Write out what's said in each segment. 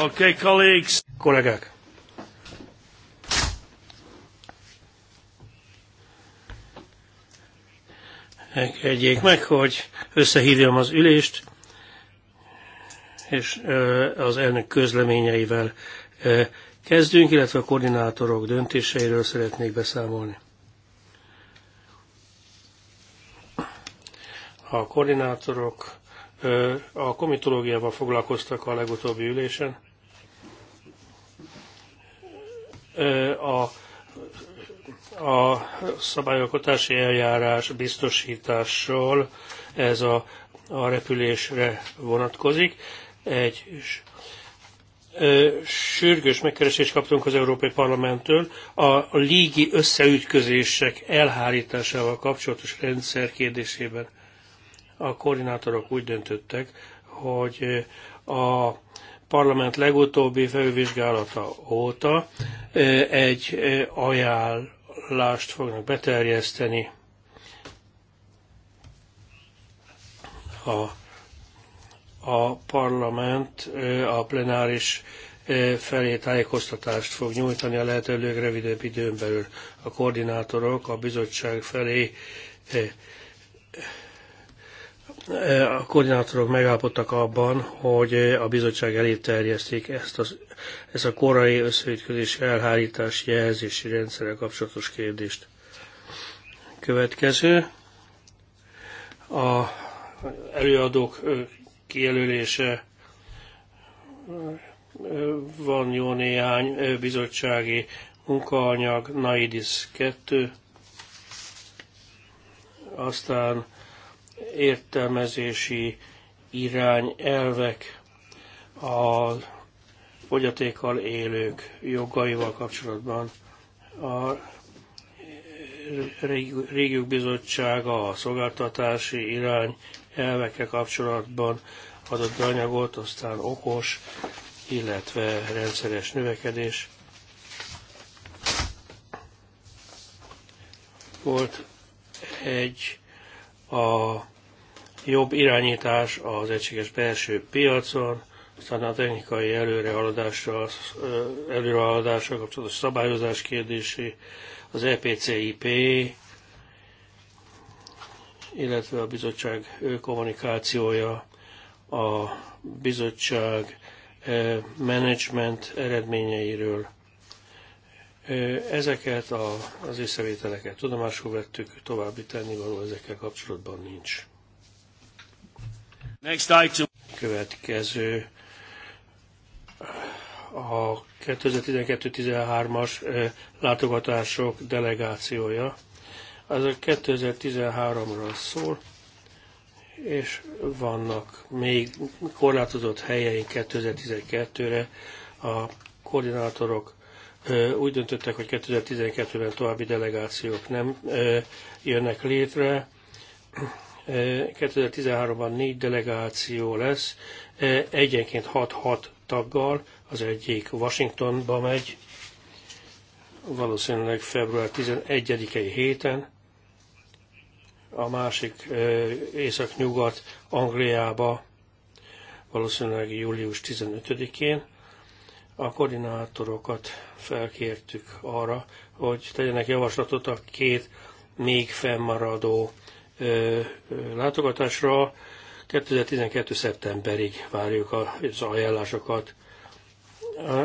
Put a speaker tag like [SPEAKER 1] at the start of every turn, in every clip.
[SPEAKER 1] Okay, colleagues. Kollégák. Engedjék meg, hogy összehívjam az ülést, és az elnök közleményeivel kezdünk, illetve a koordinátorok döntéseiről szeretnék beszámolni. A koordinátorok a komitológiával foglalkoztak a legutóbbi ülésen, a a szabályokotási eljárás biztosítással ez a, a repülésre vonatkozik. Egy sürgős megkeresést kaptunk az Európai Parlamenttől a, a légi összeütközések elhárításával kapcsolatos rendszer kérdésében. A koordinátorok úgy döntöttek, hogy a parlament legutóbbi felvizsgálata óta egy ajánlást fognak beterjeszteni a, a parlament a plenáris felé tájékoztatást fog nyújtani a lehető rövidebb időn belül. A koordinátorok a bizottság felé Eh, a koordinátorok megállapodtak abban, hogy eh, a bizottság elé terjeszték ezt, az, ezt a korai összeütközési elhárítás jelzési rendszerre kapcsolatos kérdést. Következő. A előadók eh, kijelölése van jó néhány bizottsági munkaanyag, Naidis 2, aztán értelmezési irány elvek a fogyatékkal élők jogaival kapcsolatban. A régiók bizottsága a szolgáltatási irány elvekkel kapcsolatban adott anyagot, aztán okos, illetve rendszeres növekedés. Volt egy a jobb irányítás az egységes belső piacon, aztán a technikai előrehaladással, előrehaladással kapcsolatos szabályozás kérdési, az EPCIP, illetve a bizottság kommunikációja, a bizottság menedzsment eredményeiről, Ezeket a, az észrevételeket tudomásul vettük, további tennivaló ezekkel kapcsolatban nincs. Next item. Következő a 2012-13-as látogatások delegációja. Ez a 2013-ra szól, és vannak még korlátozott helyeink 2012-re. A koordinátorok úgy döntöttek, hogy 2012-ben további delegációk nem jönnek létre. 2013-ban négy delegáció lesz, egyenként 6-6 taggal, az egyik Washingtonba megy, valószínűleg február 11-i héten, a másik észak-nyugat Angliába, valószínűleg július 15-én. A koordinátorokat felkértük arra, hogy tegyenek javaslatot a két még fennmaradó ö, ö, látogatásra. 2012. szeptemberig várjuk az ajánlásokat.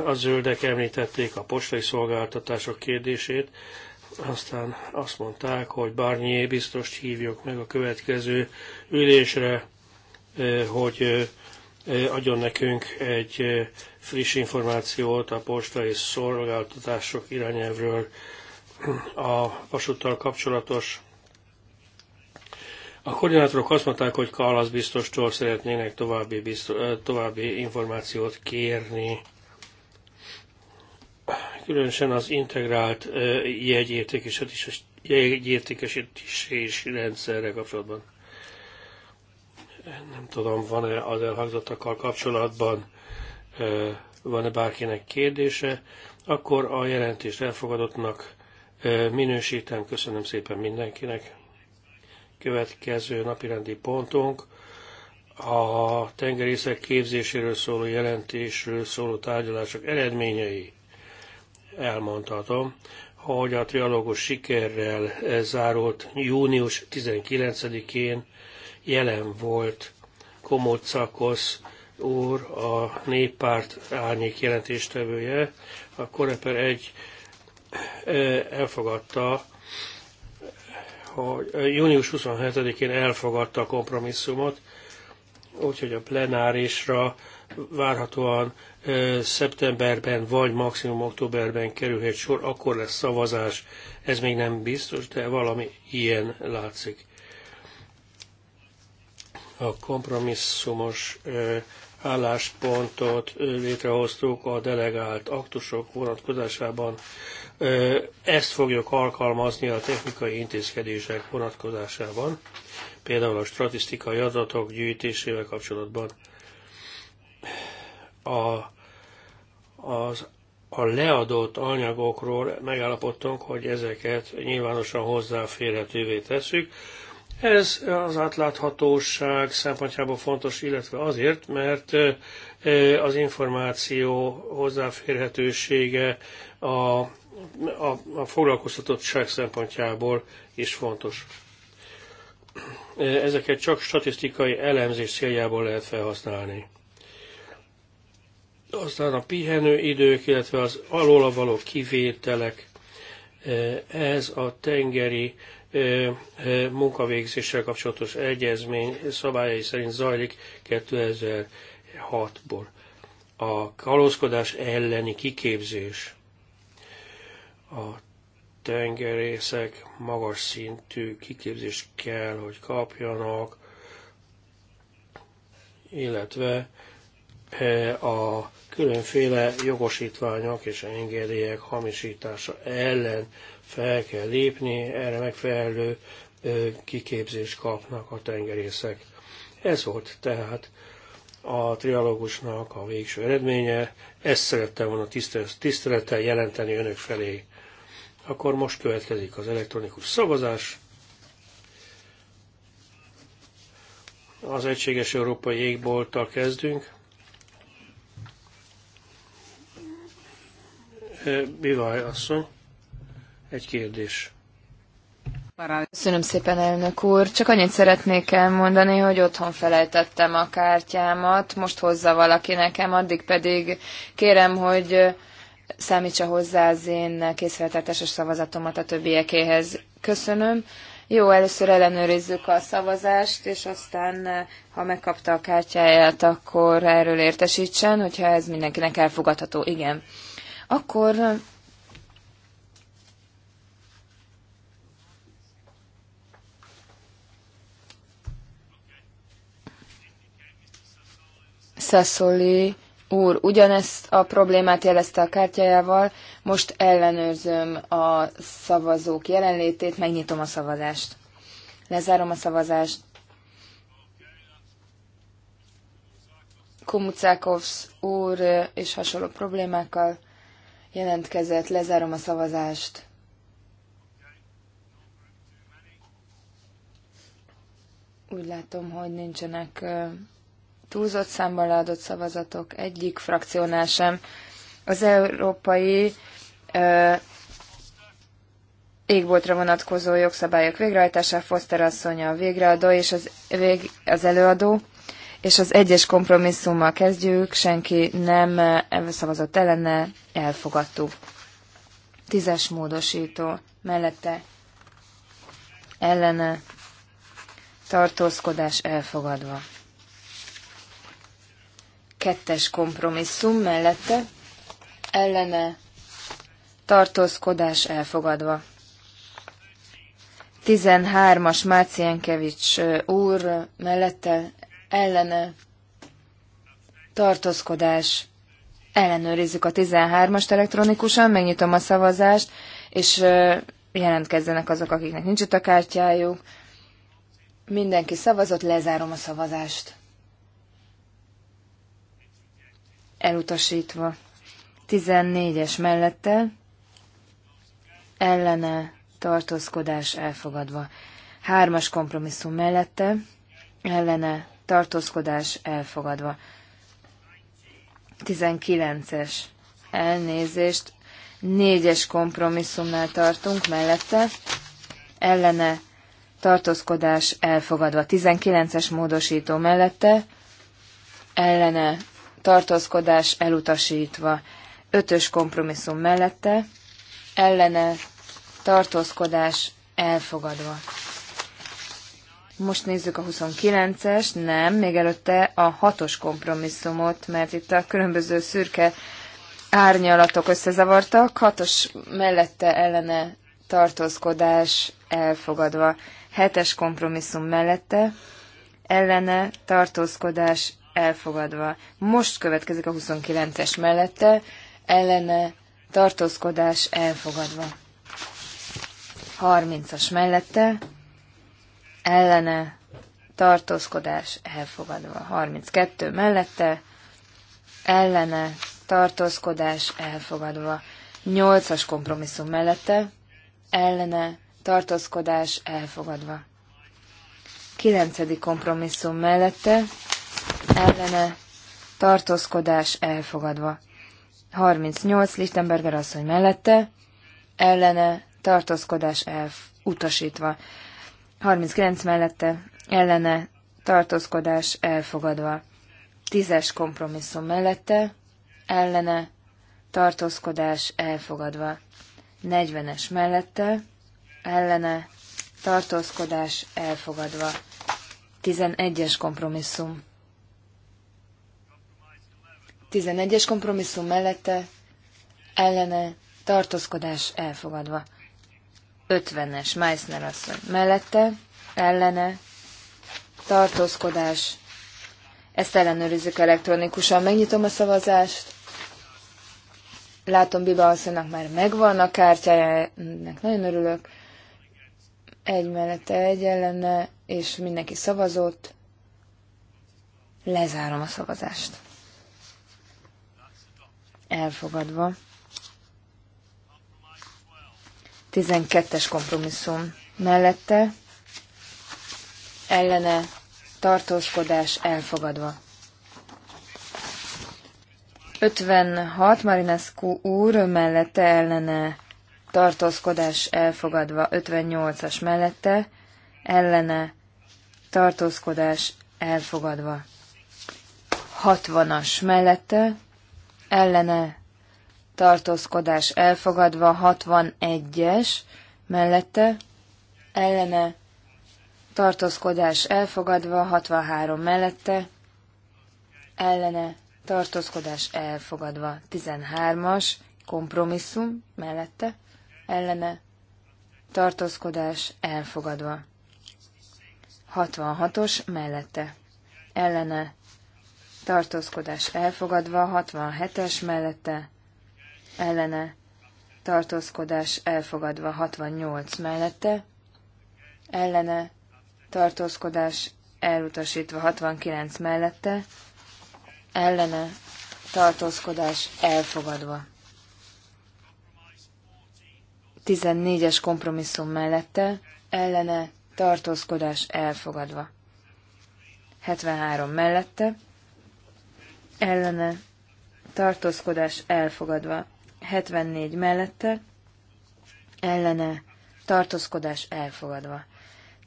[SPEAKER 1] A zöldek említették a postai szolgáltatások kérdését, aztán azt mondták, hogy Barnier biztos hívjuk meg a következő ülésre, hogy adjon nekünk egy friss információt a postai szolgáltatások irányelvről a vasúttal kapcsolatos. A koordinátorok azt mondták, hogy Kalasz biztostól szeretnének további, biztos, további információt kérni különösen az integrált jegyértékesítési rendszerre kapcsolatban. Nem tudom, van-e az elhangzottakkal kapcsolatban van-e bárkinek kérdése, akkor a jelentést elfogadottnak minősítem. Köszönöm szépen mindenkinek. Következő napirendi pontunk a tengerészek képzéséről szóló jelentésről szóló tárgyalások eredményei. Elmondhatom, hogy a trialógus sikerrel zárult június 19-én jelen volt Komócakosz úr a néppárt árnyék jelentéstevője. A Koreper egy elfogadta, hogy június 27-én elfogadta a kompromisszumot, úgyhogy a plenárisra várhatóan szeptemberben vagy maximum októberben kerülhet sor, akkor lesz szavazás. Ez még nem biztos, de valami ilyen látszik. A kompromisszumos álláspontot létrehoztuk a delegált aktusok vonatkozásában. Ezt fogjuk alkalmazni a technikai intézkedések vonatkozásában, például a statisztikai adatok gyűjtésével kapcsolatban. A, az a leadott anyagokról megállapodtunk, hogy ezeket nyilvánosan hozzáférhetővé tesszük. Ez az átláthatóság szempontjából fontos, illetve azért, mert az információ hozzáférhetősége a, a, a foglalkoztatottság szempontjából is fontos. Ezeket csak statisztikai elemzés céljából lehet felhasználni. Aztán a pihenőidők, illetve az alóla való kivételek, ez a tengeri munkavégzéssel kapcsolatos egyezmény szabályai szerint zajlik 2006-ból. A kalózkodás elleni kiképzés a tengerészek magas szintű kiképzést kell, hogy kapjanak, illetve a különféle jogosítványok és engedélyek hamisítása ellen fel kell lépni, erre megfelelő kiképzést kapnak a tengerészek. Ez volt tehát a trialógusnak a végső eredménye. Ezt szerettem volna tisztelettel jelenteni önök felé. Akkor most következik az elektronikus szavazás. Az Egységes Európai Égbolttal kezdünk. Bivaj asszony egy kérdés.
[SPEAKER 2] Köszönöm szépen, elnök úr. Csak annyit szeretnék elmondani, hogy otthon felejtettem a kártyámat, most hozza valaki nekem, addig pedig kérem, hogy számítsa hozzá az én készfeltartásos szavazatomat a többiekéhez. Köszönöm. Jó, először ellenőrizzük a szavazást, és aztán, ha megkapta a kártyáját, akkor erről értesítsen, hogyha ez mindenkinek elfogadható. Igen. Akkor Szaszoli úr ugyanezt a problémát jelezte a kártyájával, most ellenőrzöm a szavazók jelenlétét, megnyitom a szavazást. Lezárom a szavazást. Komucákovsz úr és hasonló problémákkal jelentkezett, lezárom a szavazást. Úgy látom, hogy nincsenek túlzott számban leadott szavazatok egyik frakciónál sem. Az európai ö, égboltra vonatkozó jogszabályok végrehajtása, Foster asszonya a végreadó és az, vég, az előadó, és az egyes kompromisszummal kezdjük, senki nem szavazott ellene, elfogadtuk. Tízes módosító mellette ellene tartózkodás elfogadva. Kettes kompromisszum mellette ellene tartózkodás elfogadva. 13-as Mácienkevics úr mellette ellene tartózkodás. Ellenőrizzük a 13-ast elektronikusan, megnyitom a szavazást, és jelentkezzenek azok, akiknek nincs itt a kártyájuk. Mindenki szavazott, lezárom a szavazást. elutasítva. 14-es mellette ellene tartózkodás elfogadva. Hármas kompromisszum mellette ellene tartózkodás elfogadva. 19-es elnézést. Négyes kompromisszumnál tartunk mellette ellene tartózkodás elfogadva. 19-es módosító mellette ellene tartózkodás elutasítva. Ötös kompromisszum mellette, ellene tartózkodás elfogadva. Most nézzük a 29-es, nem, még előtte a hatos kompromisszumot, mert itt a különböző szürke árnyalatok összezavartak, hatos mellette ellene tartózkodás elfogadva, hetes kompromisszum mellette ellene tartózkodás elfogadva. Most következik a 29-es mellette, ellene tartózkodás elfogadva. 30-as mellette, ellene tartózkodás elfogadva. 32 mellette, ellene tartózkodás elfogadva. 8-as kompromisszum mellette, ellene tartózkodás elfogadva. 9. kompromisszum mellette, ellene tartózkodás elfogadva. 38. Lichtenberger asszony mellette ellene tartózkodás utasítva. 39 mellette ellene tartózkodás elfogadva. Tízes kompromisszum mellette ellene tartózkodás elfogadva. 40-es mellette ellene tartózkodás elfogadva. 11-es kompromisszum 11-es kompromisszum mellette ellene tartózkodás elfogadva. 50-es Meissner asszony mellette ellene tartózkodás. Ezt ellenőrizzük elektronikusan. Megnyitom a szavazást. Látom, Biba asszonynak már megvan a kártyája, ennek nagyon örülök. Egy mellette egy ellene, és mindenki szavazott. Lezárom a szavazást elfogadva. 12-es kompromisszum mellette ellene tartózkodás elfogadva. 56 Marinescu úr mellette ellene tartózkodás elfogadva, 58-as mellette ellene tartózkodás elfogadva. 60-as mellette ellene tartózkodás elfogadva, 61-es mellette ellene tartózkodás elfogadva, 63 mellette ellene tartózkodás elfogadva, 13-as kompromisszum mellette ellene tartózkodás elfogadva. 66-os mellette. Ellene tartózkodás elfogadva, 67-es mellette, ellene, tartózkodás elfogadva, 68 mellette, ellene, tartózkodás elutasítva, 69 mellette, ellene, tartózkodás elfogadva. 14-es kompromisszum mellette, ellene, tartózkodás elfogadva. 73 mellette, ellene tartózkodás elfogadva. 74 mellette ellene tartózkodás elfogadva.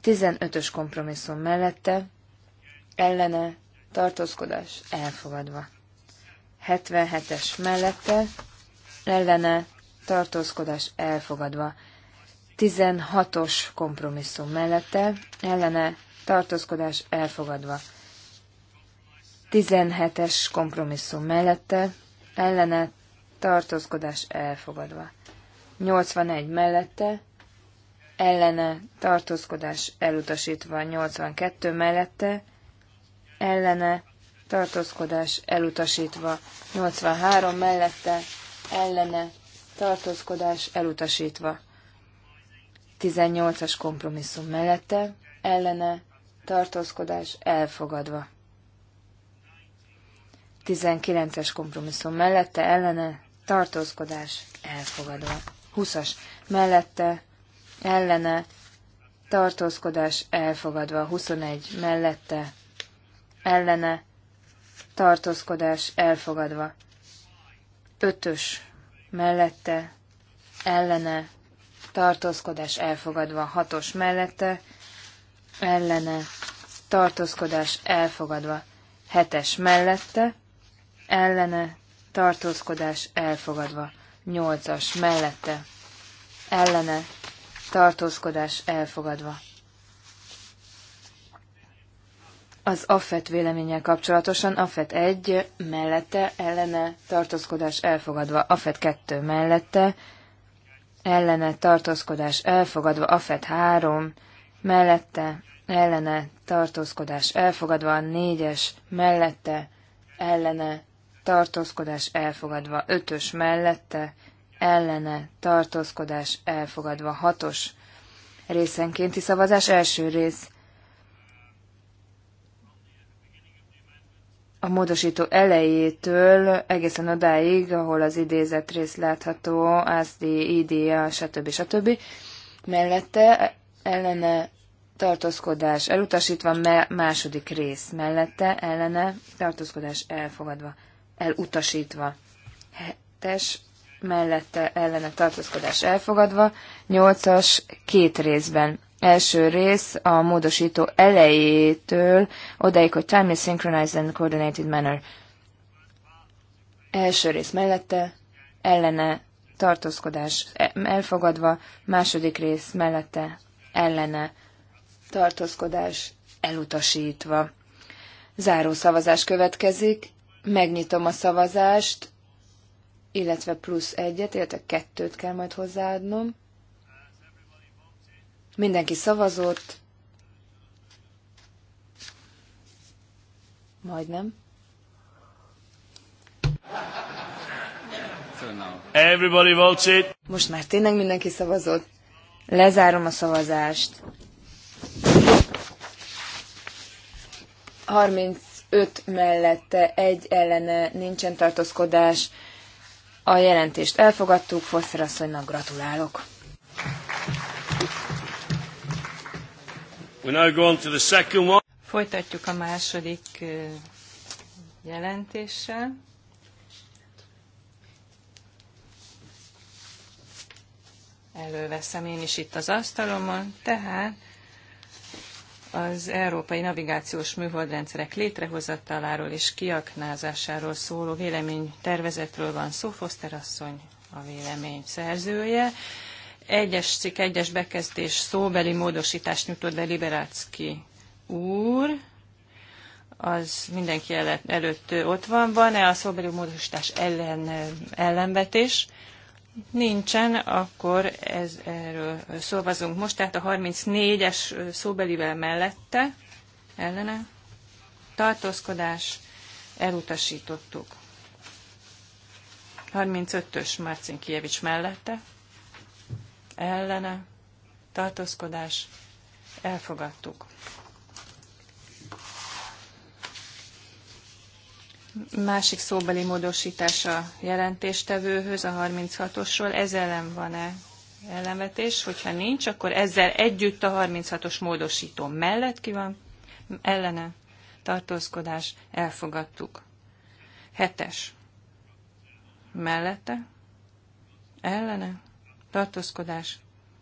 [SPEAKER 2] 15-ös kompromisszum mellette ellene tartózkodás elfogadva. 77-es mellette ellene tartózkodás elfogadva. 16-os kompromisszum mellette ellene tartózkodás elfogadva. 17-es kompromisszum mellette, ellene tartózkodás elfogadva. 81 mellette, ellene tartózkodás elutasítva. 82 mellette, ellene tartózkodás elutasítva. 83 mellette, ellene tartózkodás elutasítva. 18-as kompromisszum mellette, ellene tartózkodás elfogadva. 19-es kompromisszum mellette ellene tartózkodás elfogadva. 20-as mellette ellene tartózkodás elfogadva. 21 mellette ellene tartózkodás elfogadva. 5-ös mellette ellene tartózkodás elfogadva. 6-os mellette ellene tartózkodás elfogadva. 7-es mellette ellene, tartózkodás elfogadva. 8-as mellette, ellene, tartózkodás elfogadva. Az AFET véleménnyel kapcsolatosan AFET 1 mellette, ellene, tartózkodás elfogadva. AFET 2 mellette, ellene, tartózkodás elfogadva. AFET 3 mellette, ellene, tartózkodás elfogadva. A 4-es mellette, ellene, tartózkodás elfogadva, ötös mellette, ellene, tartózkodás elfogadva, hatos részenkénti szavazás, első rész. A módosító elejétől egészen odáig, ahol az idézett rész látható, ASD, IDA, stb. stb. Mellette ellene tartózkodás elutasítva, második rész mellette ellene tartózkodás elfogadva elutasítva. Hetes mellette ellene tartózkodás elfogadva, nyolcas két részben. Első rész a módosító elejétől odaig, hogy time is synchronized and coordinated manner. Első rész mellette ellene tartózkodás elfogadva, második rész mellette ellene tartózkodás elutasítva. Záró szavazás következik Megnyitom a szavazást, illetve plusz egyet, illetve kettőt kell majd hozzáadnom. Mindenki szavazott. Majdnem.
[SPEAKER 1] Everybody votes it.
[SPEAKER 2] Most már tényleg mindenki szavazott. Lezárom a szavazást. 30 öt mellette, egy ellene nincsen tartózkodás. A jelentést elfogadtuk, Foster
[SPEAKER 3] asszonynak gratulálok. Folytatjuk a második jelentéssel. Előveszem én is itt az asztalomon, tehát az Európai Navigációs Műholdrendszerek létrehozataláról és kiaknázásáról szóló véleménytervezetről van szó. Foster asszony a vélemény szerzője. Egyes cikk, egyes bekezdés szóbeli módosítást nyújtott be Liberácki úr. Az mindenki előtt ott van. Van-e a szóbeli módosítás ellen, ellenvetés? nincsen, akkor ez, erről szóvazunk most, tehát a 34-es szóbelivel mellette, ellene, tartózkodás, elutasítottuk. 35-ös Marcin Kievics mellette, ellene, tartózkodás, elfogadtuk. másik szóbeli módosítás a jelentéstevőhöz, a 36-osról. Ez ellen van-e ellenvetés? Hogyha nincs, akkor ezzel együtt a 36-os módosító mellett ki van? Ellene tartózkodás elfogadtuk. Hetes. Mellette? Ellene tartózkodás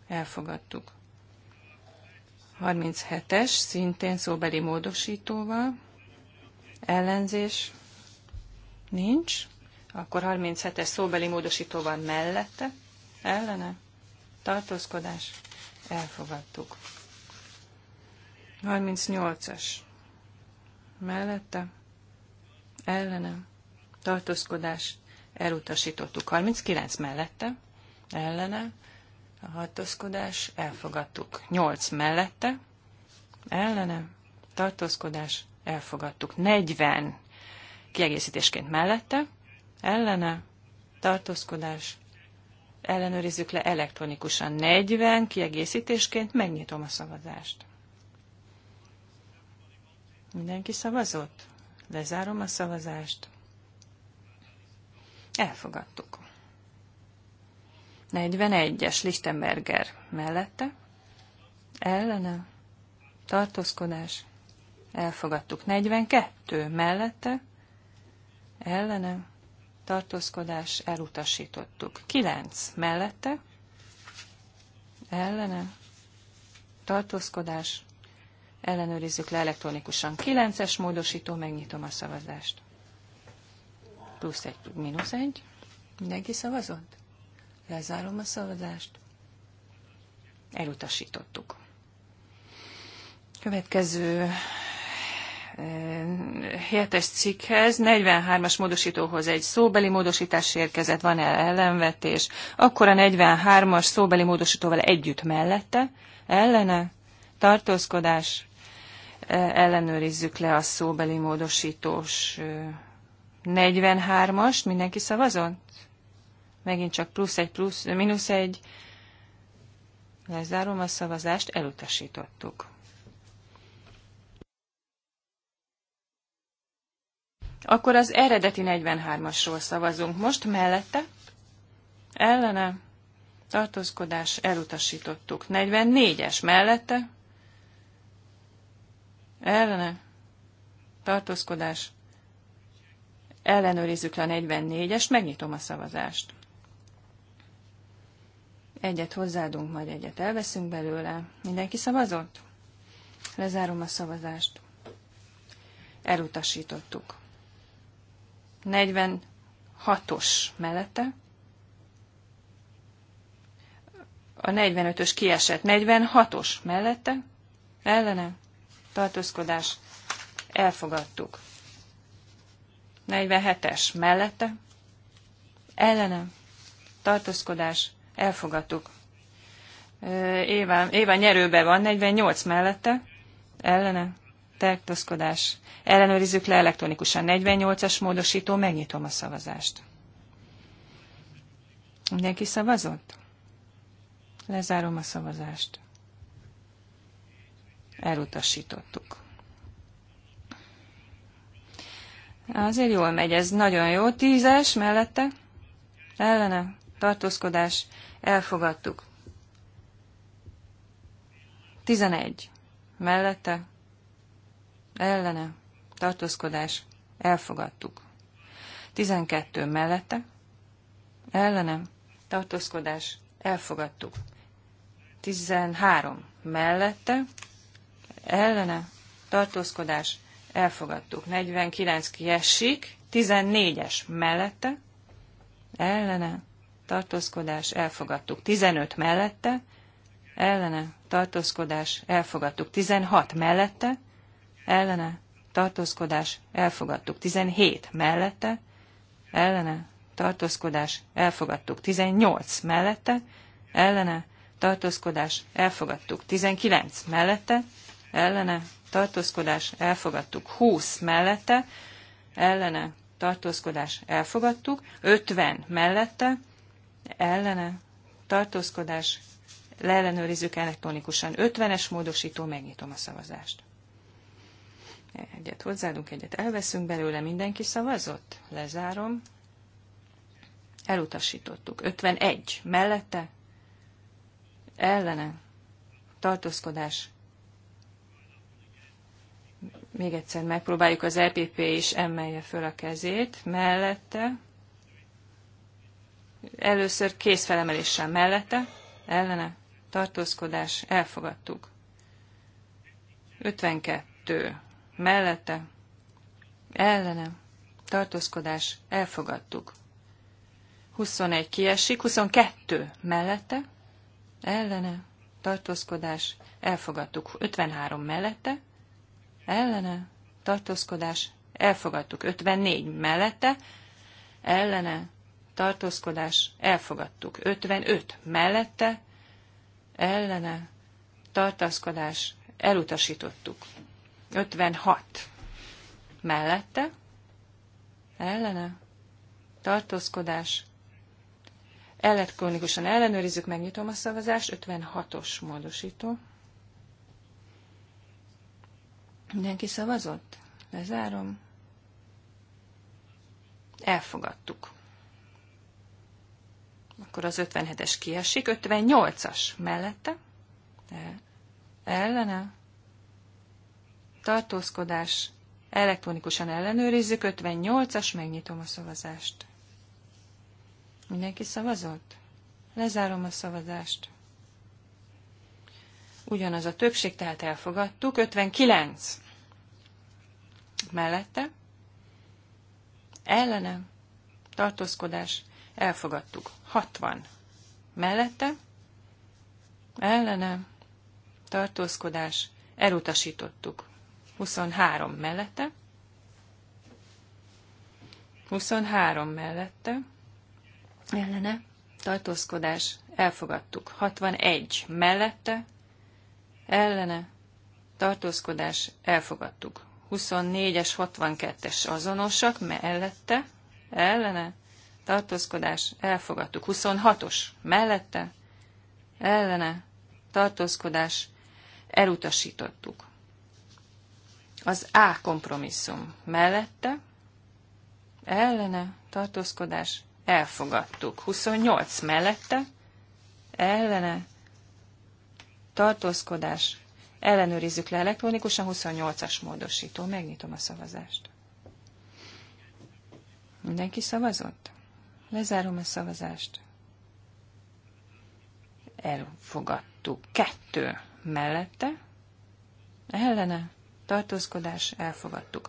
[SPEAKER 3] elfogadtuk. 37-es, szintén szóbeli módosítóval, ellenzés, Nincs. Akkor 37-es szóbeli módosító van mellette. Ellene. Tartózkodás. Elfogadtuk. 38-as. Mellette. Ellene. Tartózkodás. Elutasítottuk. 39 mellette. Ellene. A tartózkodás. Elfogadtuk. 8 mellette. Ellene. Tartózkodás. Elfogadtuk. 40 kiegészítésként mellette, ellene, tartózkodás, ellenőrizzük le elektronikusan 40 kiegészítésként, megnyitom a szavazást. Mindenki szavazott? Lezárom a szavazást. Elfogadtuk. 41-es Lichtenberger mellette. Ellene. Tartózkodás. Elfogadtuk. 42 mellette ellene, tartózkodás, elutasítottuk. 9 mellette, ellene, tartózkodás, ellenőrizzük le elektronikusan. 9-es módosító, megnyitom a szavazást. Plusz egy, mínusz egy. Mindenki szavazott? Lezárom a szavazást. Elutasítottuk. Következő hetes cikkhez, 43-as módosítóhoz egy szóbeli módosítás érkezett, van el ellenvetés, akkor a 43-as szóbeli módosítóval együtt mellette, ellene, tartózkodás, ellenőrizzük le a szóbeli módosítós 43-as, mindenki szavazott? Megint csak plusz egy, plusz, mínusz egy. Lezárom a szavazást, elutasítottuk. Akkor az eredeti 43-asról szavazunk. Most mellette ellene tartózkodás elutasítottuk. 44-es mellette ellene tartózkodás ellenőrizzük le a 44-est, megnyitom a szavazást. Egyet hozzáadunk, majd egyet elveszünk belőle. Mindenki szavazott? Lezárom a szavazást. Elutasítottuk. 46-os mellette. A 45-ös kiesett. 46-os mellette. Ellene. Tartózkodás. Elfogadtuk. 47-es mellette. Ellene. Tartózkodás. Elfogadtuk. Éva, Éva nyerőbe van, 48 mellette. Ellene tartózkodás. Ellenőrizzük le elektronikusan 48-as módosító, megnyitom a szavazást. Mindenki szavazott? Lezárom a szavazást. Elutasítottuk. Azért jól megy, ez nagyon jó. Tízes mellette, ellene, tartózkodás, elfogadtuk. Tizenegy mellette, ellene, tartózkodás, elfogadtuk. 12 mellette, ellene, tartózkodás, elfogadtuk. 13 mellette, ellene, tartózkodás, elfogadtuk. 49 kiesik, 14-es mellette, ellene, tartózkodás, elfogadtuk. 15 mellette, ellene, tartózkodás, elfogadtuk. 16 mellette, ellene, tartózkodás, elfogadtuk. 17 mellette, ellene, tartózkodás, elfogadtuk. 18 mellette, ellene, tartózkodás, elfogadtuk. 19 mellette, ellene, tartózkodás, elfogadtuk. 20 mellette, ellene, tartózkodás, elfogadtuk. 50 mellette, ellene, tartózkodás, leellenőrizzük elektronikusan. 50-es módosító, megnyitom a szavazást. Egyet hozzáadunk, egyet elveszünk belőle, mindenki szavazott? Lezárom. Elutasítottuk. 51. Mellette? Ellene? Tartózkodás? Még egyszer megpróbáljuk, az EPP is emelje föl a kezét. Mellette? Először kézfelemeléssel mellette? Ellene? Tartózkodás? Elfogadtuk. 52 mellette, ellenem, tartózkodás, elfogadtuk. 21 kiesik, 22 mellette, ellene, tartózkodás, elfogadtuk. 53 mellette, ellene, tartózkodás, elfogadtuk. 54 mellette, ellene, tartózkodás, elfogadtuk. 55 mellette, ellene, tartózkodás, elutasítottuk. 56 mellette, ellene, tartózkodás, elektronikusan ellenőrizzük, megnyitom a szavazást, 56-os módosító. Mindenki szavazott? Lezárom. Elfogadtuk. Akkor az 57-es kiesik, 58-as mellette, ellene, tartózkodás, elektronikusan ellenőrizzük, 58-as, megnyitom a szavazást. Mindenki szavazott? Lezárom a szavazást. Ugyanaz a többség, tehát elfogadtuk. 59 mellette, Ellene? tartózkodás, elfogadtuk. 60 mellette, Ellene? tartózkodás, elutasítottuk. 23 mellette, 23 mellette, ellene, tartózkodás, elfogadtuk. 61 mellette, ellene, tartózkodás, elfogadtuk. 24-es, 62-es azonosak, mellette, ellene, tartózkodás, elfogadtuk. 26-os, mellette, ellene, tartózkodás, elutasítottuk. Az A kompromisszum mellette, ellene, tartózkodás, elfogadtuk. 28 mellette, ellene, tartózkodás, ellenőrizzük le elektronikusan, 28-as módosító. Megnyitom a szavazást. Mindenki szavazott? Lezárom a szavazást. Elfogadtuk. Kettő mellette, ellene, tartózkodás, elfogadtuk.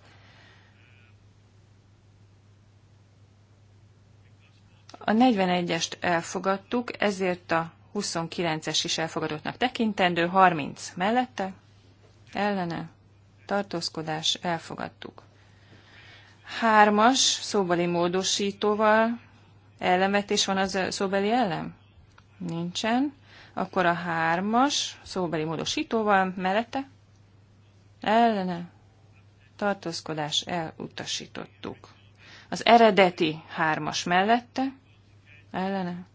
[SPEAKER 3] A 41-est elfogadtuk, ezért a 29-es is elfogadottnak tekintendő, 30 mellette, ellene, tartózkodás, elfogadtuk. Hármas szóbeli módosítóval ellenvetés van az szóbeli ellen? Nincsen. Akkor a hármas szóbeli módosítóval mellette, ellene tartózkodás elutasítottuk. Az eredeti hármas mellette ellene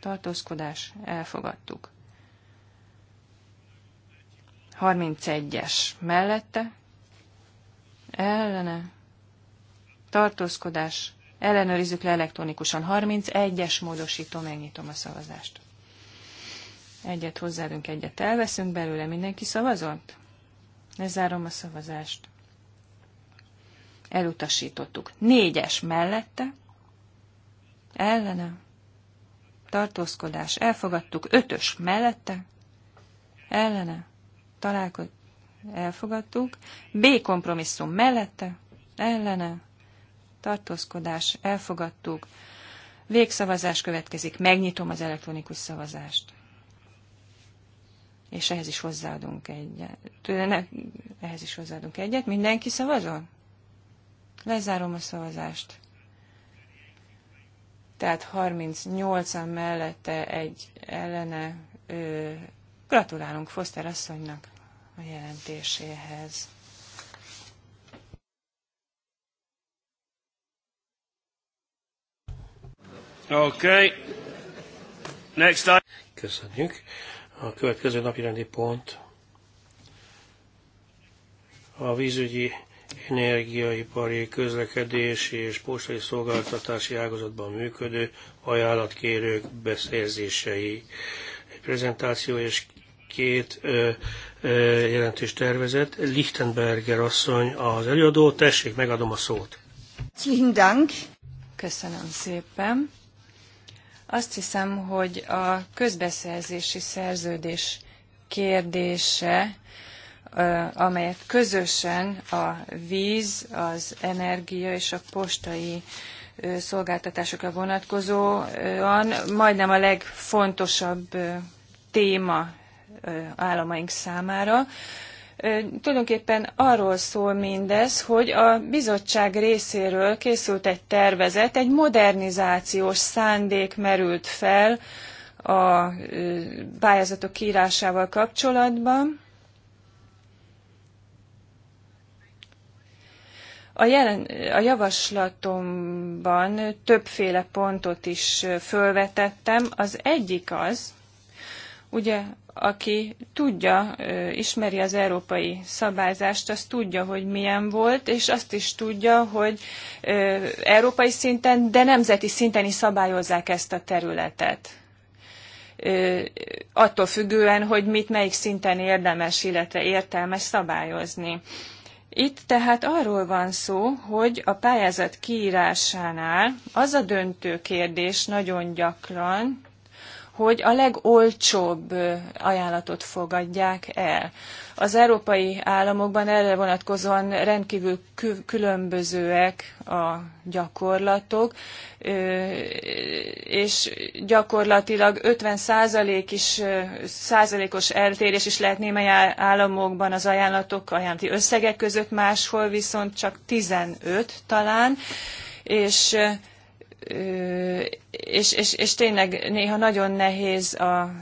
[SPEAKER 3] tartózkodás elfogadtuk. 31-es mellette ellene tartózkodás ellenőrizzük le elektronikusan. 31-es módosító, megnyitom a szavazást. Egyet hozzáadunk, egyet elveszünk belőle. Mindenki szavazott? Lezárom a szavazást. Elutasítottuk. Négyes mellette. Ellene. Tartózkodás. Elfogadtuk. Ötös mellette. Ellene. Találkod. Elfogadtuk. B kompromisszum mellette. Ellene. Tartózkodás. Elfogadtuk. Végszavazás következik. Megnyitom az elektronikus szavazást és ehhez is hozzáadunk egyet. Ne, ehhez is hozzáadunk egyet. Mindenki szavazol? Lezárom a szavazást. Tehát 38-an mellette egy ellene. Ö, gratulálunk Foster asszonynak a jelentéséhez.
[SPEAKER 1] Okay. Next time. Köszönjük. A következő napi rendi pont a vízügyi, energiaipari, közlekedési és postai szolgáltatási ágazatban működő ajánlatkérők beszerzései. Egy prezentáció és két ö, ö, jelentős tervezet. Lichtenberger asszony az előadó, tessék, megadom a szót.
[SPEAKER 3] Köszönöm szépen. Azt hiszem, hogy a közbeszerzési szerződés kérdése, amelyet közösen a víz, az energia és a postai szolgáltatásokra vonatkozóan majdnem a legfontosabb téma államaink számára. Tulajdonképpen arról szól mindez, hogy a bizottság részéről készült egy tervezet, egy modernizációs szándék merült fel a pályázatok kiírásával kapcsolatban. A, jelen, a javaslatomban többféle pontot is fölvetettem. Az egyik az, Ugye, aki tudja, ismeri az európai szabályzást, az tudja, hogy milyen volt, és azt is tudja, hogy európai szinten, de nemzeti szinten is szabályozzák ezt a területet attól függően, hogy mit melyik szinten érdemes, illetve értelmes szabályozni. Itt tehát arról van szó, hogy a pályázat kiírásánál az a döntő kérdés nagyon gyakran, hogy a legolcsóbb ajánlatot fogadják el. Az európai államokban erre vonatkozóan rendkívül különbözőek a gyakorlatok, és gyakorlatilag 50 százalék is, százalékos eltérés is lehet némely államokban az ajánlatok, ajánlati összegek között, máshol viszont csak 15 talán, és és, és, és tényleg néha nagyon nehéz a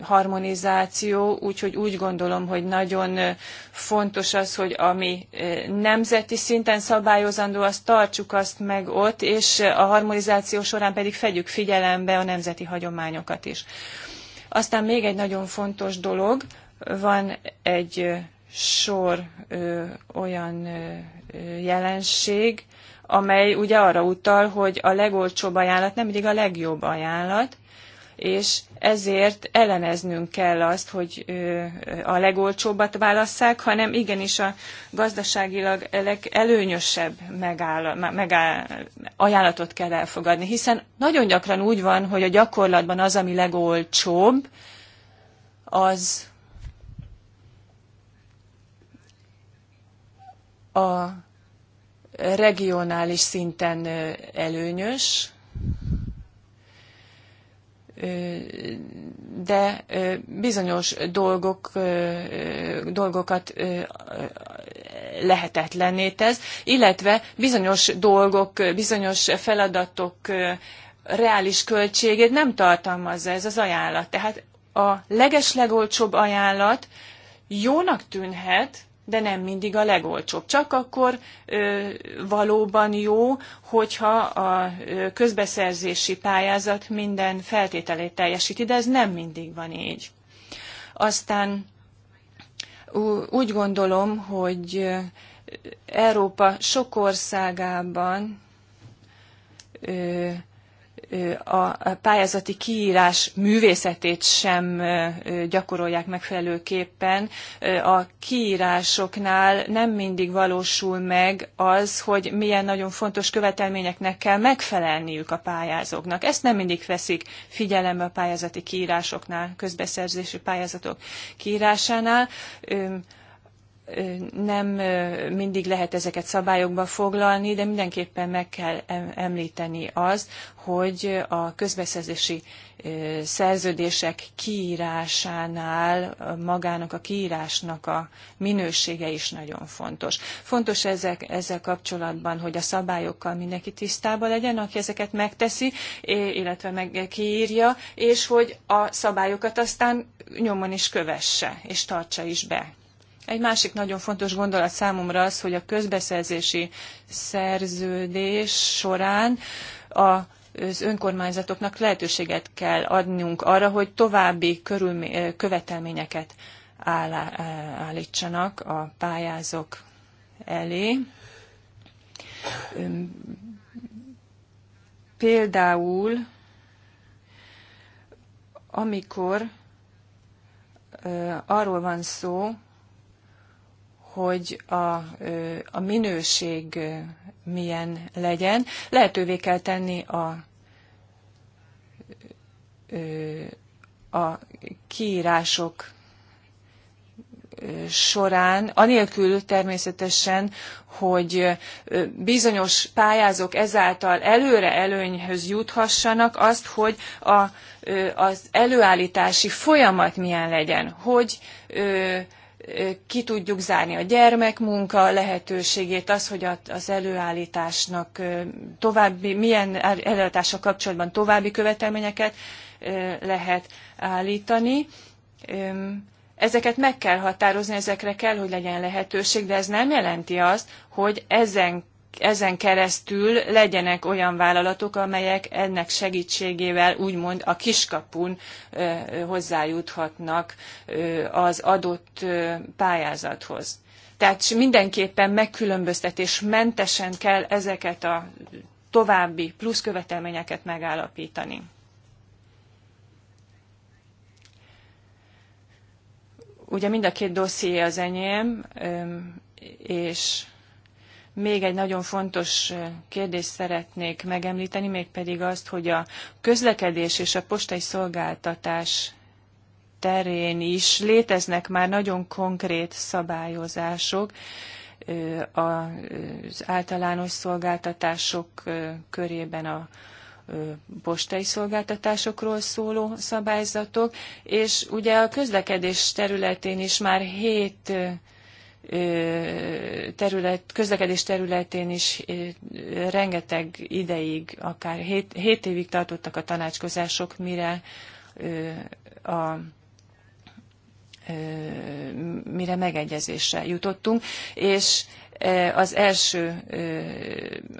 [SPEAKER 3] harmonizáció, úgyhogy úgy gondolom, hogy nagyon fontos az, hogy ami nemzeti szinten szabályozandó, azt tartsuk azt meg ott, és a harmonizáció során pedig fegyük figyelembe a nemzeti hagyományokat is. Aztán még egy nagyon fontos dolog, van egy sor ö, olyan ö, jelenség, amely ugye arra utal, hogy a legolcsóbb ajánlat nem mindig a legjobb ajánlat, és ezért elleneznünk kell azt, hogy a legolcsóbbat válasszák, hanem igenis a gazdaságilag előnyösebb megáll, megáll, ajánlatot kell elfogadni, hiszen nagyon gyakran úgy van, hogy a gyakorlatban az, ami legolcsóbb, az a regionális szinten előnyös, de bizonyos dolgok, dolgokat lehetetlenné tesz, illetve bizonyos dolgok, bizonyos feladatok reális költségét nem tartalmazza ez az ajánlat. Tehát a legeslegolcsóbb ajánlat jónak tűnhet, de nem mindig a legolcsóbb. Csak akkor ö, valóban jó, hogyha a ö, közbeszerzési pályázat minden feltételét teljesíti, de ez nem mindig van így. Aztán úgy gondolom, hogy Európa sok országában ö, a pályázati kiírás művészetét sem gyakorolják megfelelőképpen. A kiírásoknál nem mindig valósul meg az, hogy milyen nagyon fontos követelményeknek kell megfelelniük a pályázóknak. Ezt nem mindig veszik figyelembe a pályázati kiírásoknál, közbeszerzési pályázatok kiírásánál nem mindig lehet ezeket szabályokba foglalni, de mindenképpen meg kell említeni azt, hogy a közbeszerzési szerződések kiírásánál magának a kiírásnak a minősége is nagyon fontos. Fontos ezek, ezzel kapcsolatban, hogy a szabályokkal mindenki tisztában legyen, aki ezeket megteszi, illetve meg kiírja, és hogy a szabályokat aztán nyomon is kövesse, és tartsa is be. Egy másik nagyon fontos gondolat számomra az, hogy a közbeszerzési szerződés során a az önkormányzatoknak lehetőséget kell adnunk arra, hogy további körülmé- követelményeket áll- állítsanak a pályázók elé. Például, amikor arról van szó, hogy a, a minőség milyen legyen. Lehetővé kell tenni a, a kiírások során, anélkül természetesen, hogy bizonyos pályázók ezáltal előre előnyhöz juthassanak, azt, hogy a, az előállítási folyamat milyen legyen, hogy ki tudjuk zárni a gyermekmunka lehetőségét, az, hogy az előállításnak további, milyen előállítással kapcsolatban további követelményeket lehet állítani. Ezeket meg kell határozni, ezekre kell, hogy legyen lehetőség, de ez nem jelenti azt, hogy ezen ezen keresztül legyenek olyan vállalatok, amelyek ennek segítségével úgymond a kiskapun hozzájuthatnak az adott pályázathoz. Tehát mindenképpen megkülönböztetésmentesen kell ezeket a további plusz követelményeket megállapítani. Ugye mind a két dosszié az enyém, és még egy nagyon fontos kérdést szeretnék megemlíteni, mégpedig azt, hogy a közlekedés és a postai szolgáltatás terén is léteznek már nagyon konkrét szabályozások az általános szolgáltatások körében a postai szolgáltatásokról szóló szabályzatok, és ugye a közlekedés területén is már hét terület, közlekedés területén is rengeteg ideig, akár 7, évig tartottak a tanácskozások, mire a mire megegyezésre jutottunk, és az első,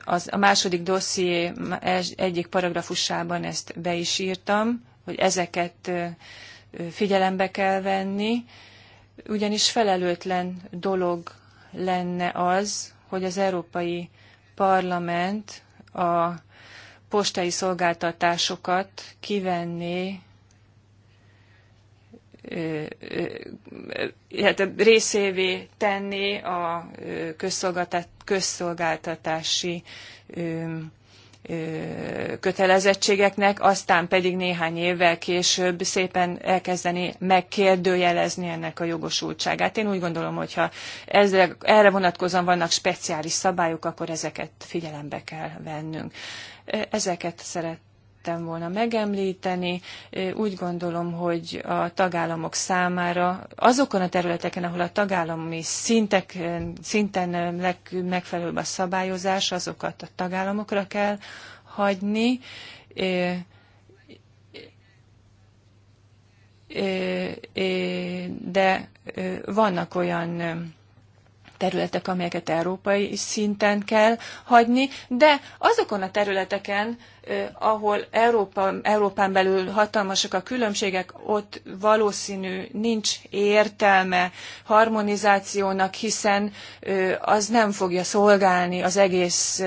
[SPEAKER 3] az, a második dosszié egyik paragrafusában ezt be is írtam, hogy ezeket figyelembe kell venni, ugyanis felelőtlen dolog lenne az, hogy az Európai Parlament a postai szolgáltatásokat kivenné hát részévé tenni a közszolgáltatási kötelezettségeknek, aztán pedig néhány évvel később szépen elkezdeni megkérdőjelezni ennek a jogosultságát. Én úgy gondolom, hogy ha ezzel, erre vonatkozóan vannak speciális szabályok, akkor ezeket figyelembe kell vennünk. Ezeket szeret, szerettem volna megemlíteni. Úgy gondolom, hogy a tagállamok számára azokon a területeken, ahol a tagállami szintek, szinten legmegfelelőbb a szabályozás, azokat a tagállamokra kell hagyni. De vannak olyan területek, amelyeket európai szinten kell hagyni, de azokon a területeken, ahol Európa, Európán belül hatalmasak a különbségek, ott valószínű nincs értelme harmonizációnak, hiszen az nem fogja szolgálni az egész,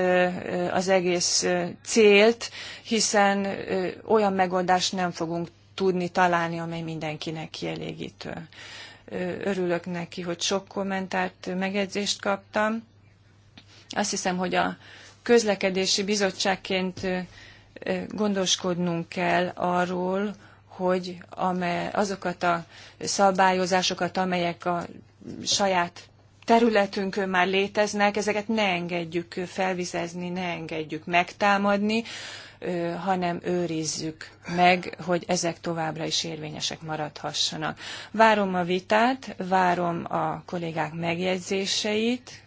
[SPEAKER 3] az egész célt, hiszen olyan megoldást nem fogunk tudni találni, amely mindenkinek kielégítő örülök neki, hogy sok kommentárt, megjegyzést kaptam. Azt hiszem, hogy a közlekedési bizottságként gondoskodnunk kell arról, hogy azokat a szabályozásokat, amelyek a saját területünkön már léteznek, ezeket ne engedjük felvizezni, ne engedjük megtámadni, hanem őrizzük meg, hogy ezek továbbra is érvényesek maradhassanak. Várom a vitát, várom a kollégák megjegyzéseit,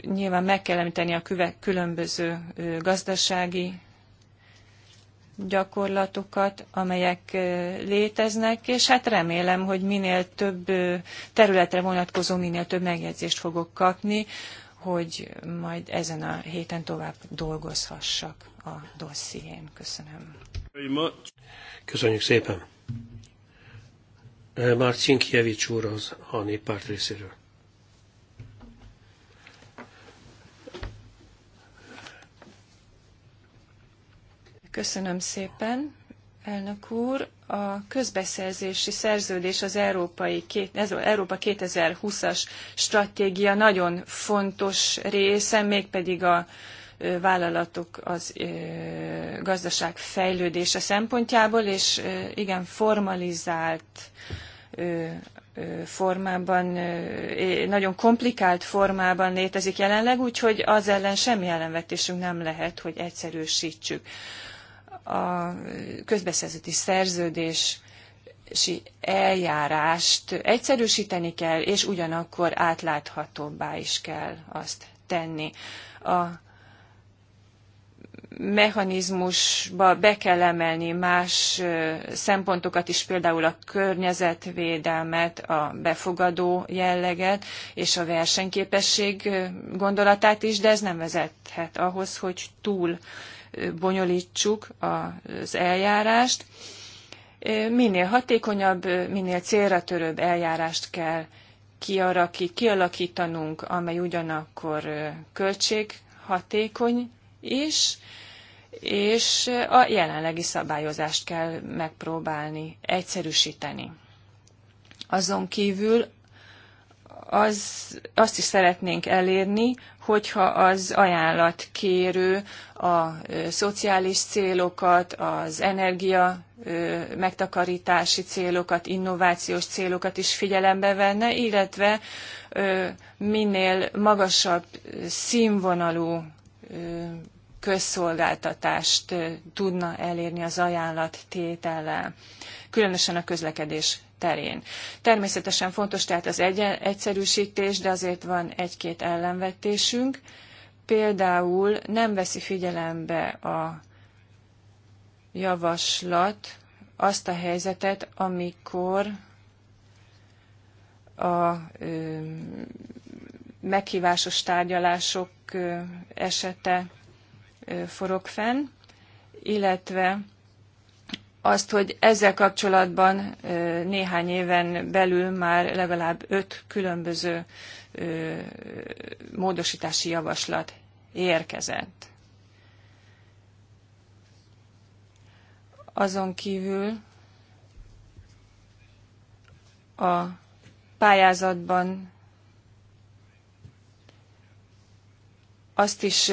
[SPEAKER 3] nyilván meg kell említeni a különböző gazdasági gyakorlatokat, amelyek léteznek, és hát remélem, hogy minél több területre vonatkozó, minél több megjegyzést fogok kapni, hogy majd ezen a héten tovább dolgozhassak a dosszién. Köszönöm.
[SPEAKER 1] Köszönjük szépen. Eh, Marcin Kievics úr az a néppárt részéről.
[SPEAKER 3] Köszönöm szépen. Elnök úr, a közbeszerzési szerződés az Európai, ez az Európa 2020-as stratégia nagyon fontos része, mégpedig a vállalatok az gazdaság fejlődése szempontjából, és igen formalizált formában, nagyon komplikált formában létezik jelenleg, úgyhogy az ellen semmi ellenvetésünk nem lehet, hogy egyszerűsítsük a közbeszerzeti szerződés eljárást egyszerűsíteni kell, és ugyanakkor átláthatóbbá is kell azt tenni. A mechanizmusba be kell emelni más szempontokat is, például a környezetvédelmet, a befogadó jelleget és a versenyképesség gondolatát is, de ez nem vezethet ahhoz, hogy túl bonyolítsuk az eljárást. Minél hatékonyabb, minél célra törőbb eljárást kell kialakítanunk, amely ugyanakkor költséghatékony is, és a jelenlegi szabályozást kell megpróbálni egyszerűsíteni. Azon kívül az, azt is szeretnénk elérni, hogyha az ajánlatkérő a szociális célokat, az energia megtakarítási célokat, innovációs célokat is figyelembe venne, illetve minél magasabb színvonalú közszolgáltatást tudna elérni az ajánlat tétele, különösen a közlekedés terén. Természetesen fontos tehát az egy egyszerűsítés, de azért van egy-két ellenvetésünk. Például nem veszi figyelembe a javaslat azt a helyzetet, amikor a ö, meghívásos tárgyalások ö, esete ö, forog fenn, illetve azt, hogy ezzel kapcsolatban néhány éven belül már legalább öt különböző módosítási javaslat érkezett. Azon kívül a pályázatban azt is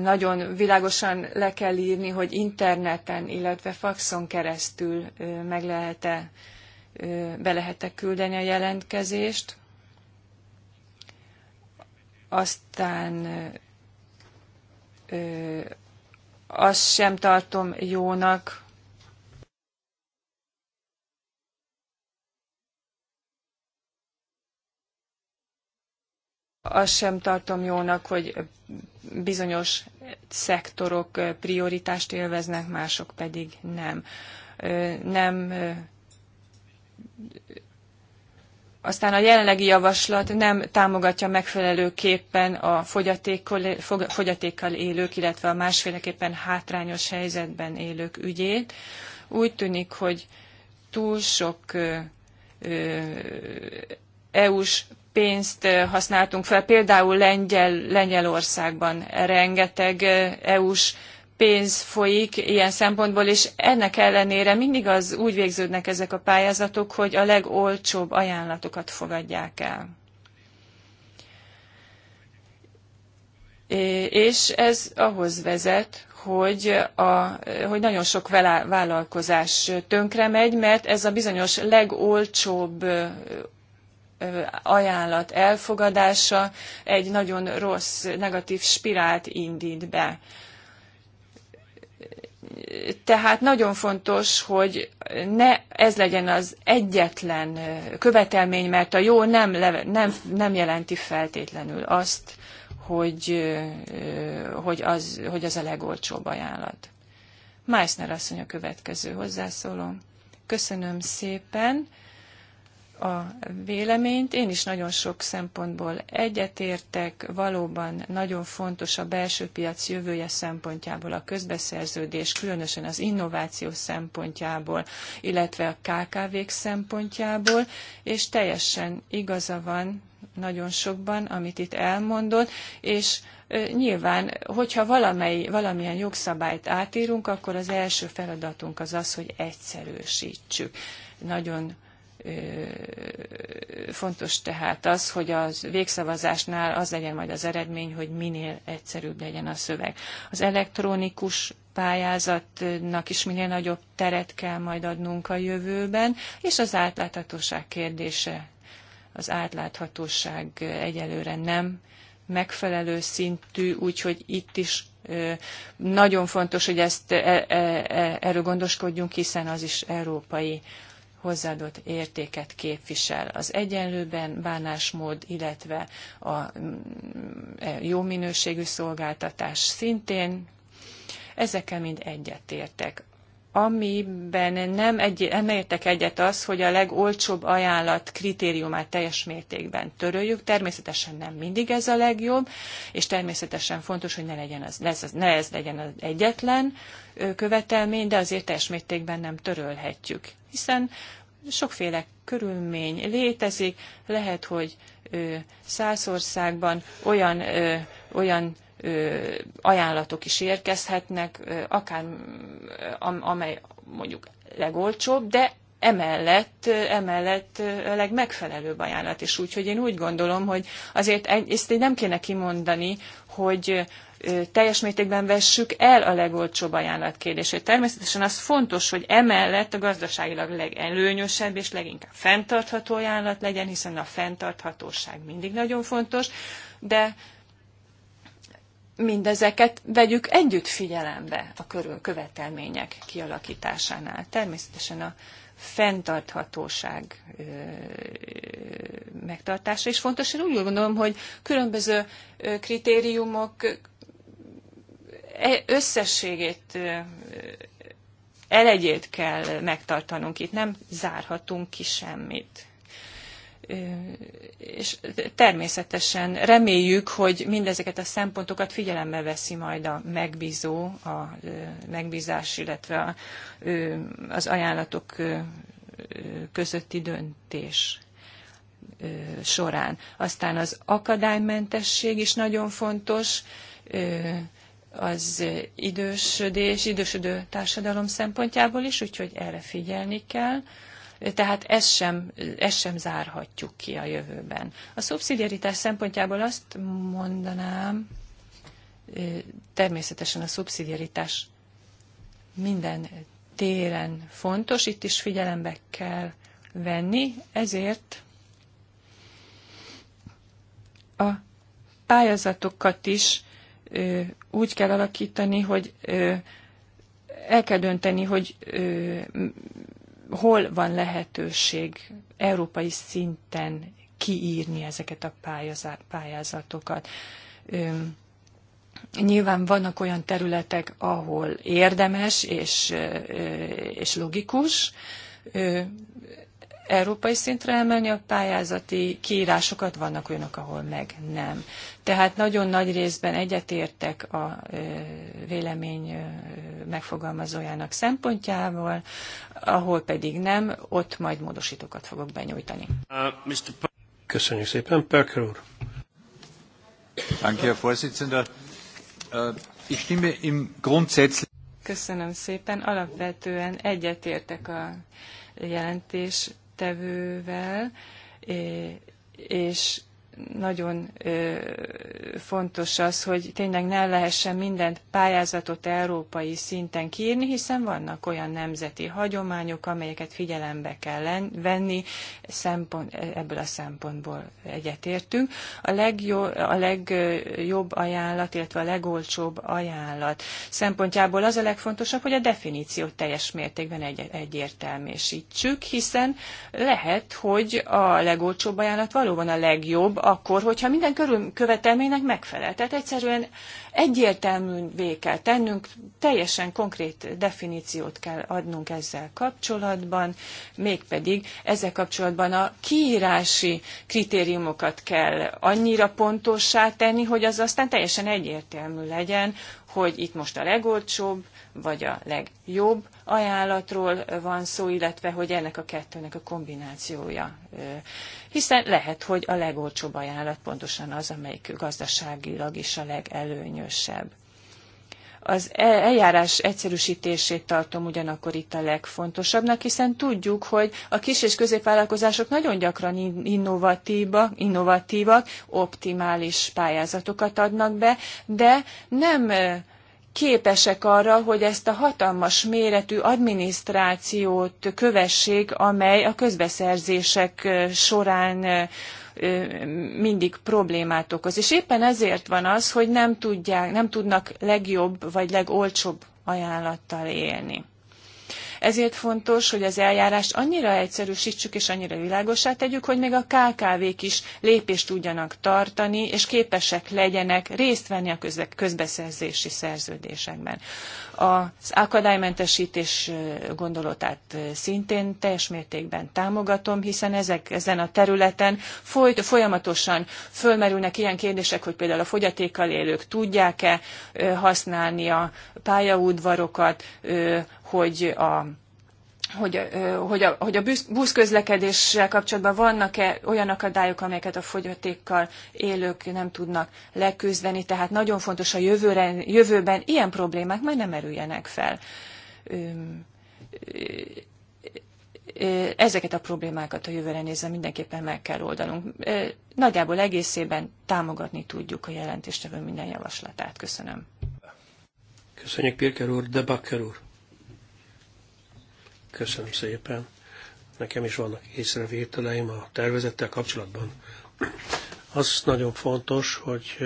[SPEAKER 3] nagyon világosan le kell írni, hogy interneten, illetve faxon keresztül meg lehet-e, be lehet -e küldeni a jelentkezést. Aztán azt sem tartom jónak, azt sem tartom jónak, hogy bizonyos szektorok prioritást élveznek, mások pedig nem. Nem aztán a jelenlegi javaslat nem támogatja megfelelőképpen a fogyatékkal élők, illetve a másféleképpen hátrányos helyzetben élők ügyét. Úgy tűnik, hogy túl sok EU-s pénzt használtunk fel. Például Lengyel, Lengyelországban rengeteg EU-s pénz folyik ilyen szempontból, és ennek ellenére mindig az úgy végződnek ezek a pályázatok, hogy a legolcsóbb ajánlatokat fogadják el. És ez ahhoz vezet, hogy, a, hogy nagyon sok vállalkozás tönkre megy, mert ez a bizonyos legolcsóbb ajánlat elfogadása egy nagyon rossz, negatív spirált indít be. Tehát nagyon fontos, hogy ne ez legyen az egyetlen követelmény, mert a jó nem, nem, nem jelenti feltétlenül azt, hogy, hogy, az, hogy az a legolcsóbb ajánlat. Meissner asszony a következő hozzászóló. Köszönöm szépen a véleményt. Én is nagyon sok szempontból egyetértek, valóban nagyon fontos a belső piac jövője szempontjából a közbeszerződés, különösen az innováció szempontjából, illetve a KKV-k szempontjából, és teljesen igaza van nagyon sokban, amit itt elmondott, és nyilván, hogyha valamely, valamilyen jogszabályt átírunk, akkor az első feladatunk az az, hogy egyszerűsítsük. Nagyon fontos tehát az, hogy az végszavazásnál az legyen majd az eredmény, hogy minél egyszerűbb legyen a szöveg. Az elektronikus pályázatnak is minél nagyobb teret kell majd adnunk a jövőben, és az átláthatóság kérdése, az átláthatóság egyelőre nem megfelelő szintű, úgyhogy itt is nagyon fontos, hogy ezt e, e, e, erről gondoskodjunk, hiszen az is európai hozzáadott értéket képvisel. Az egyenlőben bánásmód, illetve a mm, e, jó minőségű szolgáltatás szintén ezekkel mind egyetértek amiben nem, egy, nem értek egyet az, hogy a legolcsóbb ajánlat kritériumát teljes mértékben töröljük. Természetesen nem mindig ez a legjobb, és természetesen fontos, hogy ne, legyen az, ne, ez, ne ez legyen az egyetlen követelmény, de azért teljes mértékben nem törölhetjük. Hiszen sokféle körülmény létezik, lehet, hogy száz országban olyan, ö, olyan ajánlatok is érkezhetnek, akár amely mondjuk legolcsóbb, de emellett, emellett a legmegfelelőbb ajánlat is. Úgyhogy én úgy gondolom, hogy azért ezt így nem kéne kimondani, hogy teljes mértékben vessük el a legolcsóbb ajánlat kérdését. Természetesen az fontos, hogy emellett a gazdaságilag legelőnyösebb és leginkább fenntartható ajánlat legyen, hiszen a fenntarthatóság mindig nagyon fontos, de mindezeket vegyük együtt figyelembe a körülkövetelmények kialakításánál. Természetesen a fenntarthatóság megtartása is fontos. Én úgy gondolom, hogy különböző kritériumok e, összességét, elegyét kell megtartanunk itt, nem zárhatunk ki semmit és természetesen reméljük, hogy mindezeket a szempontokat figyelembe veszi majd a megbízó, a megbízás, illetve az ajánlatok közötti döntés során. Aztán az akadálymentesség is nagyon fontos, az idősödés, idősödő társadalom szempontjából is, úgyhogy erre figyelni kell tehát ezt sem, ezt sem zárhatjuk ki a jövőben. A szubszidiaritás szempontjából azt mondanám, természetesen a szubszidiaritás minden téren fontos, itt is figyelembe kell venni, ezért a pályázatokat is ö, úgy kell alakítani, hogy ö, el kell dönteni, hogy ö, hol van lehetőség európai szinten kiírni ezeket a pályázatokat. Nyilván vannak olyan területek, ahol érdemes és, és logikus európai szintre emelni a pályázati kiírásokat, vannak olyanok, ahol meg nem. Tehát nagyon nagy részben egyetértek a vélemény megfogalmazójának szempontjából, ahol pedig nem, ott majd módosítókat fogok benyújtani.
[SPEAKER 1] Köszönjük szépen, Perker úr.
[SPEAKER 3] Äh, Köszönöm szépen. Alapvetően egyetértek a jelentéstevővel, és nagyon fontos az, hogy tényleg ne lehessen mindent pályázatot európai szinten kiírni, hiszen vannak olyan nemzeti hagyományok, amelyeket figyelembe kell venni, szempont, ebből a szempontból egyetértünk. A, a legjobb ajánlat, illetve a legolcsóbb ajánlat szempontjából az a legfontosabb, hogy a definíciót teljes mértékben egy, hiszen lehet, hogy a legolcsóbb ajánlat valóban a legjobb, akkor, hogyha minden körül követelménynek megfelel. Tehát egyszerűen egyértelművé kell tennünk, teljesen konkrét definíciót kell adnunk ezzel kapcsolatban, mégpedig ezzel kapcsolatban a kiírási kritériumokat kell annyira pontossá tenni, hogy az aztán teljesen egyértelmű legyen, hogy itt most a legolcsóbb vagy a legjobb ajánlatról van szó, illetve hogy ennek a kettőnek a kombinációja. Hiszen lehet, hogy a legolcsóbb ajánlat pontosan az, amelyik gazdaságilag is a legelőnyösebb. Az e- eljárás egyszerűsítését tartom ugyanakkor itt a legfontosabbnak, hiszen tudjuk, hogy a kis és középvállalkozások nagyon gyakran innovatívak, innovatívak optimális pályázatokat adnak be, de nem képesek arra, hogy ezt a hatalmas méretű adminisztrációt kövessék, amely a közbeszerzések során mindig problémát okoz. És éppen ezért van az, hogy nem, tudják, nem tudnak legjobb vagy legolcsóbb ajánlattal élni. Ezért fontos, hogy az eljárást annyira egyszerűsítsük és annyira világosá tegyük, hogy még a KKV-k is lépést tudjanak tartani, és képesek legyenek részt venni a közbeszerzési szerződésekben. Az akadálymentesítés gondolatát szintén teljes mértékben támogatom, hiszen ezek, ezen a területen folyt, folyamatosan fölmerülnek ilyen kérdések, hogy például a fogyatékkal élők tudják-e használni a pályaudvarokat, hogy a hogy, hogy a, hogy a buszközlekedéssel kapcsolatban vannak-e olyan akadályok, amelyeket a fogyatékkal élők nem tudnak leküzdeni, tehát nagyon fontos a jövőre, jövőben ilyen problémák már nem merüljenek fel. Ezeket a problémákat a jövőre nézve mindenképpen meg kell oldanunk. Nagyjából egészében támogatni tudjuk a jelentéstevő minden javaslatát. Köszönöm.
[SPEAKER 1] Köszönjük Pirker úr, Bakker úr. Köszönöm szépen. Nekem is vannak észrevételeim a tervezettel kapcsolatban. Az nagyon fontos, hogy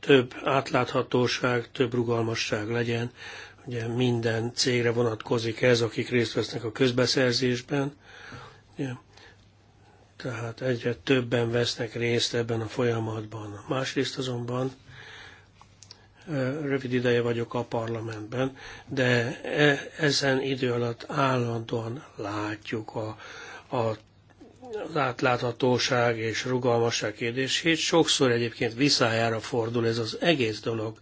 [SPEAKER 1] több átláthatóság, több rugalmasság legyen. Ugye minden cégre vonatkozik ez, akik részt vesznek a közbeszerzésben. Tehát egyre többen vesznek részt ebben a folyamatban. Másrészt azonban rövid ideje vagyok a parlamentben, de e, ezen idő alatt állandóan látjuk a, a az átláthatóság és rugalmasság kérdését. Sokszor egyébként visszájára fordul ez az egész dolog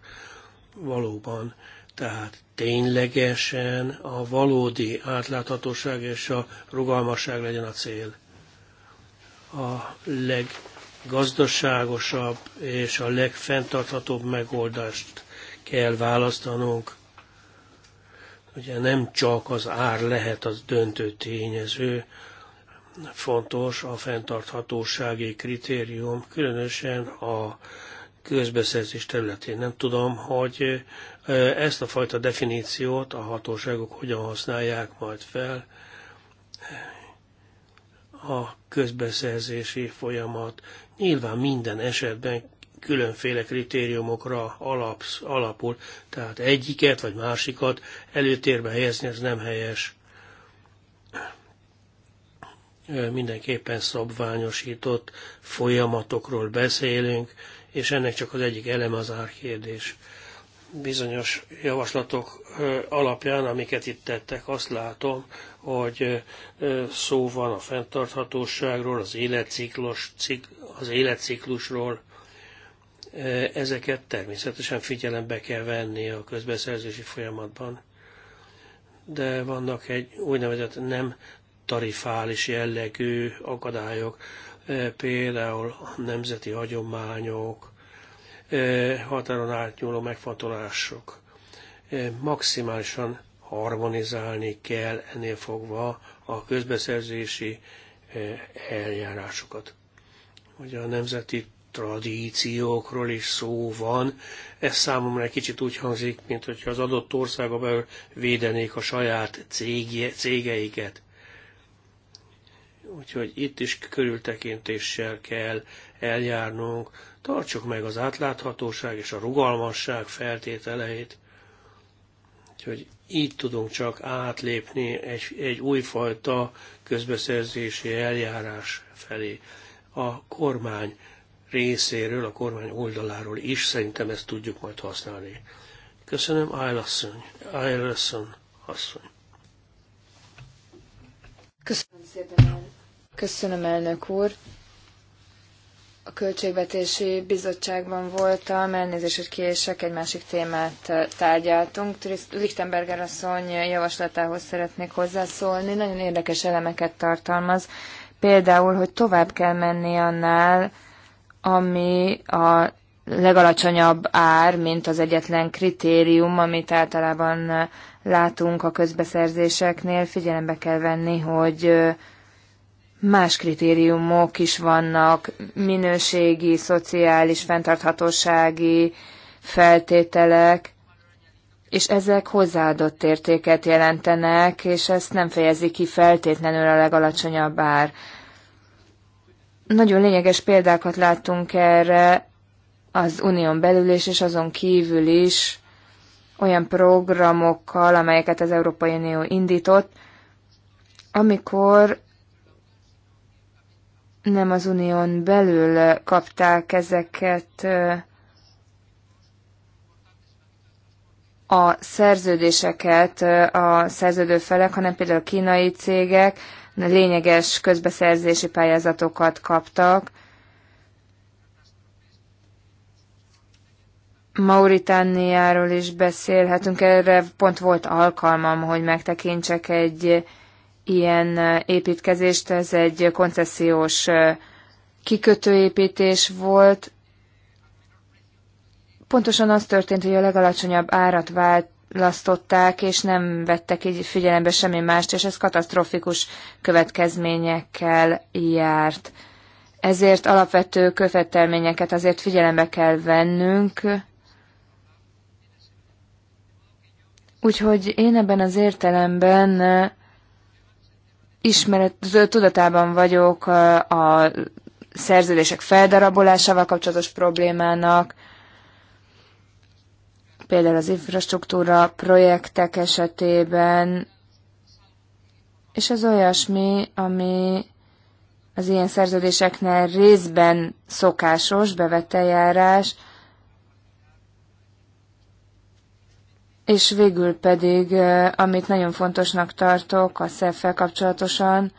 [SPEAKER 1] valóban. Tehát ténylegesen a valódi átláthatóság és a rugalmasság legyen a cél. A leg gazdaságosabb és a legfenntarthatóbb megoldást kell választanunk. Ugye nem csak az ár lehet az döntő tényező, fontos a fenntarthatósági kritérium, különösen a közbeszerzés területén. Nem tudom, hogy ezt a fajta definíciót a hatóságok hogyan használják majd fel a közbeszerzési folyamat Nyilván minden esetben különféle kritériumokra alapsz, alapul, tehát egyiket vagy másikat előtérbe helyezni, ez nem helyes. Mindenképpen szabványosított folyamatokról beszélünk, és ennek csak az egyik eleme az árkérdés. Bizonyos javaslatok alapján, amiket itt tettek, azt látom, hogy szó van a fenntarthatóságról, az, életciklus, cik, az életciklusról. Ezeket természetesen figyelembe kell venni a közbeszerzési folyamatban. De vannak egy úgynevezett nem tarifális jellegű akadályok, például a nemzeti hagyományok, határon átnyúló megfontolások. Maximálisan harmonizálni kell ennél fogva a közbeszerzési eh, eljárásokat. Ugye a nemzeti tradíciókról is szó van. Ez számomra egy kicsit úgy hangzik, mint hogyha az adott országa belül védenék a saját cégje, cégeiket. Úgyhogy itt is körültekintéssel kell eljárnunk, tartsuk meg az átláthatóság és a rugalmasság feltételeit. Úgyhogy így tudunk csak átlépni egy, egy újfajta közbeszerzési eljárás felé. A kormány részéről, a kormány oldaláról is szerintem ezt tudjuk majd használni. Köszönöm, Ájlasszony. Ájlasszony asszony.
[SPEAKER 2] Köszönöm szépen, el. Köszönöm, elnök úr a Költségvetési Bizottságban voltam, elnézést, hogy kiesek, egy másik témát eh, tárgyaltunk. Lichtenberger asszony javaslatához szeretnék hozzászólni. Nagyon érdekes elemeket tartalmaz. Például, hogy tovább kell menni annál, ami a legalacsonyabb ár, mint az egyetlen kritérium, amit általában eh, látunk a közbeszerzéseknél. Figyelembe kell venni, hogy eh, más kritériumok is vannak, minőségi, szociális, fenntarthatósági feltételek, és ezek hozzáadott értéket jelentenek, és ezt nem fejezi ki feltétlenül a legalacsonyabb ár. Nagyon lényeges példákat láttunk erre az unión belül is, és azon kívül is olyan programokkal, amelyeket az Európai Unió indított, amikor nem az unión belül kapták ezeket a szerződéseket a szerződő felek, hanem például a kínai cégek lényeges közbeszerzési pályázatokat kaptak. Mauritániáról is beszélhetünk, erre pont volt alkalmam, hogy megtekintsek egy ilyen építkezést, ez egy koncesziós kikötőépítés volt. Pontosan az történt, hogy a legalacsonyabb árat választották, és nem vettek így figyelembe semmi mást, és ez katasztrofikus következményekkel járt. Ezért alapvető követelményeket azért figyelembe kell vennünk. Úgyhogy én ebben az értelemben ismeret, tudatában vagyok a szerződések feldarabolásával kapcsolatos problémának, például az infrastruktúra projektek esetében, és ez olyasmi, ami az ilyen szerződéseknél részben szokásos, bevett eljárás, És végül pedig, amit nagyon fontosnak tartok a szelfel kapcsolatosan,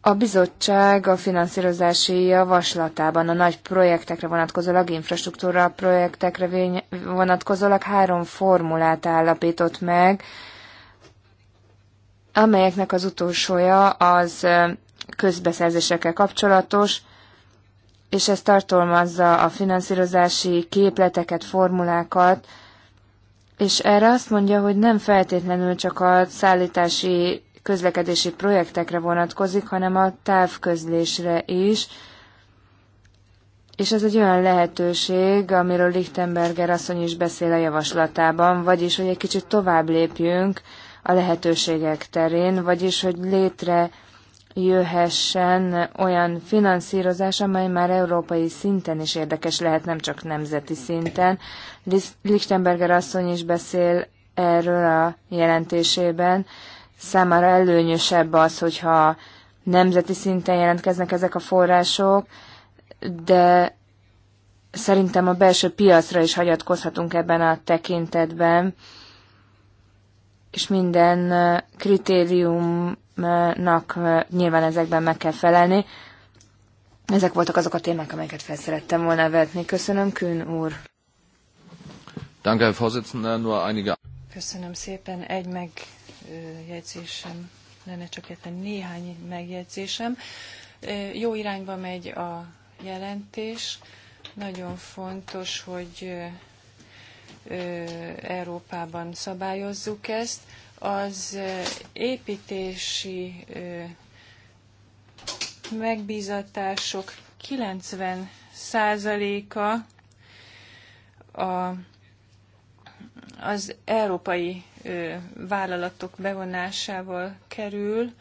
[SPEAKER 2] A bizottság a finanszírozási javaslatában a nagy projektekre vonatkozólag, infrastruktúra projektekre vonatkozólag három formulát állapított meg, amelyeknek az utolsója az közbeszerzésekkel kapcsolatos, és ez tartalmazza a finanszírozási képleteket, formulákat, és erre azt mondja, hogy nem feltétlenül csak a szállítási közlekedési projektekre vonatkozik, hanem a távközlésre is, és ez egy olyan lehetőség, amiről Lichtenberger asszony is beszél a javaslatában, vagyis, hogy egy kicsit tovább lépjünk a lehetőségek terén, vagyis, hogy létre jöhessen olyan finanszírozás, amely már európai szinten is érdekes lehet, nem csak nemzeti szinten. Lichtenberger asszony is beszél erről a jelentésében. Számára előnyösebb az, hogyha nemzeti szinten jelentkeznek ezek a források, de szerintem a belső piacra is hagyatkozhatunk ebben a tekintetben, és minden kritérium nak nyilván ezekben meg kell felelni. Ezek voltak azok a témák, amelyeket felszerettem volna vetni. Köszönöm, Kün úr.
[SPEAKER 3] Köszönöm szépen. Egy megjegyzésem lenne csak egyetlen néhány megjegyzésem. Jó irányba megy a jelentés. Nagyon fontos, hogy Európában szabályozzuk ezt az építési megbízatások 90%-a a, az európai vállalatok bevonásával kerül,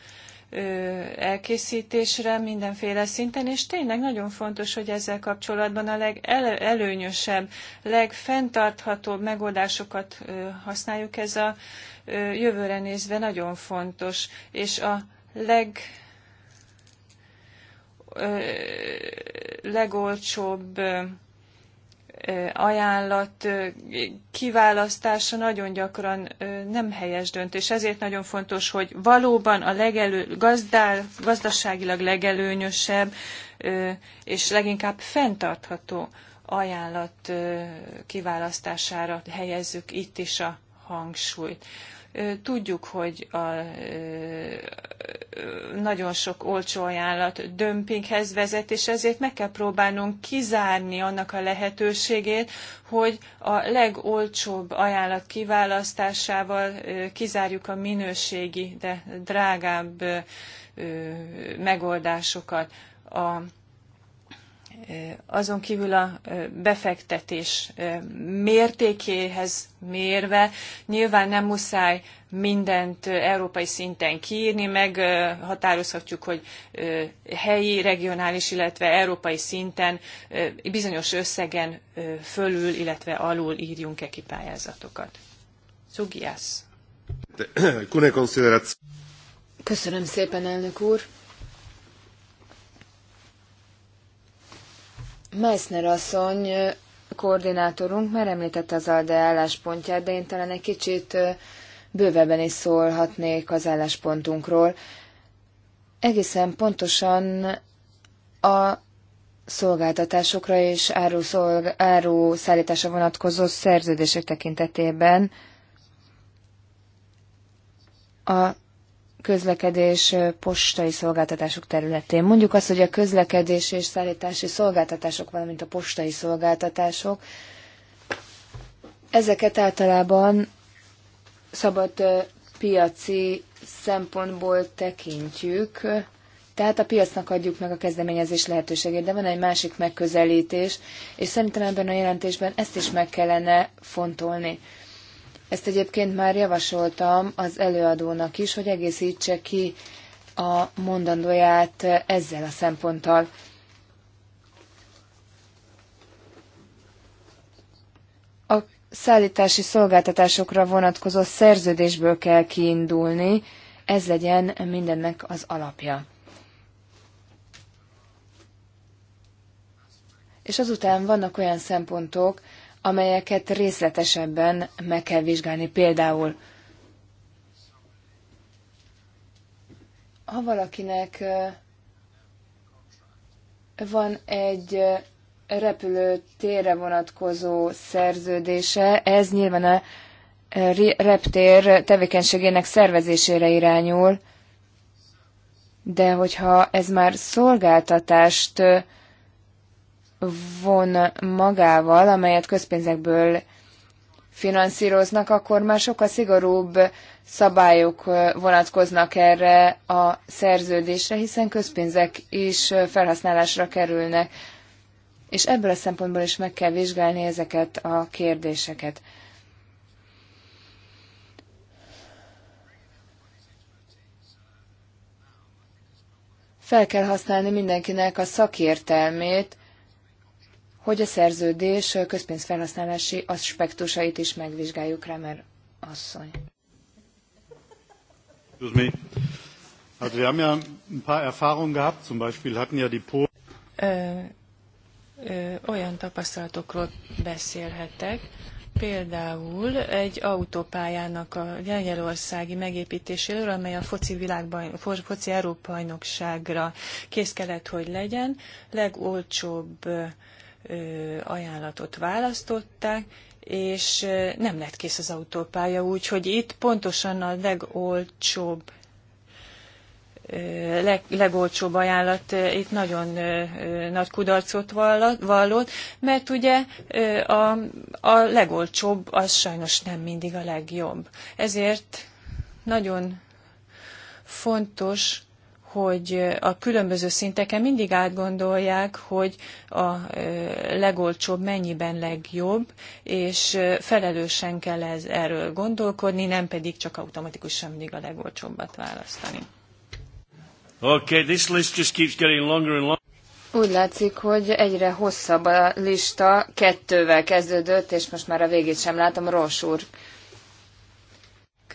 [SPEAKER 3] elkészítésre mindenféle szinten, és tényleg nagyon fontos, hogy ezzel kapcsolatban a legelőnyösebb, legfenntarthatóbb megoldásokat használjuk. Ez a jövőre nézve nagyon fontos, és a leg legolcsóbb ajánlat kiválasztása nagyon gyakran nem helyes döntés. Ezért nagyon fontos, hogy valóban a legelő, gazdál, gazdaságilag legelőnyösebb és leginkább fenntartható ajánlat kiválasztására helyezzük itt is a hangsúlyt. Tudjuk, hogy a, nagyon sok olcsó ajánlat dömpinghez vezet, és ezért meg kell próbálnunk kizárni annak a lehetőségét, hogy a legolcsóbb ajánlat kiválasztásával kizárjuk a minőségi, de drágább megoldásokat. A azon kívül a befektetés mértékéhez mérve nyilván nem muszáj mindent európai szinten kiírni, meg határozhatjuk, hogy helyi, regionális, illetve európai szinten bizonyos összegen fölül, illetve alul írjunk-e ki pályázatokat. Cugiász. Köszönöm szépen, elnök úr.
[SPEAKER 2] Meissner asszony koordinátorunk már említette az ALDE álláspontját, de én talán egy kicsit bővebben is szólhatnék az álláspontunkról. Egészen pontosan a szolgáltatásokra és áru, szolg- áru vonatkozó szerződések tekintetében a közlekedés postai szolgáltatások területén. Mondjuk azt, hogy a közlekedés és szállítási szolgáltatások, valamint a postai szolgáltatások, ezeket általában szabad piaci szempontból tekintjük, tehát a piacnak adjuk meg a kezdeményezés lehetőségét, de van egy másik megközelítés, és szerintem ebben a jelentésben ezt is meg kellene fontolni. Ezt egyébként már javasoltam az előadónak is, hogy egészítse ki a mondandóját ezzel a szemponttal. A szállítási szolgáltatásokra vonatkozó szerződésből kell kiindulni, ez legyen mindennek az alapja. És azután vannak olyan szempontok, amelyeket részletesebben meg kell vizsgálni. Például, ha valakinek van egy repülőtérre vonatkozó szerződése, ez nyilván a reptér tevékenységének szervezésére irányul, de hogyha ez már szolgáltatást von magával, amelyet közpénzekből finanszíroznak, akkor már sokkal szigorúbb szabályok vonatkoznak erre a szerződésre, hiszen közpénzek is felhasználásra kerülnek. És ebből a szempontból is meg kell vizsgálni ezeket a kérdéseket. Fel kell használni mindenkinek a szakértelmét, hogy a szerződés közpénzfelhasználási aspektusait is megvizsgáljuk rá, mert asszony.
[SPEAKER 1] Also wir haben ja ein paar Erfahrungen gehabt, zum Beispiel hatten ja die
[SPEAKER 3] Polen olyan tapasztalatokról beszélhetek, például egy autópályának a lengyelországi megépítéséről, amely a foci, világban, foci Európa-bajnokságra kész kellett, hogy legyen. Legolcsóbb ajánlatot választották, és nem lett kész az autópálya, úgyhogy itt pontosan a legolcsóbb leg, legolcsóbb ajánlat itt nagyon nagy kudarcot vallott, mert ugye a, a legolcsóbb az sajnos nem mindig a legjobb. Ezért nagyon fontos, hogy a különböző szinteken mindig átgondolják, hogy a legolcsóbb mennyiben legjobb, és felelősen kell ez, erről gondolkodni, nem pedig csak automatikusan mindig a legolcsóbbat választani.
[SPEAKER 1] Okay, this list just keeps getting longer and longer.
[SPEAKER 3] Úgy látszik,
[SPEAKER 2] hogy egyre hosszabb a lista, kettővel kezdődött, és most már a végét sem látom, Ross úr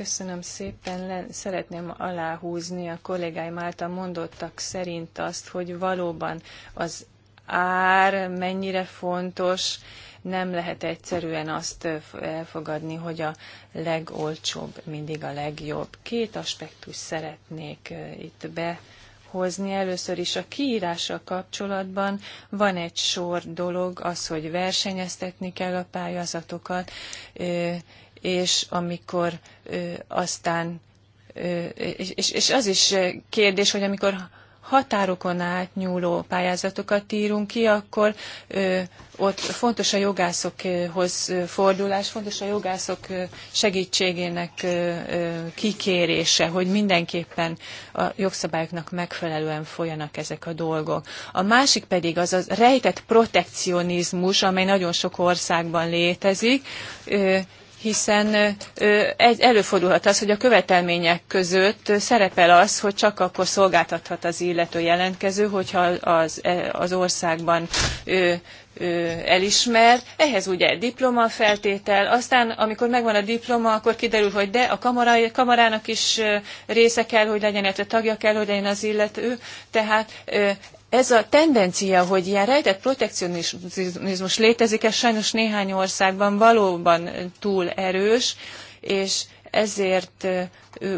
[SPEAKER 3] Köszönöm szépen. Szeretném aláhúzni a kollégáim által mondottak szerint azt, hogy valóban az ár mennyire fontos, nem lehet egyszerűen azt elfogadni, hogy a legolcsóbb mindig a legjobb. Két aspektus szeretnék itt be hozni. Először is a kiírással kapcsolatban van egy sor dolog, az, hogy versenyeztetni kell a pályázatokat, és amikor aztán, és, és az is kérdés, hogy amikor határokon átnyúló pályázatokat írunk ki, akkor ott fontos a jogászokhoz fordulás, fontos a jogászok segítségének kikérése, hogy mindenképpen a jogszabályoknak megfelelően folyanak ezek a dolgok. A másik pedig az a rejtett protekcionizmus, amely nagyon sok országban létezik, hiszen előfordulhat az, hogy a követelmények között szerepel az, hogy csak akkor szolgáltathat az illető jelentkező, hogyha az, e, az országban elismer. Ehhez ugye diploma feltétel, aztán amikor megvan a diploma, akkor kiderül, hogy de a kamarának is része kell, hogy legyen, illetve tagja kell, hogy legyen az illető. Tehát ez a tendencia, hogy ilyen rejtett protekcionizmus létezik, ez sajnos néhány országban valóban túl erős, és ezért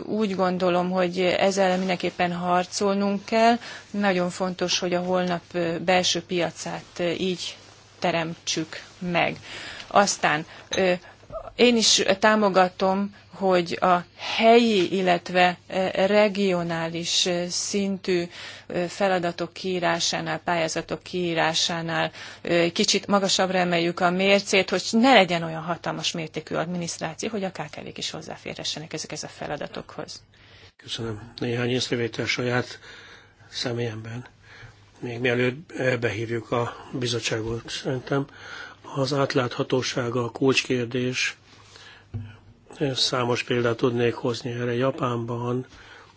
[SPEAKER 3] úgy gondolom, hogy ezzel mindenképpen harcolnunk kell. Nagyon fontos, hogy a holnap belső piacát így teremtsük meg. Aztán én is támogatom, hogy a helyi, illetve e, regionális e, szintű e, feladatok kiírásánál, pályázatok kiírásánál kicsit magasabbra emeljük a mércét, hogy ne legyen olyan hatalmas mértékű adminisztráció, hogy a KKV-k is hozzáférhessenek ezekhez a feladatokhoz.
[SPEAKER 1] Köszönöm. Néhány észrevétel saját személyemben. Még mielőtt behívjuk a bizottságot, szerintem az átláthatósága a kulcskérdés Számos példát tudnék hozni erre Japánban.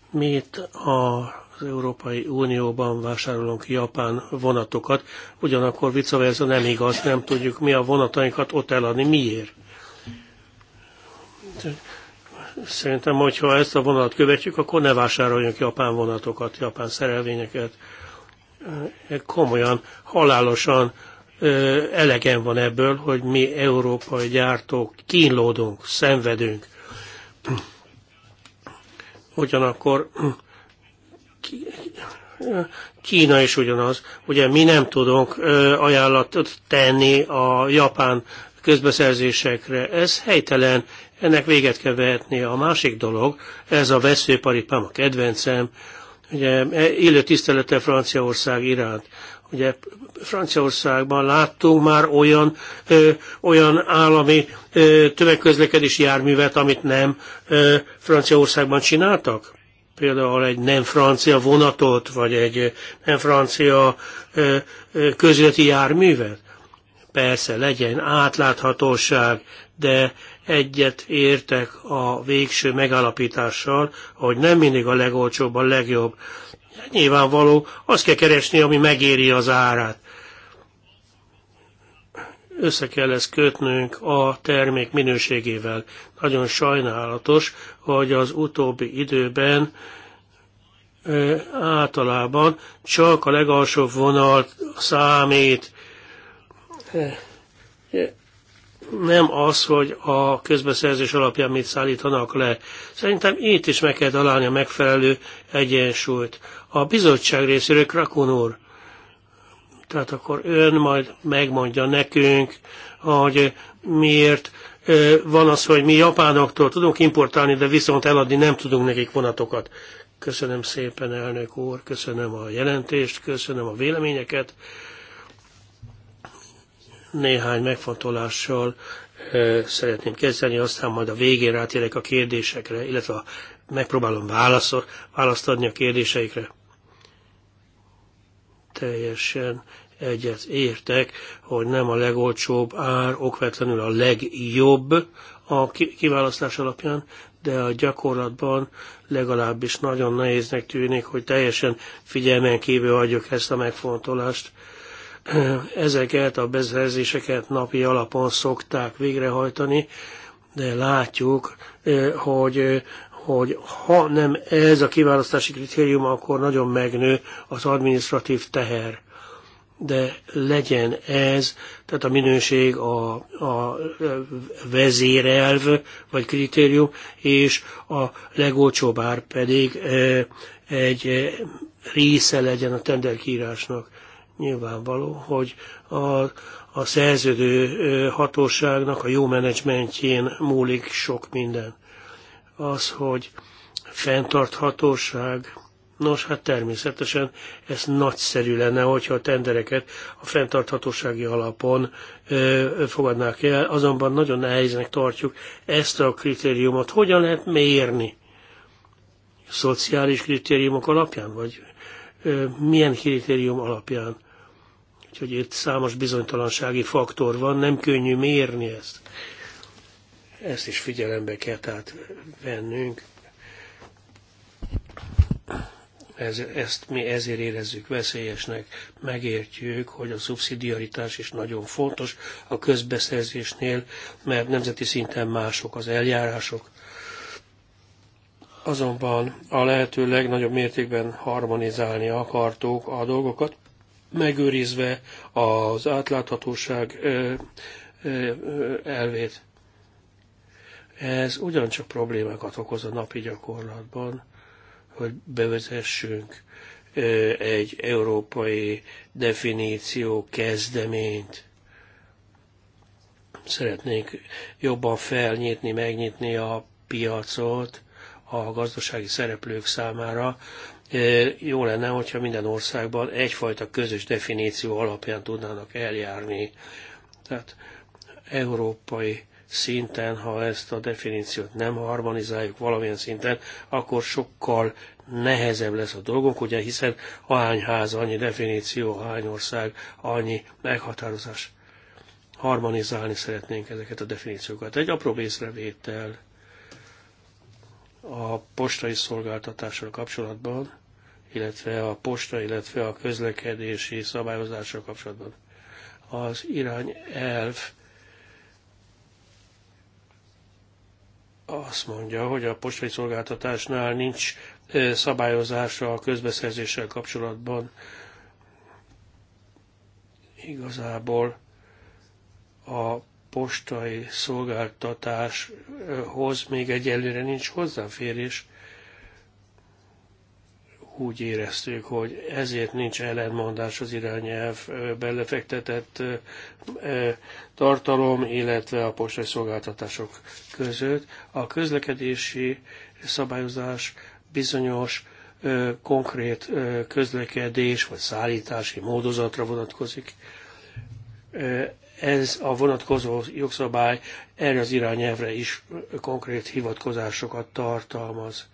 [SPEAKER 1] Mit a az Európai Unióban vásárolunk japán vonatokat, ugyanakkor vice ez nem igaz, nem tudjuk mi a vonatainkat ott eladni. Miért? Szerintem, hogyha ezt a vonalat követjük, akkor ne vásároljunk japán vonatokat, japán szerelvényeket. Komolyan, halálosan elegen van ebből, hogy mi európai gyártók kínlódunk, szenvedünk. Ugyanakkor Kína is ugyanaz. Ugye mi nem tudunk ajánlatot tenni a japán közbeszerzésekre. Ez helytelen, ennek véget kell vehetni. A másik dolog, ez a veszőparipám, a kedvencem, ugye e, illő tisztelete Franciaország iránt. Ugye Franciaországban láttunk már olyan, ö, olyan állami ö, tömegközlekedési járművet, amit nem ö, Franciaországban csináltak? Például egy nem francia vonatot, vagy egy nem francia ö, ö, járművet? Persze, legyen átláthatóság, de egyet értek a végső megalapítással, hogy nem mindig a legolcsóbb a legjobb nyilvánvaló, azt kell keresni, ami megéri az árát. Össze kell ezt kötnünk a termék minőségével. Nagyon sajnálatos, hogy az utóbbi időben általában csak a legalsó vonal számít. Nem az, hogy a közbeszerzés alapján mit szállítanak le. Szerintem itt is meg kell találni a megfelelő egyensúlyt. A bizottság részéről Krakon úr, tehát akkor ön majd megmondja nekünk, hogy miért van az, hogy mi japánoktól tudunk importálni, de viszont eladni nem tudunk nekik vonatokat. Köszönöm szépen, elnök úr, köszönöm a jelentést, köszönöm a véleményeket. Néhány megfontolással szeretném kezdeni, aztán majd a végén rátérek a kérdésekre, illetve megpróbálom válaszol, választ adni a kérdéseikre teljesen egyet értek, hogy nem a legolcsóbb ár, okvetlenül a legjobb a kiválasztás alapján, de a gyakorlatban legalábbis nagyon nehéznek tűnik, hogy teljesen figyelmen kívül hagyjuk ezt a megfontolást. Ezeket a bezerzéseket napi alapon szokták végrehajtani, de látjuk, eh, hogy eh, hogy ha nem ez a kiválasztási kritérium, akkor nagyon megnő az administratív teher. De legyen ez, tehát a minőség a, a vezérelv vagy kritérium, és a legolcsóbb ár pedig egy része legyen a tenderkírásnak. Nyilvánvaló, hogy a, a szerződő hatóságnak a jó menedzsmentjén múlik sok minden az, hogy fenntarthatóság. Nos, hát természetesen ez nagyszerű lenne, hogyha a tendereket a fenntarthatósági alapon ö, fogadnák el, azonban nagyon nehéznek tartjuk ezt a kritériumot. Hogyan lehet mérni? Szociális kritériumok alapján, vagy ö, milyen kritérium alapján? Úgyhogy itt számos bizonytalansági faktor van, nem könnyű mérni ezt. Ezt is figyelembe kell tehát vennünk. Ez, ezt mi ezért érezzük veszélyesnek, megértjük, hogy a szubszidiaritás is nagyon fontos a közbeszerzésnél, mert nemzeti szinten mások az eljárások, azonban a lehető legnagyobb mértékben harmonizálni akartuk a dolgokat, megőrizve az átláthatóság elvét. Ez ugyancsak problémákat okoz a napi gyakorlatban, hogy bevezessünk egy európai definíció kezdeményt. Szeretnénk jobban felnyitni, megnyitni a piacot a gazdasági szereplők számára. Jó lenne, hogyha minden országban egyfajta közös definíció alapján tudnának eljárni. Tehát európai szinten, ha ezt a definíciót nem harmonizáljuk valamilyen szinten, akkor sokkal nehezebb lesz a dolgunk, ugye hiszen ahány ház, annyi definíció, hány ország, annyi meghatározás. Harmonizálni szeretnénk ezeket a definíciókat. Egy apró észrevétel a postai szolgáltatással kapcsolatban, illetve a posta, illetve a közlekedési szabályozással kapcsolatban. Az irány elv azt mondja, hogy a postai szolgáltatásnál nincs szabályozása a közbeszerzéssel kapcsolatban. Igazából a postai szolgáltatáshoz még egyelőre nincs hozzáférés úgy éreztük, hogy ezért nincs ellentmondás az irányelv belefektetett tartalom, illetve a postai szolgáltatások között. A közlekedési szabályozás bizonyos konkrét közlekedés vagy szállítási módozatra vonatkozik. Ez a vonatkozó jogszabály erre az irányelvre is konkrét hivatkozásokat tartalmaz.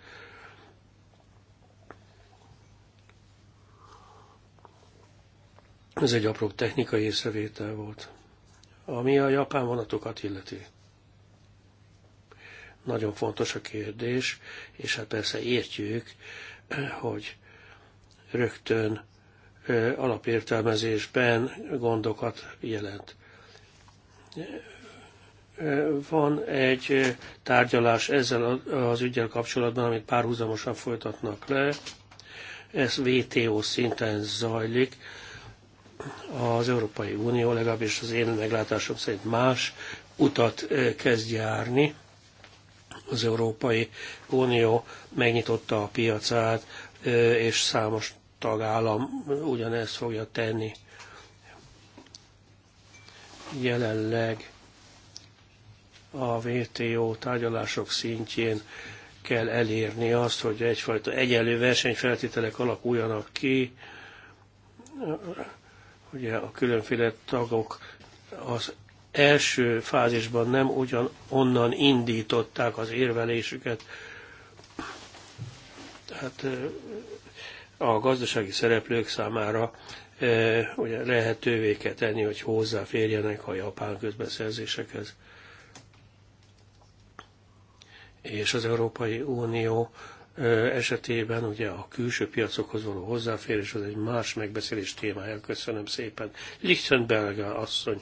[SPEAKER 1] Ez egy apró technikai észrevétel volt. Ami a japán vonatokat illeti. Nagyon fontos a kérdés, és hát persze értjük, hogy rögtön alapértelmezésben gondokat jelent. Van egy tárgyalás ezzel az ügyel kapcsolatban, amit párhuzamosan folytatnak le. Ez VTO szinten zajlik az Európai Unió, legalábbis az én meglátásom szerint más utat kezd járni. Az Európai Unió megnyitotta a piacát, és számos tagállam ugyanezt fogja tenni. Jelenleg a WTO tárgyalások szintjén kell elérni azt, hogy egyfajta egyenlő versenyfeltételek alakuljanak ki, ugye a különféle tagok az első fázisban nem ugyan onnan indították az érvelésüket. Tehát a gazdasági szereplők számára ugye lehetővé kell tenni, hogy hozzáférjenek a japán közbeszerzésekhez. És az Európai Unió esetében ugye a külső piacokhoz való hozzáférés az egy más megbeszélés témája. Köszönöm szépen. Lichtenberger asszony.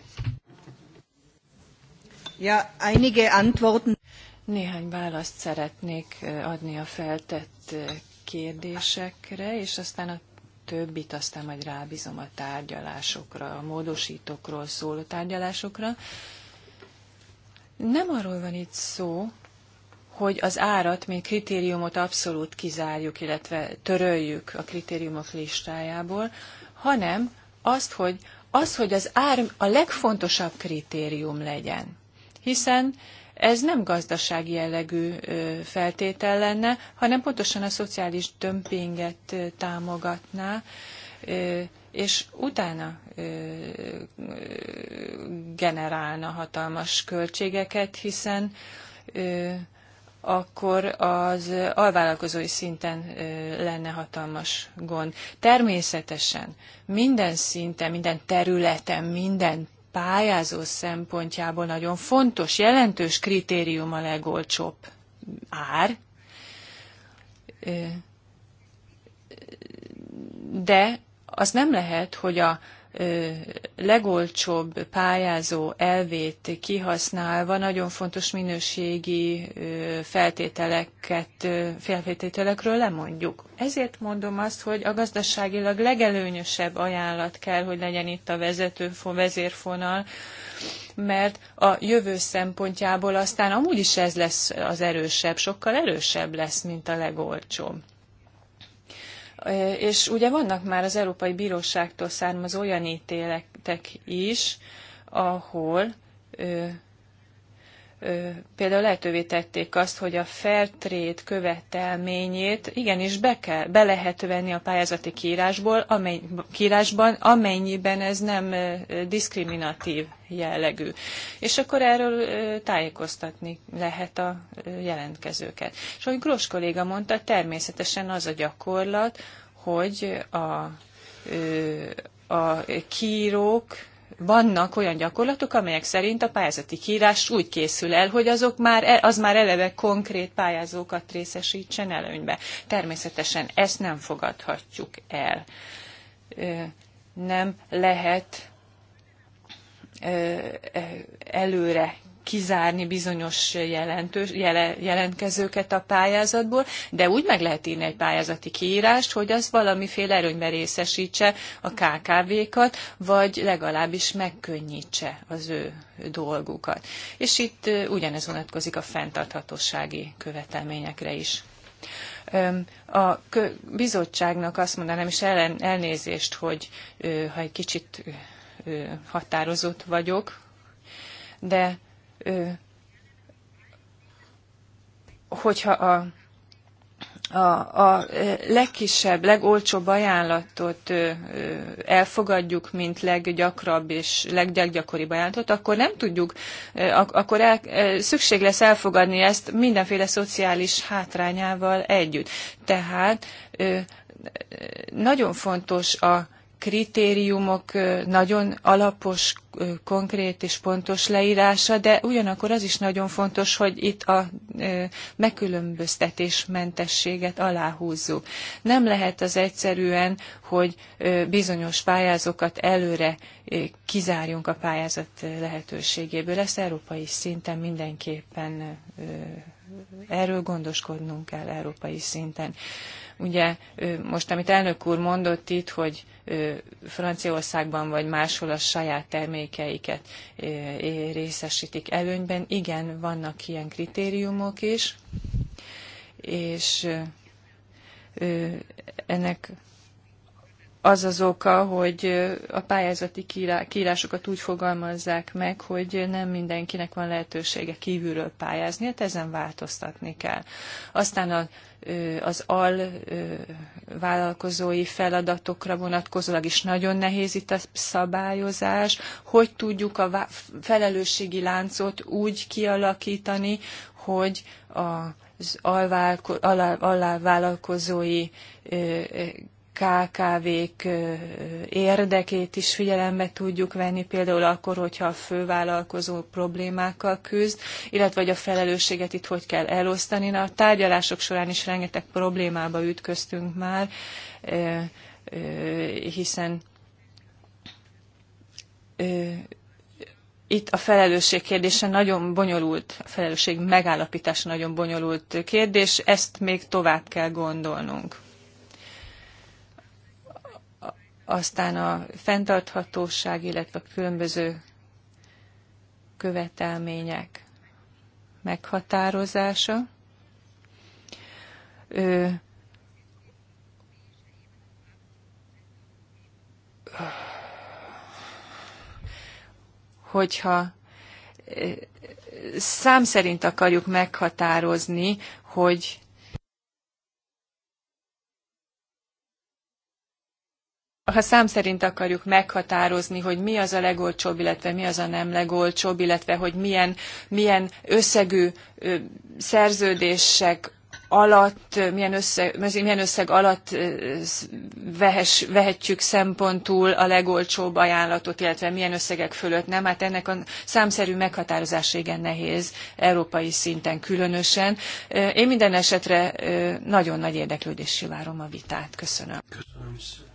[SPEAKER 3] Ja, einige Antworten. Néhány választ szeretnék adni a feltett kérdésekre, és aztán a többit aztán majd rábízom a tárgyalásokra, a módosítókról szóló tárgyalásokra. Nem arról van itt szó, hogy az árat, mint kritériumot abszolút kizárjuk, illetve töröljük a kritériumok listájából, hanem azt, hogy az, hogy az ár a legfontosabb kritérium legyen. Hiszen ez nem gazdasági jellegű feltétel lenne, hanem pontosan a szociális dömpinget támogatná, és utána generálna hatalmas költségeket, hiszen akkor az alvállalkozói szinten lenne hatalmas gond. Természetesen minden szinten, minden területen, minden pályázó szempontjából nagyon fontos, jelentős kritérium a legolcsóbb ár, de az nem lehet, hogy a legolcsóbb pályázó elvét kihasználva nagyon fontos minőségi feltételeket, feltételekről lemondjuk. Ezért mondom azt, hogy a gazdaságilag legelőnyösebb ajánlat kell, hogy legyen itt a vezető vezérfonal, mert a jövő szempontjából aztán amúgy is ez lesz az erősebb, sokkal erősebb lesz, mint a legolcsóbb. És ugye vannak már az Európai Bíróságtól származó olyan ítéletek is, ahol például lehetővé tették azt, hogy a fair trade követelményét igenis be, kell, be lehet venni a pályázati kiírásból, amely, kiírásban, amennyiben ez nem diszkriminatív jellegű. És akkor erről tájékoztatni lehet a jelentkezőket. És ahogy Gross kolléga mondta, természetesen az a gyakorlat, hogy a, a kírók vannak olyan gyakorlatok, amelyek szerint a pályázati kiírás úgy készül el, hogy azok már, e, az már eleve konkrét pályázókat részesítsen előnybe. Természetesen ezt nem fogadhatjuk el. Nem lehet előre kizárni bizonyos jelentős, jele, jelentkezőket a pályázatból, de úgy meg lehet írni egy pályázati kiírást, hogy az valamiféle erőnybe részesítse a KKV-kat, vagy legalábbis megkönnyítse az ő dolgukat. És itt ugyanez vonatkozik a fenntarthatósági követelményekre is. A bizottságnak azt mondanám is ellen, elnézést, hogy ha egy kicsit határozott vagyok, de hogyha a, a, a legkisebb, legolcsóbb ajánlatot elfogadjuk, mint leggyakrabb és leggyakoribb ajánlatot, akkor nem tudjuk, akkor el, szükség lesz elfogadni ezt mindenféle szociális hátrányával együtt. Tehát nagyon fontos a kritériumok nagyon alapos, konkrét és pontos leírása, de ugyanakkor az is nagyon fontos, hogy itt a megkülönböztetésmentességet aláhúzzuk. Nem lehet az egyszerűen, hogy bizonyos pályázókat előre kizárjunk a pályázat lehetőségéből. Ezt európai szinten mindenképpen erről gondoskodnunk kell európai szinten. Ugye most, amit elnök úr mondott itt, hogy Franciaországban vagy máshol a saját termékeiket részesítik előnyben. Igen, vannak ilyen kritériumok is, és ennek az az oka, hogy a pályázati kiírásokat úgy fogalmazzák meg, hogy nem mindenkinek van lehetősége kívülről pályázni, hát ezen változtatni kell. Aztán a az al vállalkozói feladatokra vonatkozólag is nagyon nehéz itt a szabályozás. Hogy tudjuk a felelősségi láncot úgy kialakítani, hogy az alvállalkozói KKV-k érdekét is figyelembe tudjuk venni, például akkor, hogyha a fővállalkozó problémákkal küzd, illetve hogy a felelősséget itt hogy kell elosztani. Na, a tárgyalások során is rengeteg problémába ütköztünk már, hiszen itt a felelősség kérdése nagyon bonyolult, a felelősség megállapítása nagyon bonyolult kérdés, ezt még tovább kell gondolnunk aztán a fenntarthatóság, illetve a különböző követelmények meghatározása. Ö, hogyha szám szerint akarjuk meghatározni, hogy ha szám szerint akarjuk meghatározni, hogy mi az a legolcsóbb, illetve mi az a nem legolcsóbb, illetve hogy milyen, milyen összegű szerződések alatt, milyen összeg, milyen összeg alatt vehes, vehetjük szempontul a legolcsóbb ajánlatot, illetve milyen összegek fölött nem. Hát ennek a számszerű meghatározása igen nehéz, európai szinten különösen. Én minden esetre nagyon nagy érdeklődéssel várom a vitát. Köszönöm.
[SPEAKER 1] Köszönöm.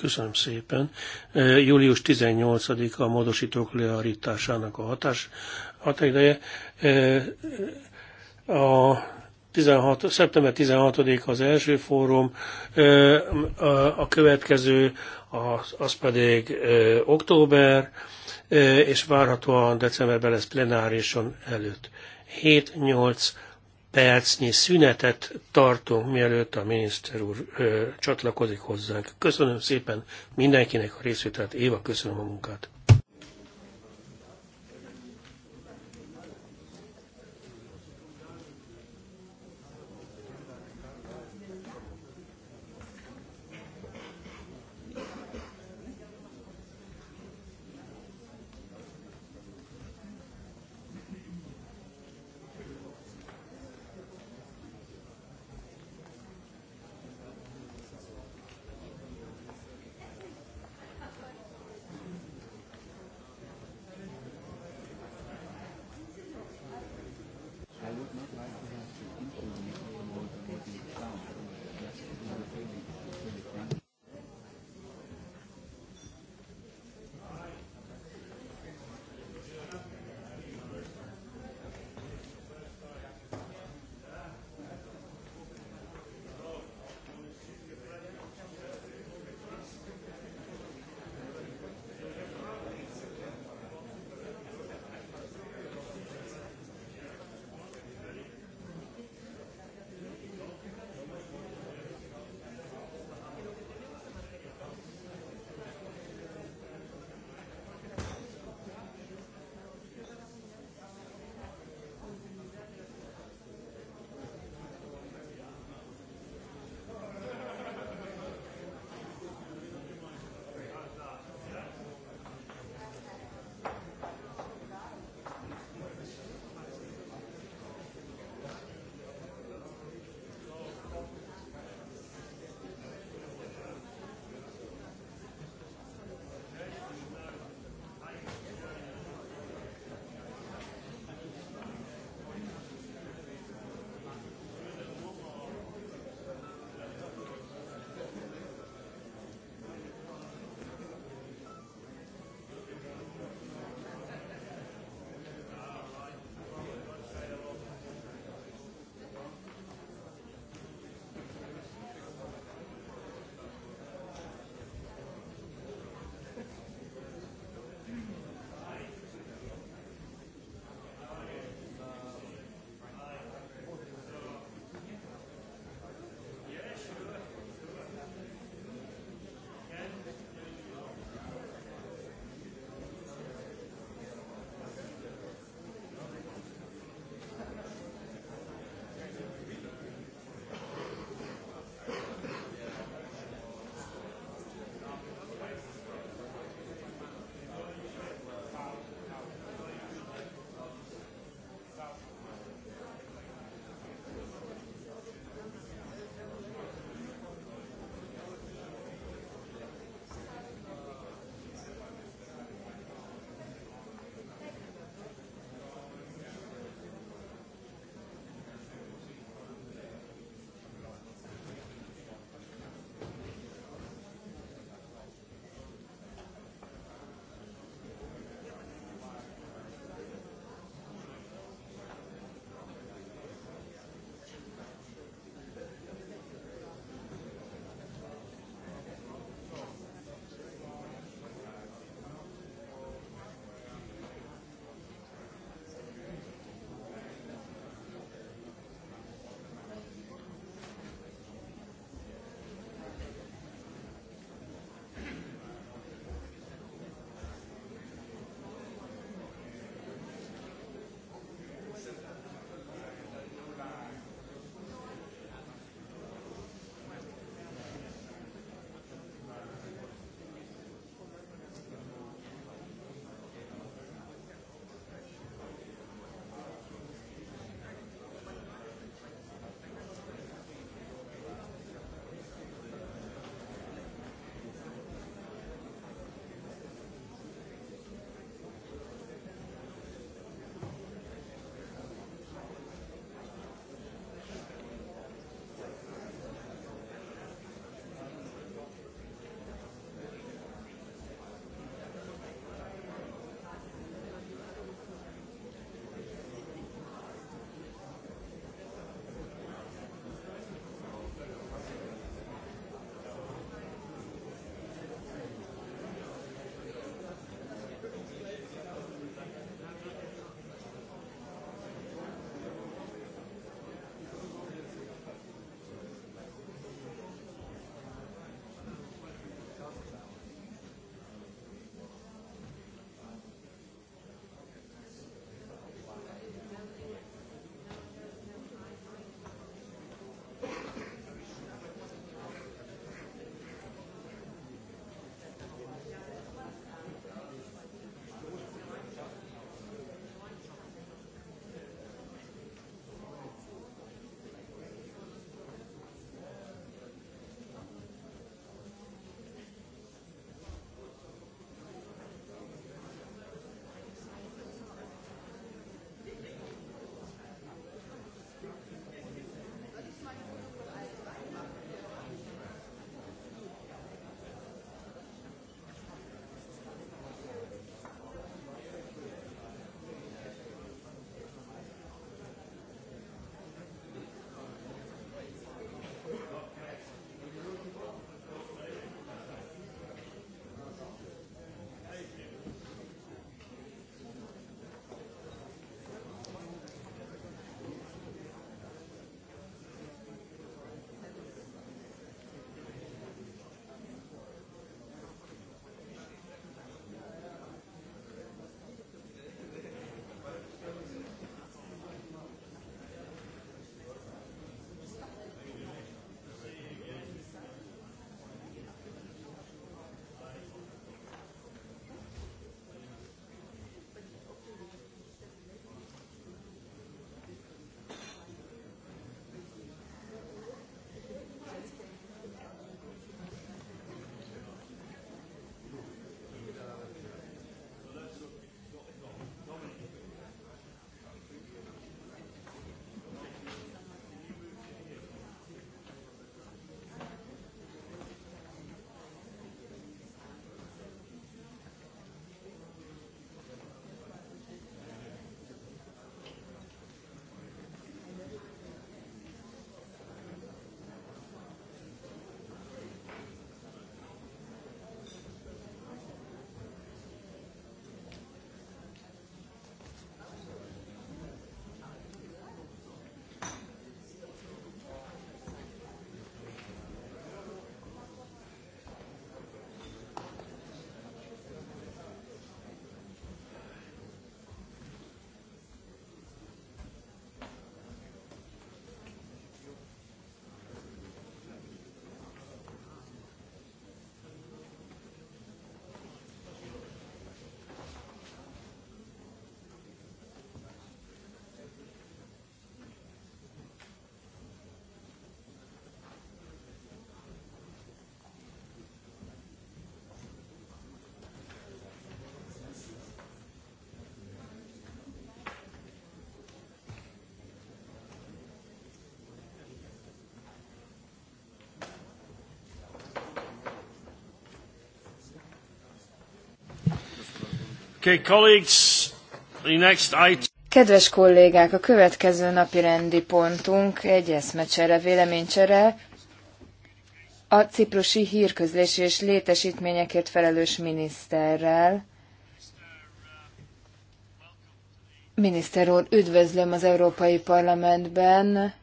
[SPEAKER 1] Köszönöm szépen. E, július 18-a a módosítók leállításának a hatás, határideje. E, a 16, szeptember 16 az első fórum, e, a következő az, az pedig október, és várhatóan decemberben lesz plenárison előtt. 7-8 percnyi szünetet tartunk, mielőtt a miniszter úr ö, csatlakozik hozzánk. Köszönöm szépen mindenkinek a részvételt, Éva, köszönöm a munkát.
[SPEAKER 2] Kedves kollégák, a következő napi rendi pontunk egy eszmecsere, véleménycsere a ciprusi hírközlés és létesítményekért felelős miniszterrel. Miniszter úr, üdvözlöm az Európai Parlamentben.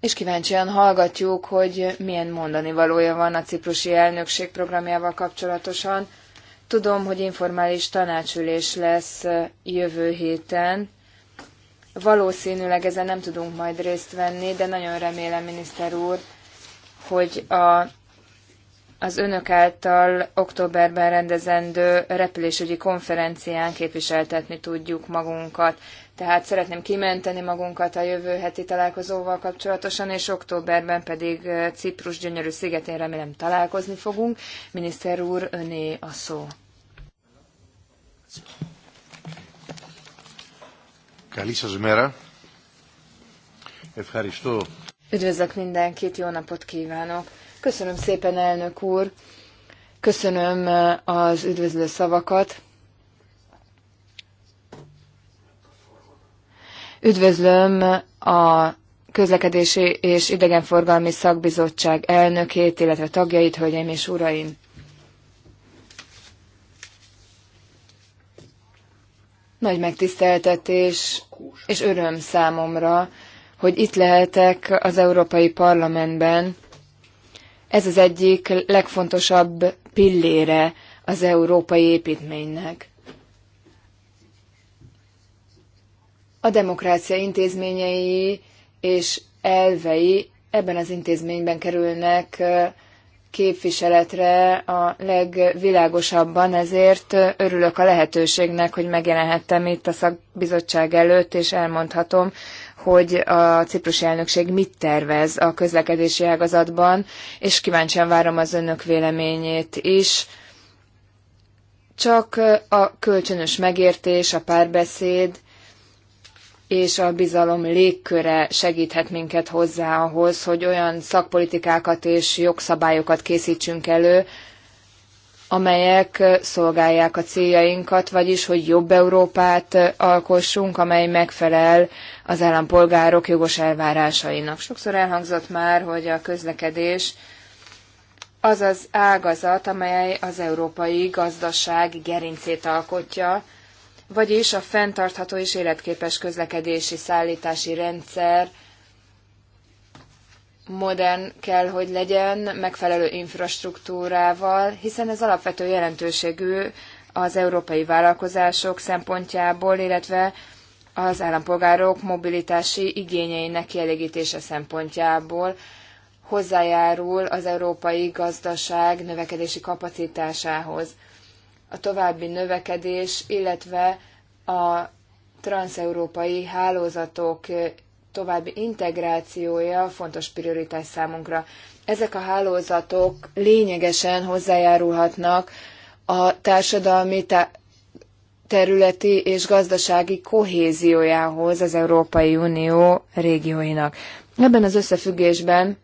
[SPEAKER 2] és kíváncsian hallgatjuk, hogy milyen mondani valója van a ciprusi elnökség programjával kapcsolatosan. Tudom, hogy informális tanácsülés lesz jövő héten. Valószínűleg ezen nem tudunk majd részt venni, de nagyon remélem, miniszter úr, hogy a, az önök által októberben rendezendő repülésügyi konferencián képviseltetni tudjuk magunkat tehát szeretném kimenteni magunkat a jövő heti találkozóval kapcsolatosan, és októberben pedig Ciprus gyönyörű szigetén remélem találkozni fogunk. Miniszter úr, öné a szó. Üdvözlök mindenkit, jó napot kívánok. Köszönöm szépen, elnök úr. Köszönöm az üdvözlő szavakat. Üdvözlöm a közlekedési és idegenforgalmi szakbizottság elnökét, illetve tagjait, hölgyeim és uraim! Nagy megtiszteltetés és öröm számomra, hogy itt lehetek az Európai Parlamentben. Ez az egyik legfontosabb pillére az európai építménynek. a demokrácia intézményei és elvei ebben az intézményben kerülnek képviseletre a legvilágosabban, ezért örülök a lehetőségnek, hogy megjelenhettem itt a szakbizottság előtt, és elmondhatom, hogy a ciprusi elnökség mit tervez a közlekedési ágazatban, és kíváncsian várom az önök véleményét is. Csak a kölcsönös megértés, a párbeszéd, és a bizalom légköre segíthet minket hozzá ahhoz, hogy olyan szakpolitikákat és jogszabályokat készítsünk elő, amelyek szolgálják a céljainkat, vagyis hogy jobb Európát alkossunk, amely megfelel az állampolgárok jogos elvárásainak. Sokszor elhangzott már, hogy a közlekedés az az ágazat, amely az európai gazdaság gerincét alkotja, vagyis a fenntartható és életképes közlekedési szállítási rendszer modern kell, hogy legyen, megfelelő infrastruktúrával, hiszen ez alapvető jelentőségű az európai vállalkozások szempontjából, illetve az állampolgárok mobilitási igényeinek kielégítése szempontjából hozzájárul az európai gazdaság növekedési kapacitásához a további növekedés, illetve a transeurópai hálózatok további integrációja fontos prioritás számunkra. Ezek a hálózatok lényegesen hozzájárulhatnak a társadalmi területi és gazdasági kohéziójához az Európai Unió régióinak. Ebben az összefüggésben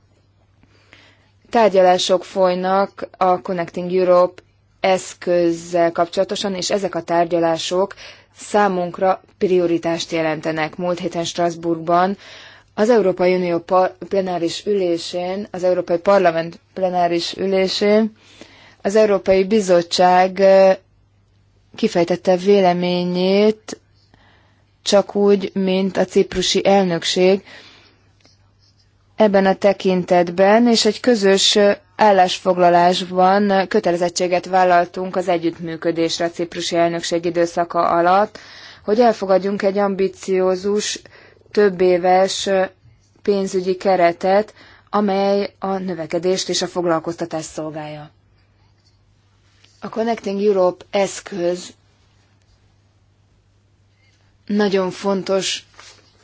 [SPEAKER 2] tárgyalások folynak a Connecting Europe eszközzel kapcsolatosan, és ezek a tárgyalások számunkra prioritást jelentenek. Múlt héten Strasbourgban az Európai Unió plenáris ülésén, az Európai Parlament plenáris ülésén az Európai Bizottság kifejtette véleményét csak úgy, mint a ciprusi elnökség ebben a tekintetben, és egy közös állásfoglalásban kötelezettséget vállaltunk az együttműködésre a ciprusi elnökség időszaka alatt, hogy elfogadjunk egy ambiciózus, több éves pénzügyi keretet, amely a növekedést és a foglalkoztatást szolgálja. A Connecting Europe eszköz nagyon fontos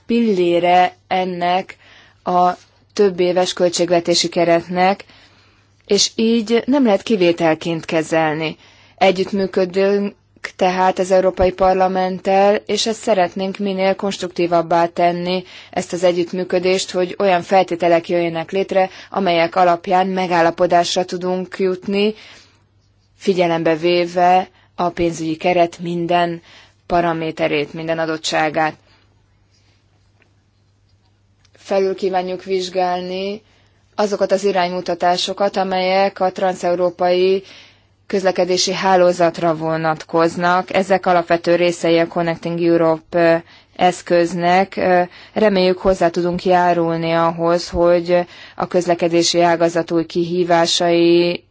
[SPEAKER 2] pillére ennek a több éves költségvetési keretnek, és így nem lehet kivételként kezelni. Együttműködünk tehát az Európai Parlamenttel, és ezt szeretnénk minél konstruktívabbá tenni ezt az együttműködést, hogy olyan feltételek jöjjenek létre, amelyek alapján megállapodásra tudunk jutni, figyelembe véve a pénzügyi keret minden paraméterét, minden adottságát. Felül kívánjuk vizsgálni azokat az iránymutatásokat, amelyek a transeurópai közlekedési hálózatra vonatkoznak. Ezek alapvető részei a Connecting Europe eszköznek. Reméljük hozzá tudunk járulni ahhoz, hogy a közlekedési ágazat új kihívásaival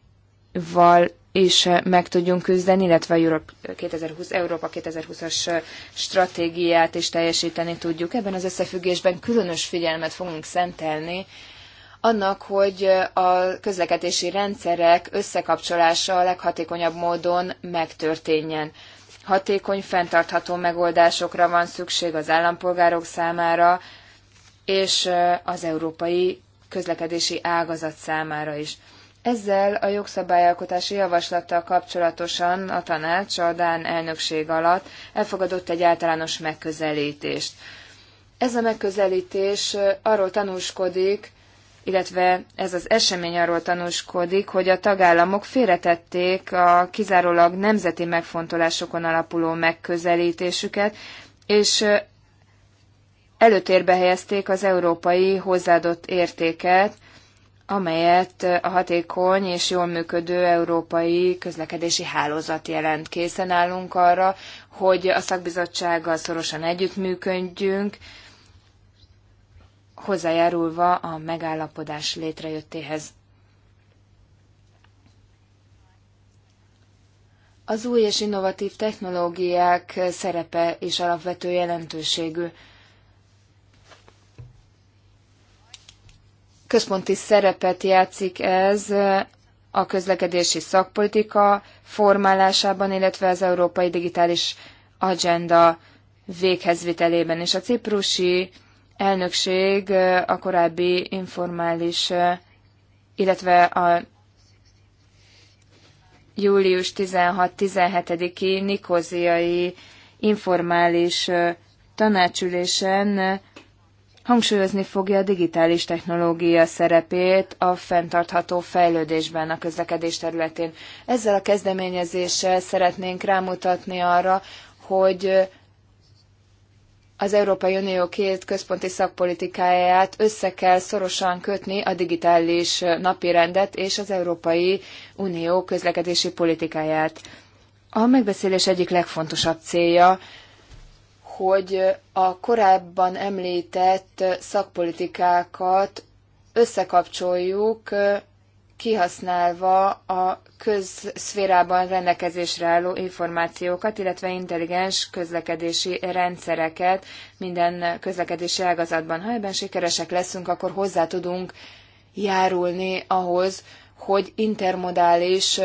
[SPEAKER 2] is meg tudjunk küzdeni, illetve a Europe 2020, Európa 2020-as stratégiát is teljesíteni tudjuk. Ebben az összefüggésben különös figyelmet fogunk szentelni annak, hogy a közlekedési rendszerek összekapcsolása a leghatékonyabb módon megtörténjen. Hatékony, fenntartható megoldásokra van szükség az állampolgárok számára, és az európai közlekedési ágazat számára is. Ezzel a jogszabályalkotási javaslattal kapcsolatosan a tanács a Dán elnökség alatt elfogadott egy általános megközelítést. Ez a megközelítés arról tanúskodik, illetve ez az esemény arról tanúskodik, hogy a tagállamok félretették a kizárólag nemzeti megfontolásokon alapuló megközelítésüket, és előtérbe helyezték az európai hozzáadott értéket, amelyet a hatékony és jól működő európai közlekedési hálózat jelent. Készen állunk arra, hogy a szakbizottsággal szorosan együttműködjünk, hozzájárulva a megállapodás létrejöttéhez. Az új és innovatív technológiák szerepe és alapvető jelentőségű. Központi szerepet játszik ez a közlekedési szakpolitika formálásában, illetve az európai digitális agenda véghezvitelében, és a ciprusi elnökség a korábbi informális, illetve a július 16-17-i nikoziai informális tanácsülésen hangsúlyozni fogja a digitális technológia szerepét a fenntartható fejlődésben a közlekedés területén. Ezzel a kezdeményezéssel szeretnénk rámutatni arra, hogy az Európai Unió két központi szakpolitikáját össze kell szorosan kötni a digitális napirendet és az Európai Unió közlekedési politikáját. A megbeszélés egyik legfontosabb célja, hogy a korábban említett szakpolitikákat összekapcsoljuk kihasználva a közszférában rendelkezésre álló információkat, illetve intelligens közlekedési rendszereket minden közlekedési ágazatban. Ha ebben sikeresek leszünk, akkor hozzá tudunk járulni ahhoz, hogy intermodális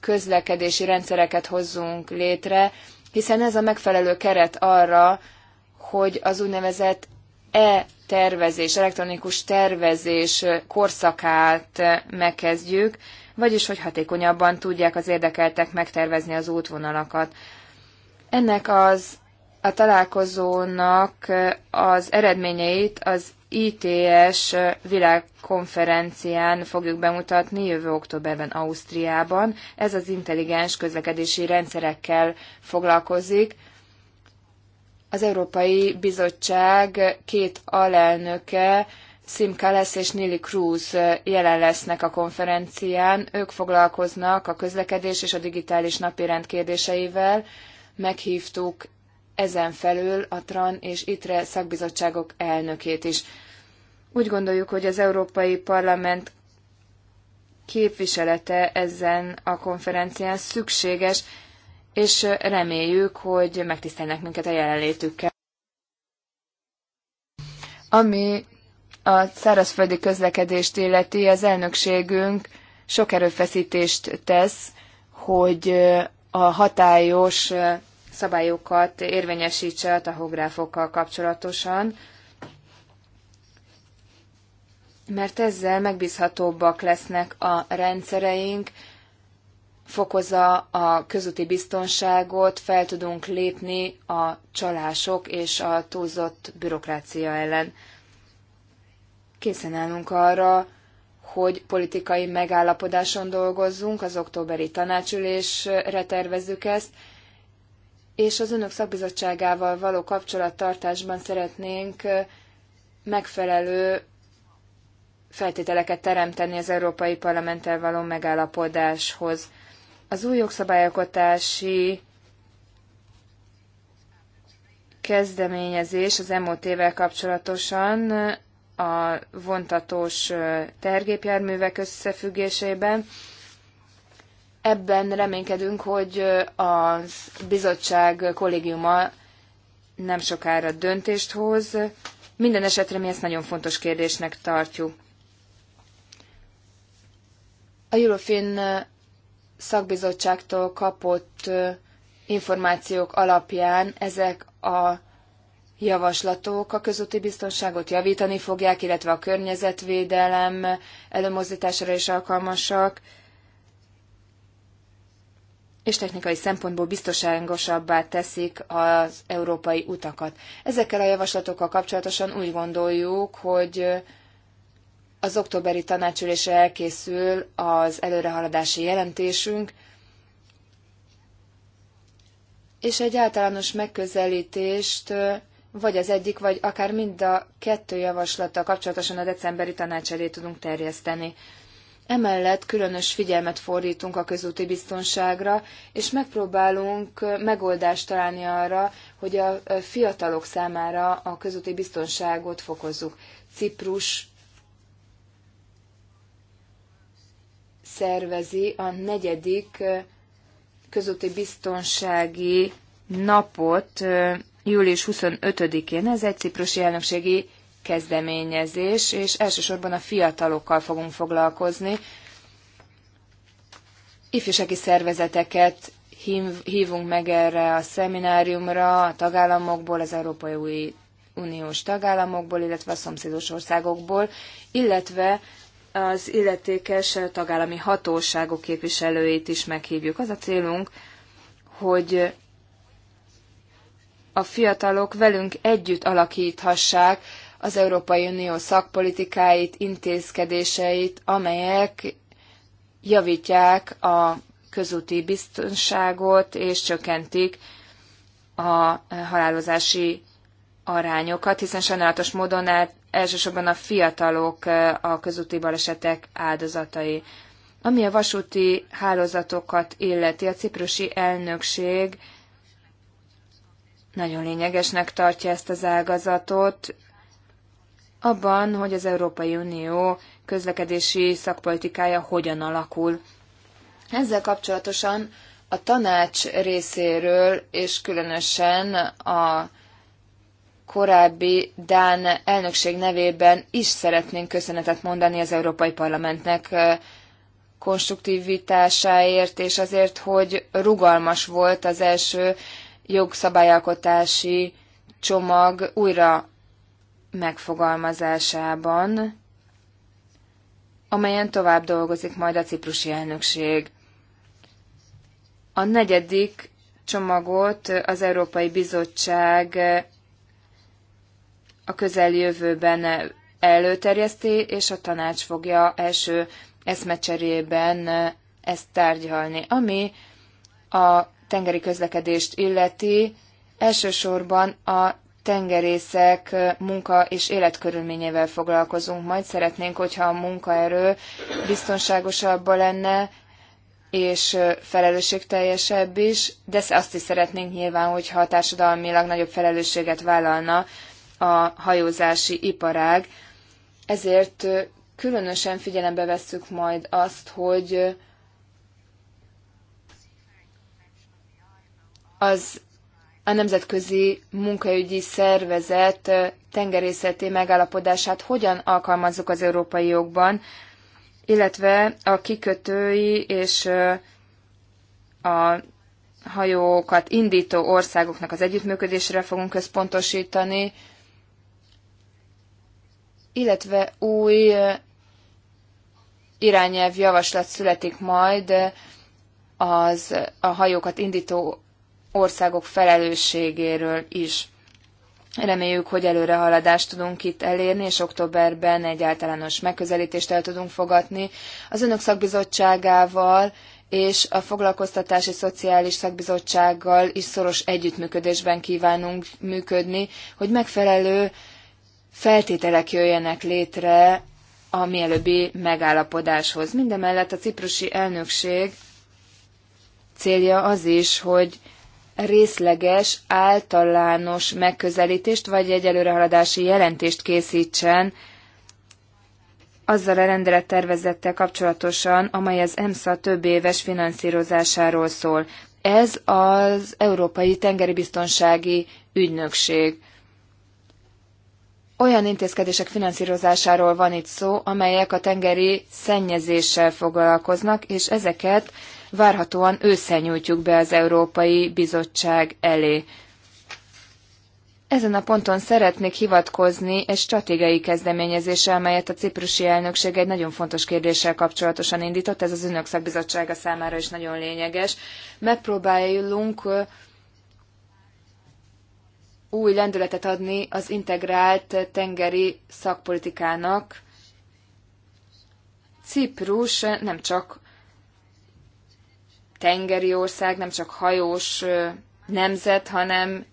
[SPEAKER 2] közlekedési rendszereket hozzunk létre, hiszen ez a megfelelő keret arra, hogy az úgynevezett e-tervezés, elektronikus tervezés korszakát megkezdjük, vagyis hogy hatékonyabban tudják az érdekeltek megtervezni az útvonalakat. Ennek az a találkozónak az eredményeit az ITS világkonferencián fogjuk bemutatni jövő októberben Ausztriában. Ez az intelligens közlekedési rendszerekkel foglalkozik az Európai Bizottság két alelnöke, Sim Kallas és Nili Cruz jelen lesznek a konferencián. Ők foglalkoznak a közlekedés és a digitális napirend kérdéseivel. Meghívtuk ezen felül a TRAN és ITRE szakbizottságok elnökét is. Úgy gondoljuk, hogy az Európai Parlament képviselete ezen a konferencián szükséges, és reméljük, hogy megtisztelnek minket a jelenlétükkel. Ami a szárazföldi közlekedést illeti, az elnökségünk sok erőfeszítést tesz, hogy a hatályos szabályokat érvényesítse a tahográfokkal kapcsolatosan, mert ezzel megbízhatóbbak lesznek a rendszereink, fokozza a közúti biztonságot, fel tudunk lépni a csalások és a túlzott bürokrácia ellen. Készen állunk arra, hogy politikai megállapodáson dolgozzunk, az októberi tanácsülésre tervezzük ezt, és az önök szakbizottságával való kapcsolattartásban szeretnénk megfelelő feltételeket teremteni az Európai Parlamenttel való megállapodáshoz. Az új jogszabályokotási kezdeményezés az MOT-vel kapcsolatosan a vontatós tergépjárművek összefüggésében. Ebben reménykedünk, hogy a bizottság kollégiuma nem sokára döntést hoz. Minden esetre mi ezt nagyon fontos kérdésnek tartjuk. A Eurofin szakbizottságtól kapott információk alapján ezek a javaslatok a közúti biztonságot javítani fogják, illetve a környezetvédelem előmozdítására is alkalmasak, és technikai szempontból biztonságosabbá teszik az európai utakat. Ezekkel a javaslatokkal kapcsolatosan úgy gondoljuk, hogy az októberi tanácsülésre elkészül az előrehaladási jelentésünk, és egy általános megközelítést vagy az egyik, vagy akár mind a kettő javaslata kapcsolatosan a decemberi tanács elé tudunk terjeszteni. Emellett különös figyelmet fordítunk a közúti biztonságra, és megpróbálunk megoldást találni arra, hogy a fiatalok számára a közúti biztonságot fokozzuk. Ciprus szervezi a negyedik közúti biztonsági napot július 25-én. Ez egy ciprusi elnökségi kezdeményezés, és elsősorban a fiatalokkal fogunk foglalkozni. Ifjúsági szervezeteket hívunk meg erre a szemináriumra a tagállamokból, az Európai Uniós tagállamokból, illetve a szomszédos országokból, illetve az illetékes tagállami hatóságok képviselőit is meghívjuk. Az a célunk, hogy a fiatalok velünk együtt alakíthassák az Európai Unió szakpolitikáit, intézkedéseit, amelyek javítják a közúti biztonságot és csökkentik a halálozási arányokat, hiszen sajnálatos módon át elsősorban a fiatalok a közúti balesetek áldozatai. Ami a vasúti hálózatokat illeti, a ciprusi elnökség nagyon lényegesnek tartja ezt az ágazatot, abban, hogy az Európai Unió közlekedési szakpolitikája hogyan alakul. Ezzel kapcsolatosan a tanács részéről, és különösen a korábbi Dán elnökség nevében is szeretnénk köszönetet mondani az Európai Parlamentnek konstruktivitásáért, és azért, hogy rugalmas volt az első jogszabályalkotási csomag újra megfogalmazásában, amelyen tovább dolgozik majd a ciprusi elnökség. A negyedik csomagot az Európai Bizottság a közeljövőben előterjeszti, és a tanács fogja első eszmecserében ezt tárgyalni. Ami a tengeri közlekedést illeti, elsősorban a tengerészek munka és életkörülményével foglalkozunk majd. Szeretnénk, hogyha a munkaerő biztonságosabb lenne, és felelősségteljesebb is, de azt is szeretnénk nyilván, hogyha a társadalmilag nagyobb felelősséget vállalna a hajózási iparág, ezért különösen figyelembe vesszük majd azt, hogy az a Nemzetközi Munkaügyi Szervezet tengerészeti megállapodását hogyan alkalmazzuk az európai jogban, illetve a kikötői és a hajókat indító országoknak az együttműködésre fogunk központosítani, illetve új irányelv javaslat születik majd az a hajókat indító országok felelősségéről is. Reméljük, hogy előrehaladást tudunk itt elérni, és októberben egy általános megközelítést el tudunk fogadni. Az önök szakbizottságával és a foglalkoztatási szociális szakbizottsággal is szoros együttműködésben kívánunk működni, hogy megfelelő feltételek jöjjenek létre a mielőbbi megállapodáshoz. Mindemellett a ciprusi elnökség célja az is, hogy részleges, általános megközelítést vagy egy előrehaladási jelentést készítsen azzal a tervezettel kapcsolatosan, amely az EMSZA több éves finanszírozásáról szól. Ez az Európai Tengeri Biztonsági Ügynökség olyan intézkedések finanszírozásáról van itt szó, amelyek a tengeri szennyezéssel foglalkoznak, és ezeket várhatóan ősszel nyújtjuk be az Európai Bizottság elé. Ezen a ponton szeretnék hivatkozni egy stratégiai kezdeményezésre, amelyet a ciprusi elnökség egy nagyon fontos kérdéssel kapcsolatosan indított, ez az önök szakbizottsága számára is nagyon lényeges. Megpróbálunk új lendületet adni az integrált tengeri szakpolitikának. Ciprus nem csak tengeri ország, nem csak hajós nemzet, hanem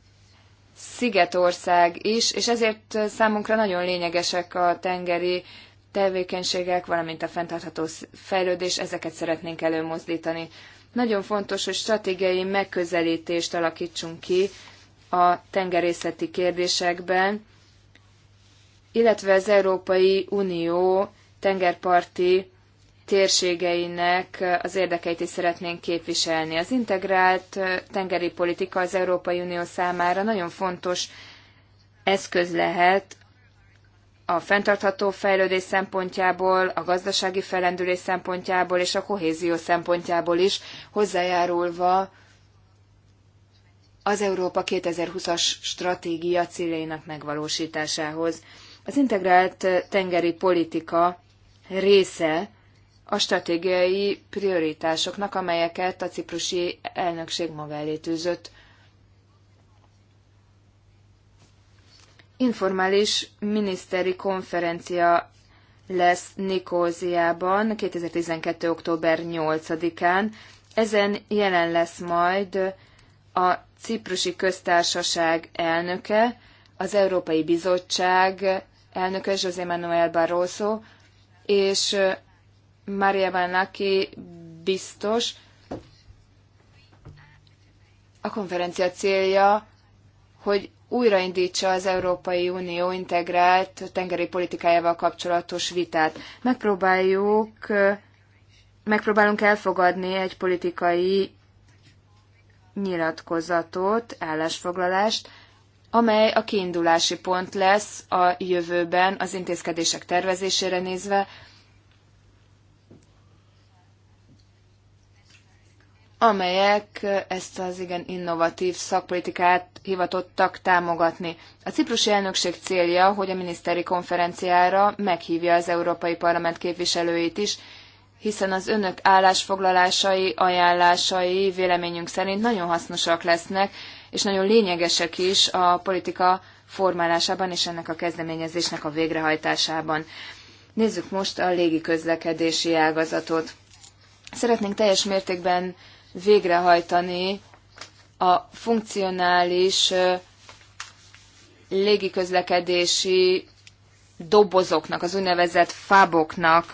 [SPEAKER 2] szigetország is, és ezért számunkra nagyon lényegesek a tengeri tevékenységek, valamint a fenntartható fejlődés, ezeket szeretnénk előmozdítani. Nagyon fontos, hogy stratégiai megközelítést alakítsunk ki a tengerészeti kérdésekben, illetve az Európai Unió tengerparti térségeinek az érdekeit is szeretnénk képviselni. Az integrált tengeri politika az Európai Unió számára nagyon fontos eszköz lehet a fenntartható fejlődés szempontjából, a gazdasági felendülés szempontjából és a kohézió szempontjából is hozzájárulva az Európa 2020-as stratégia céljainak megvalósításához. Az integrált tengeri politika része a stratégiai prioritásoknak, amelyeket a ciprusi elnökség maga elé tűzött. Informális miniszteri konferencia lesz Nikóziában 2012. október 8-án. Ezen jelen lesz majd a Ciprusi Köztársaság elnöke, az Európai Bizottság elnöke José Manuel Barroso, és Maria Vanaki biztos. A konferencia célja, hogy újraindítsa az Európai Unió integrált tengeri politikájával kapcsolatos vitát. Megpróbáljuk, megpróbálunk elfogadni egy politikai nyilatkozatot, állásfoglalást, amely a kiindulási pont lesz a jövőben az intézkedések tervezésére nézve, amelyek ezt az igen innovatív szakpolitikát hivatottak támogatni. A ciprusi elnökség célja, hogy a miniszteri konferenciára meghívja az Európai Parlament képviselőit is, hiszen az önök állásfoglalásai, ajánlásai véleményünk szerint nagyon hasznosak lesznek, és nagyon lényegesek is a politika formálásában és ennek a kezdeményezésnek a végrehajtásában. Nézzük most a légi közlekedési ágazatot. Szeretnénk teljes mértékben végrehajtani a funkcionális légiközlekedési dobozoknak, az úgynevezett fáboknak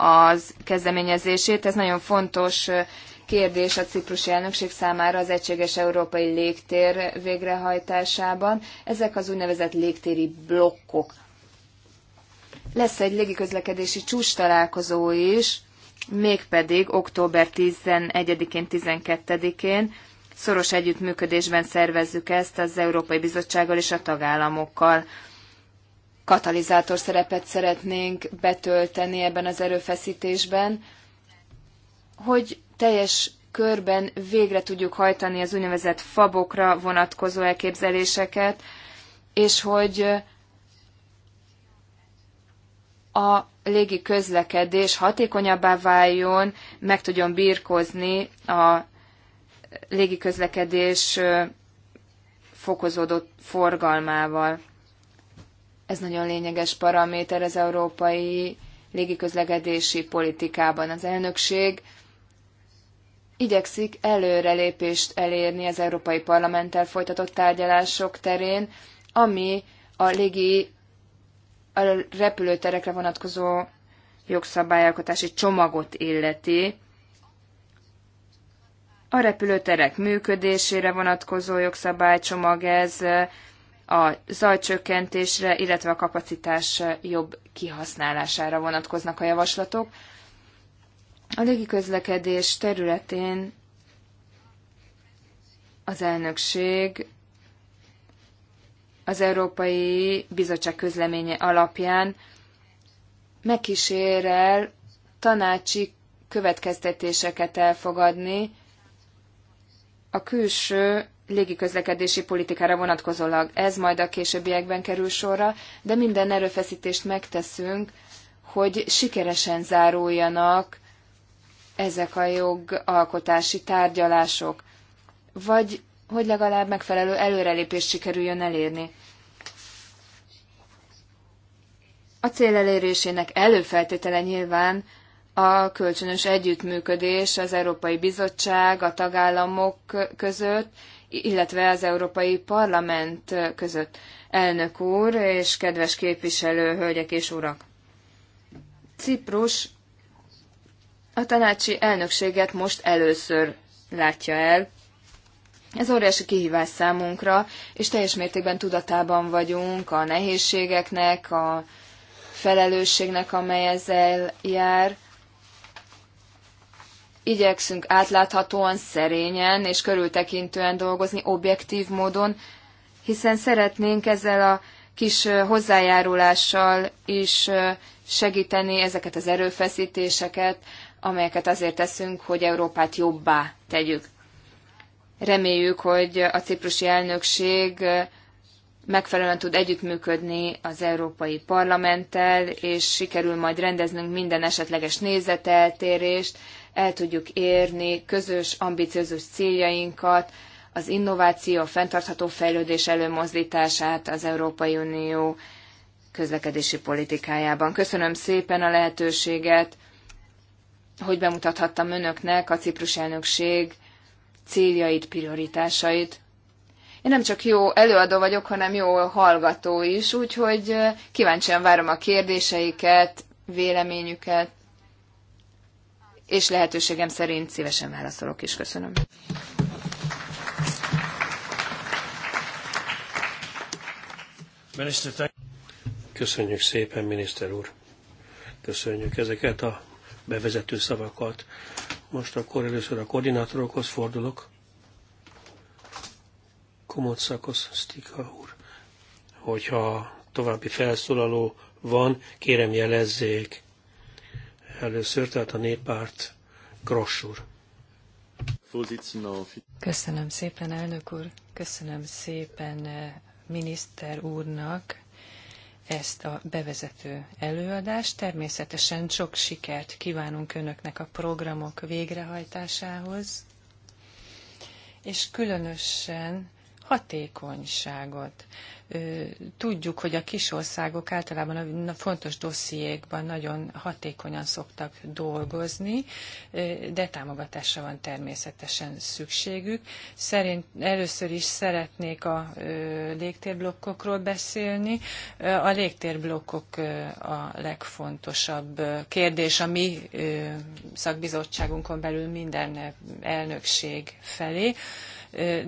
[SPEAKER 2] az kezdeményezését. Ez nagyon fontos kérdés a ciprusi elnökség számára az egységes európai légtér végrehajtásában. Ezek az úgynevezett légtéri blokkok. Lesz egy légiközlekedési csúcs találkozó is, mégpedig október 11-én, 12-én. Szoros együttműködésben szervezzük ezt az Európai Bizottsággal és a tagállamokkal katalizátor szerepet szeretnénk betölteni ebben az erőfeszítésben, hogy teljes körben végre tudjuk hajtani az úgynevezett fabokra vonatkozó elképzeléseket, és hogy a légi közlekedés hatékonyabbá váljon, meg tudjon birkozni a légi közlekedés fokozódott forgalmával. Ez nagyon lényeges paraméter az európai légiközlekedési politikában. Az elnökség igyekszik előrelépést elérni az Európai Parlamenttel folytatott tárgyalások terén, ami a légi a repülőterekre vonatkozó jogszabályalkotási csomagot illeti, a repülőterek működésére vonatkozó jogszabálycsomag ez, a zajcsökkentésre, illetve a kapacitás jobb kihasználására vonatkoznak a javaslatok. A légiközlekedés területén az elnökség az Európai Bizottság közleménye alapján megkísérel tanácsi következtetéseket elfogadni a külső légiközlekedési politikára vonatkozólag. Ez majd a későbbiekben kerül sorra, de minden erőfeszítést megteszünk, hogy sikeresen záruljanak ezek a jogalkotási tárgyalások, vagy hogy legalább megfelelő előrelépést sikerüljön elérni. A cél elérésének előfeltétele nyilván a kölcsönös együttműködés az Európai Bizottság, a tagállamok között, illetve az Európai Parlament között. Elnök úr és kedves képviselő, hölgyek és urak! Ciprus a tanácsi elnökséget most először látja el. Ez óriási kihívás számunkra, és teljes mértékben tudatában vagyunk a nehézségeknek, a felelősségnek, amely ezzel jár, igyekszünk átláthatóan, szerényen és körültekintően dolgozni, objektív módon, hiszen szeretnénk ezzel a kis hozzájárulással is segíteni ezeket az erőfeszítéseket, amelyeket azért teszünk, hogy Európát jobbá tegyük. Reméljük, hogy a ciprusi elnökség megfelelően tud együttműködni az Európai Parlamenttel, és sikerül majd rendeznünk minden esetleges nézeteltérést, el tudjuk érni közös, ambiciózus céljainkat, az innováció, a fenntartható fejlődés előmozdítását az Európai Unió közlekedési politikájában. Köszönöm szépen a lehetőséget, hogy bemutathattam önöknek a ciprus elnökség céljait, prioritásait. Én nem csak jó előadó vagyok, hanem jó hallgató is, úgyhogy kíváncsian várom a kérdéseiket, véleményüket és lehetőségem szerint szívesen válaszolok is. Köszönöm.
[SPEAKER 1] Köszönjük szépen, miniszter úr. Köszönjük ezeket a bevezető szavakat. Most akkor először a koordinátorokhoz fordulok. szakosz, Stika úr. Hogyha további felszólaló van, kérem jelezzék először, tehát a néppárt Grossur.
[SPEAKER 3] Köszönöm szépen, elnök úr. Köszönöm szépen eh, miniszter úrnak ezt a bevezető előadást. Természetesen sok sikert kívánunk önöknek a programok végrehajtásához, és különösen hatékonyságot. Tudjuk, hogy a kis országok általában a fontos dossziékban nagyon hatékonyan szoktak dolgozni, de támogatásra van természetesen szükségük. Szerint először is szeretnék a légtérblokkokról beszélni. A légtérblokkok a legfontosabb kérdés a mi szakbizottságunkon belül minden elnökség felé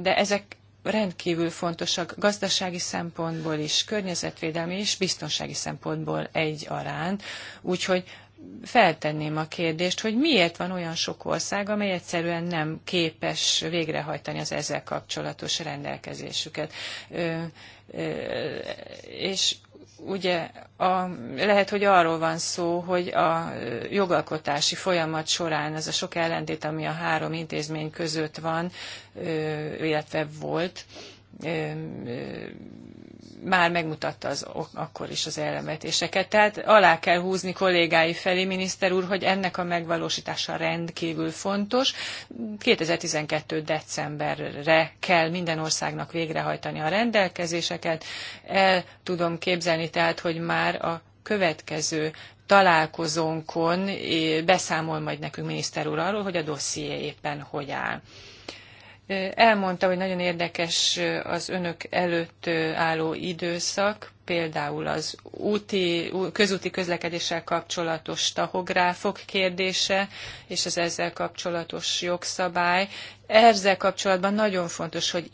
[SPEAKER 3] de ezek rendkívül fontosak gazdasági szempontból is, környezetvédelmi és biztonsági szempontból egy Úgyhogy feltenném a kérdést, hogy miért van olyan sok ország, amely egyszerűen nem képes végrehajtani az ezzel kapcsolatos rendelkezésüket. Ö, ö, és ugye a, lehet, hogy arról van szó, hogy a jogalkotási folyamat során ez a sok ellentét, ami a három intézmény között van, illetve volt, már megmutatta az, akkor is az ellenvetéseket. Tehát alá kell húzni kollégái felé, miniszter úr, hogy ennek a megvalósítása rendkívül fontos. 2012. decemberre kell minden országnak végrehajtani a rendelkezéseket. El tudom képzelni tehát, hogy már a következő találkozónkon beszámol majd nekünk miniszter úr arról, hogy a dosszié éppen hogy áll. Elmondta, hogy nagyon érdekes az önök előtt álló időszak, például az úti, közúti közlekedéssel kapcsolatos tahográfok kérdése és az ezzel kapcsolatos jogszabály. Ezzel kapcsolatban nagyon fontos, hogy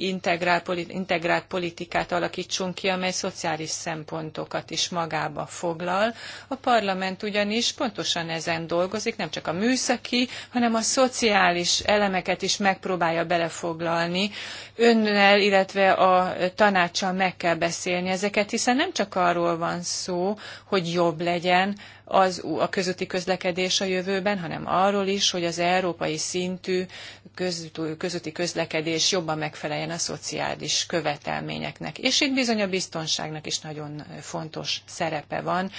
[SPEAKER 3] integrált politikát alakítsunk ki, amely szociális szempontokat is magába foglal. A parlament ugyanis pontosan ezen dolgozik, nem csak a műszaki, hanem a szociális elemeket is megpróbálja belefoglalni. Önnel, illetve a tanácssal meg kell beszélni ezeket, hiszen nem csak arról van szó, hogy jobb legyen, az a közúti közlekedés a jövőben, hanem arról is, hogy az európai szintű közúti közlekedés jobban megfeleljen a szociális követelményeknek. És itt bizony a biztonságnak is nagyon fontos szerepe van.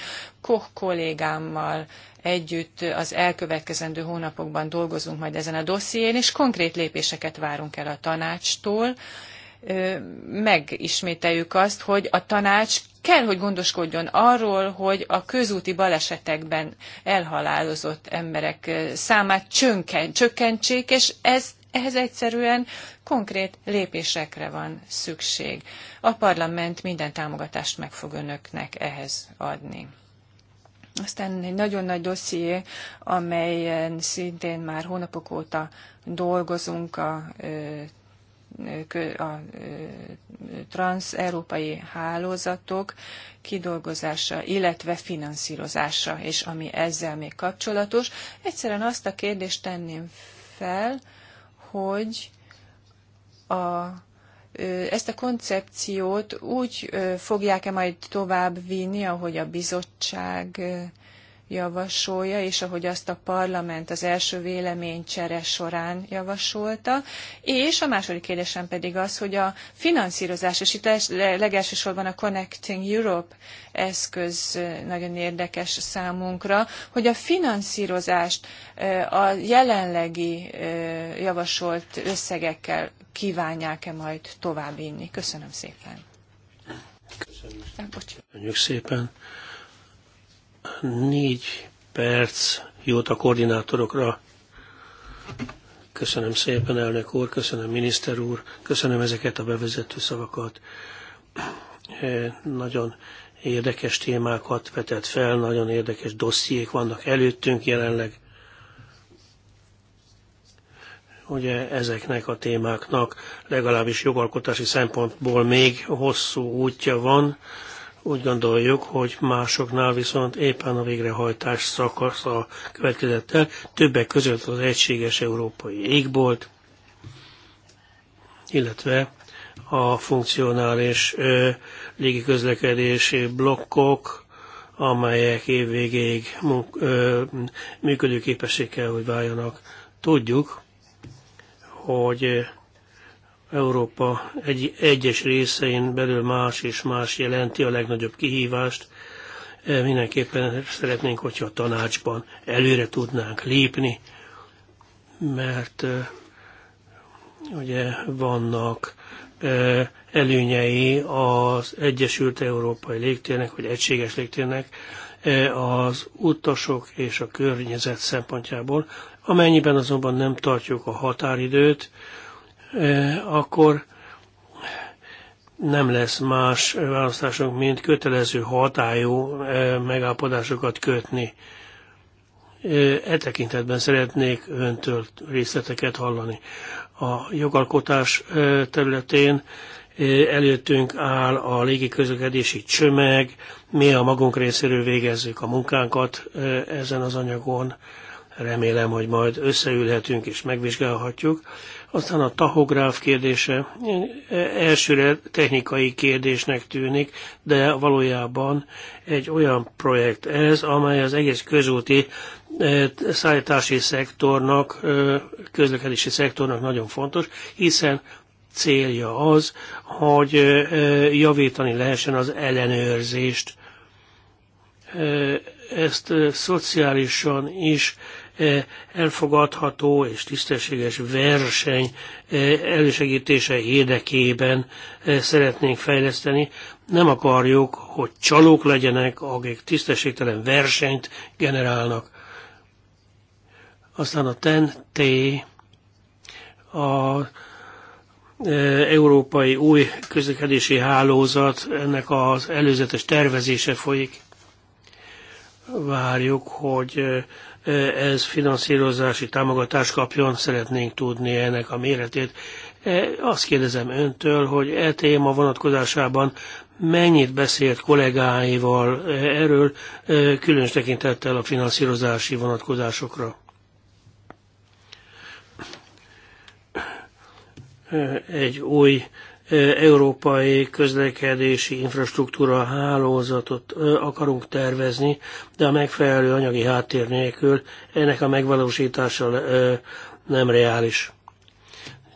[SPEAKER 3] Koch kollégámmal együtt az elkövetkezendő hónapokban dolgozunk majd ezen a dosszién, és konkrét lépéseket várunk el a tanácstól, megismételjük azt, hogy a tanács kell, hogy gondoskodjon arról, hogy a közúti balesetekben elhalálozott emberek számát csökkentsék, és ez, ehhez egyszerűen konkrét lépésekre van szükség. A parlament minden támogatást meg fog önöknek ehhez adni. Aztán egy nagyon nagy dosszié, amelyen szintén már hónapok óta dolgozunk a a transz-európai hálózatok kidolgozása, illetve finanszírozása, és ami ezzel még kapcsolatos. Egyszerűen azt a kérdést tenném fel, hogy a ezt a koncepciót úgy fogják-e majd tovább vinni, ahogy a bizottság javasolja, és ahogy azt a parlament az első véleménycsere során javasolta. És a második kérdésem pedig az, hogy a finanszírozás, és itt legelsősorban a Connecting Europe eszköz nagyon érdekes számunkra, hogy a finanszírozást a jelenlegi javasolt összegekkel kívánják-e majd továbbvinni. Köszönöm szépen.
[SPEAKER 1] Köszönjük szépen. Négy perc jót a koordinátorokra. Köszönöm szépen, elnök úr, köszönöm, miniszter úr, köszönöm ezeket a bevezető szavakat. Nagyon érdekes témákat vetett fel, nagyon érdekes dossziék vannak előttünk jelenleg. Ugye ezeknek a témáknak legalábbis jogalkotási szempontból még hosszú útja van, úgy gondoljuk, hogy másoknál viszont éppen a végrehajtás szakasza következett el, többek között az egységes európai égbolt, illetve a funkcionális légiközlekedési blokkok, amelyek évvégéig működőképessé kell, hogy váljanak. Tudjuk, hogy Európa egy, egyes részein belül más és más jelenti a legnagyobb kihívást. E, mindenképpen szeretnénk, hogyha a tanácsban előre tudnánk lépni, mert e, ugye vannak e, előnyei az Egyesült Európai Légtérnek, vagy Egységes Légtérnek az utasok és a környezet szempontjából. Amennyiben azonban nem tartjuk a határidőt, E, akkor nem lesz más választásunk, mint kötelező hatályú e, megállapodásokat kötni. E, e tekintetben szeretnék öntől részleteket hallani. A jogalkotás területén előttünk áll a légiközlekedési csömeg, mi a magunk részéről végezzük a munkánkat ezen az anyagon, remélem, hogy majd összeülhetünk és megvizsgálhatjuk. Aztán a tahográf kérdése e, elsőre technikai kérdésnek tűnik, de valójában egy olyan projekt ez, amely az egész közúti e, szállítási szektornak, e, közlekedési szektornak nagyon fontos, hiszen célja az, hogy javítani lehessen az ellenőrzést. Ezt szociálisan is elfogadható és tisztességes verseny elősegítése érdekében szeretnénk fejleszteni. Nem akarjuk, hogy csalók legyenek, akik tisztességtelen versenyt generálnak. Aztán a TEN-T, a európai új közlekedési hálózat, ennek az előzetes tervezése folyik. Várjuk, hogy ez finanszírozási támogatást kapjon, szeretnénk tudni ennek a méretét. Azt kérdezem öntől, hogy e téma vonatkozásában mennyit beszélt kollégáival erről, különös tekintettel a finanszírozási vonatkozásokra? Egy új európai közlekedési infrastruktúra hálózatot akarunk tervezni, de a megfelelő anyagi háttér nélkül ennek a megvalósítása nem reális.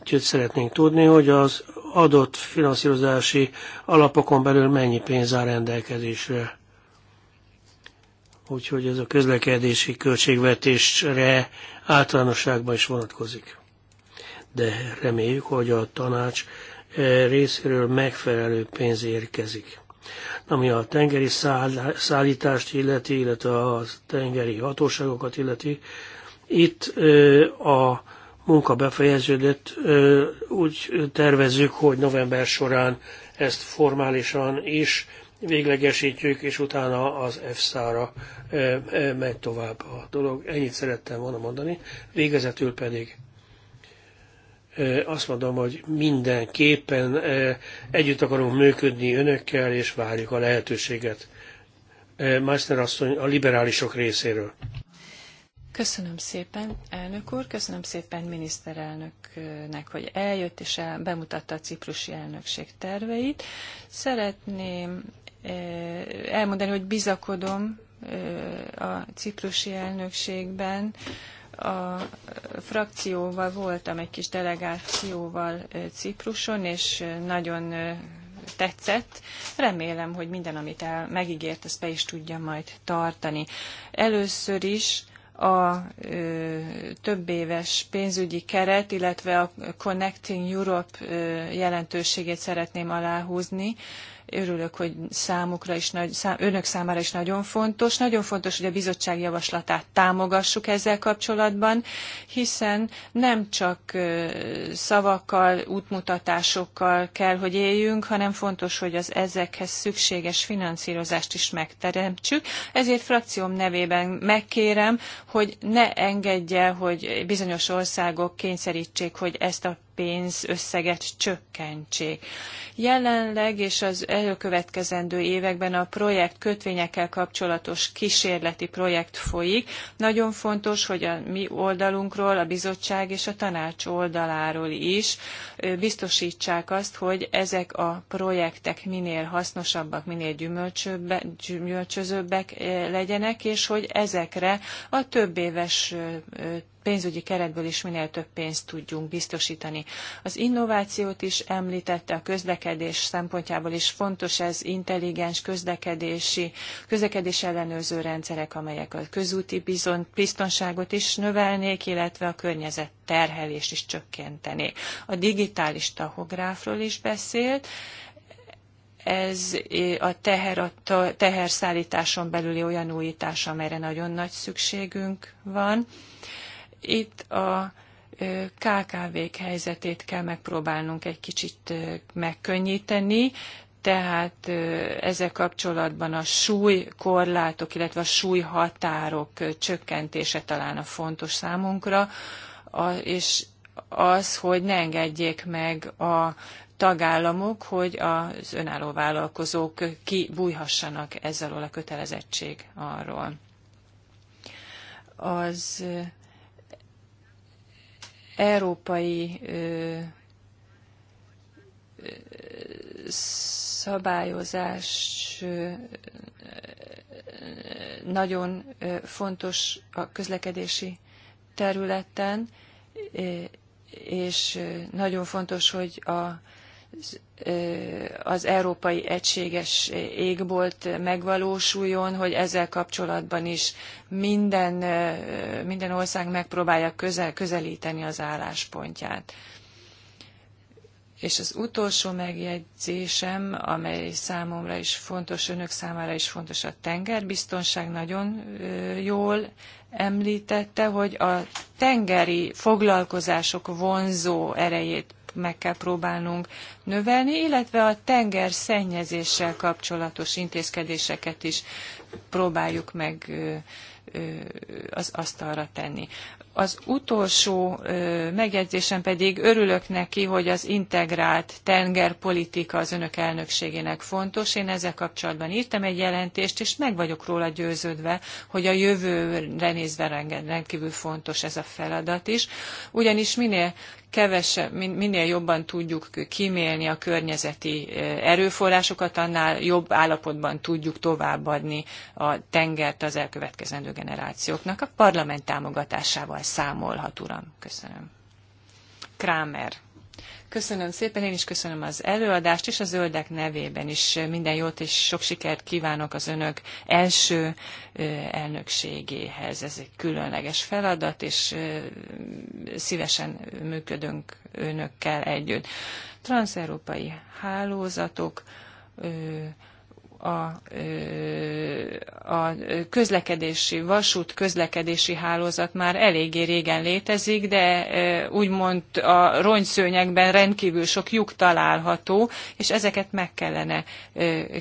[SPEAKER 1] Úgyhogy szeretnénk tudni, hogy az adott finanszírozási alapokon belül mennyi pénz áll rendelkezésre. Úgyhogy ez a közlekedési költségvetésre általánosságban is vonatkozik. De reméljük, hogy a tanács részéről megfelelő pénz érkezik. Ami a tengeri szállítást illeti, illetve a tengeri hatóságokat illeti, itt a munka befejeződött, úgy tervezzük, hogy november során ezt formálisan is véglegesítjük, és utána az EFSA-ra megy tovább a dolog. Ennyit szerettem volna mondani. Végezetül pedig azt mondom, hogy mindenképpen együtt akarunk működni önökkel, és várjuk a lehetőséget. Meister asszony a liberálisok részéről.
[SPEAKER 3] Köszönöm szépen, elnök úr, köszönöm szépen miniszterelnöknek, hogy eljött és el, bemutatta a ciprusi elnökség terveit. Szeretném elmondani, hogy bizakodom a ciprusi elnökségben, a frakcióval voltam egy kis delegációval Cipruson, és nagyon tetszett. Remélem, hogy minden, amit el megígért, ezt be is tudja majd tartani. Először is a ö, több éves pénzügyi keret, illetve a Connecting Europe ö, jelentőségét szeretném aláhúzni. Ö, örülök, hogy számukra is nagy, szám, önök számára is nagyon fontos. Nagyon fontos, hogy a bizottság javaslatát támogassuk ezzel kapcsolatban, hiszen nem csak szavakkal, útmutatásokkal kell, hogy éljünk, hanem fontos, hogy az ezekhez szükséges finanszírozást is megteremtsük. Ezért frakcióm nevében megkérem, hogy ne engedje, hogy bizonyos országok kényszerítsék, hogy ezt a pénzösszeget csökkentsék. Jelenleg és az előkövetkezendő években a projekt kötvényekkel kapcsolatos kísérleti projekt folyik. Nagyon fontos, hogy a mi oldalunkról, a bizottság és a tanács oldaláról is biztosítsák azt, hogy ezek a projektek minél hasznosabbak, minél gyümölcsözőbbek legyenek, és hogy ezekre a több éves pénzügyi keretből is minél több pénzt tudjunk biztosítani. Az innovációt is említette, a közlekedés szempontjából is fontos ez intelligens közlekedési, közlekedés ellenőrző rendszerek, amelyek a közúti bizon, biztonságot is növelnék, illetve a környezet terhelést is csökkenteni. A digitális tahográfról is beszélt, ez eh, a, teher, a teherszállításon belüli olyan újítás, amelyre nagyon nagy szükségünk van itt a KKV-k helyzetét kell megpróbálnunk egy kicsit megkönnyíteni, tehát ezzel kapcsolatban a súlykorlátok, illetve a súlyhatárok csökkentése talán a fontos számunkra, és az, hogy ne engedjék meg a tagállamok, hogy az önálló vállalkozók kibújhassanak ezzel a kötelezettség arról. Az európai szabályozás nagyon fontos a közlekedési területen, és nagyon fontos, hogy a az Európai Egységes Égbolt megvalósuljon, hogy ezzel kapcsolatban is minden, minden ország megpróbálja közel, közelíteni az álláspontját. És az utolsó megjegyzésem, amely számomra is fontos, önök számára is fontos, a tengerbiztonság nagyon jól említette, hogy a tengeri foglalkozások vonzó erejét meg kell próbálnunk növelni, illetve a tenger szennyezéssel kapcsolatos intézkedéseket is próbáljuk meg az asztalra tenni. Az utolsó megjegyzésem pedig örülök neki, hogy az integrált tengerpolitika az önök elnökségének fontos. Én ezzel kapcsolatban írtam egy jelentést, és meg vagyok róla győződve, hogy a jövőre nézve rendkívül fontos ez a feladat is. Ugyanis minél kevesebb, minél jobban tudjuk kímélni a környezeti eh, erőforrásokat, annál jobb állapotban tudjuk továbbadni a tengert az elkövetkezendő generációknak. A parlament támogatásával számolhat, uram. Köszönöm. Kramer Köszönöm szépen, én is köszönöm az előadást, és a zöldek nevében is minden jót és sok sikert kívánok az önök első elnökségéhez. Ez egy különleges feladat, és szívesen működünk önökkel együtt. Transzeurópai hálózatok, a, a közlekedési, vasút közlekedési hálózat már eléggé régen létezik, de úgymond a rongyszőnyekben rendkívül sok lyuk található, és ezeket meg kellene,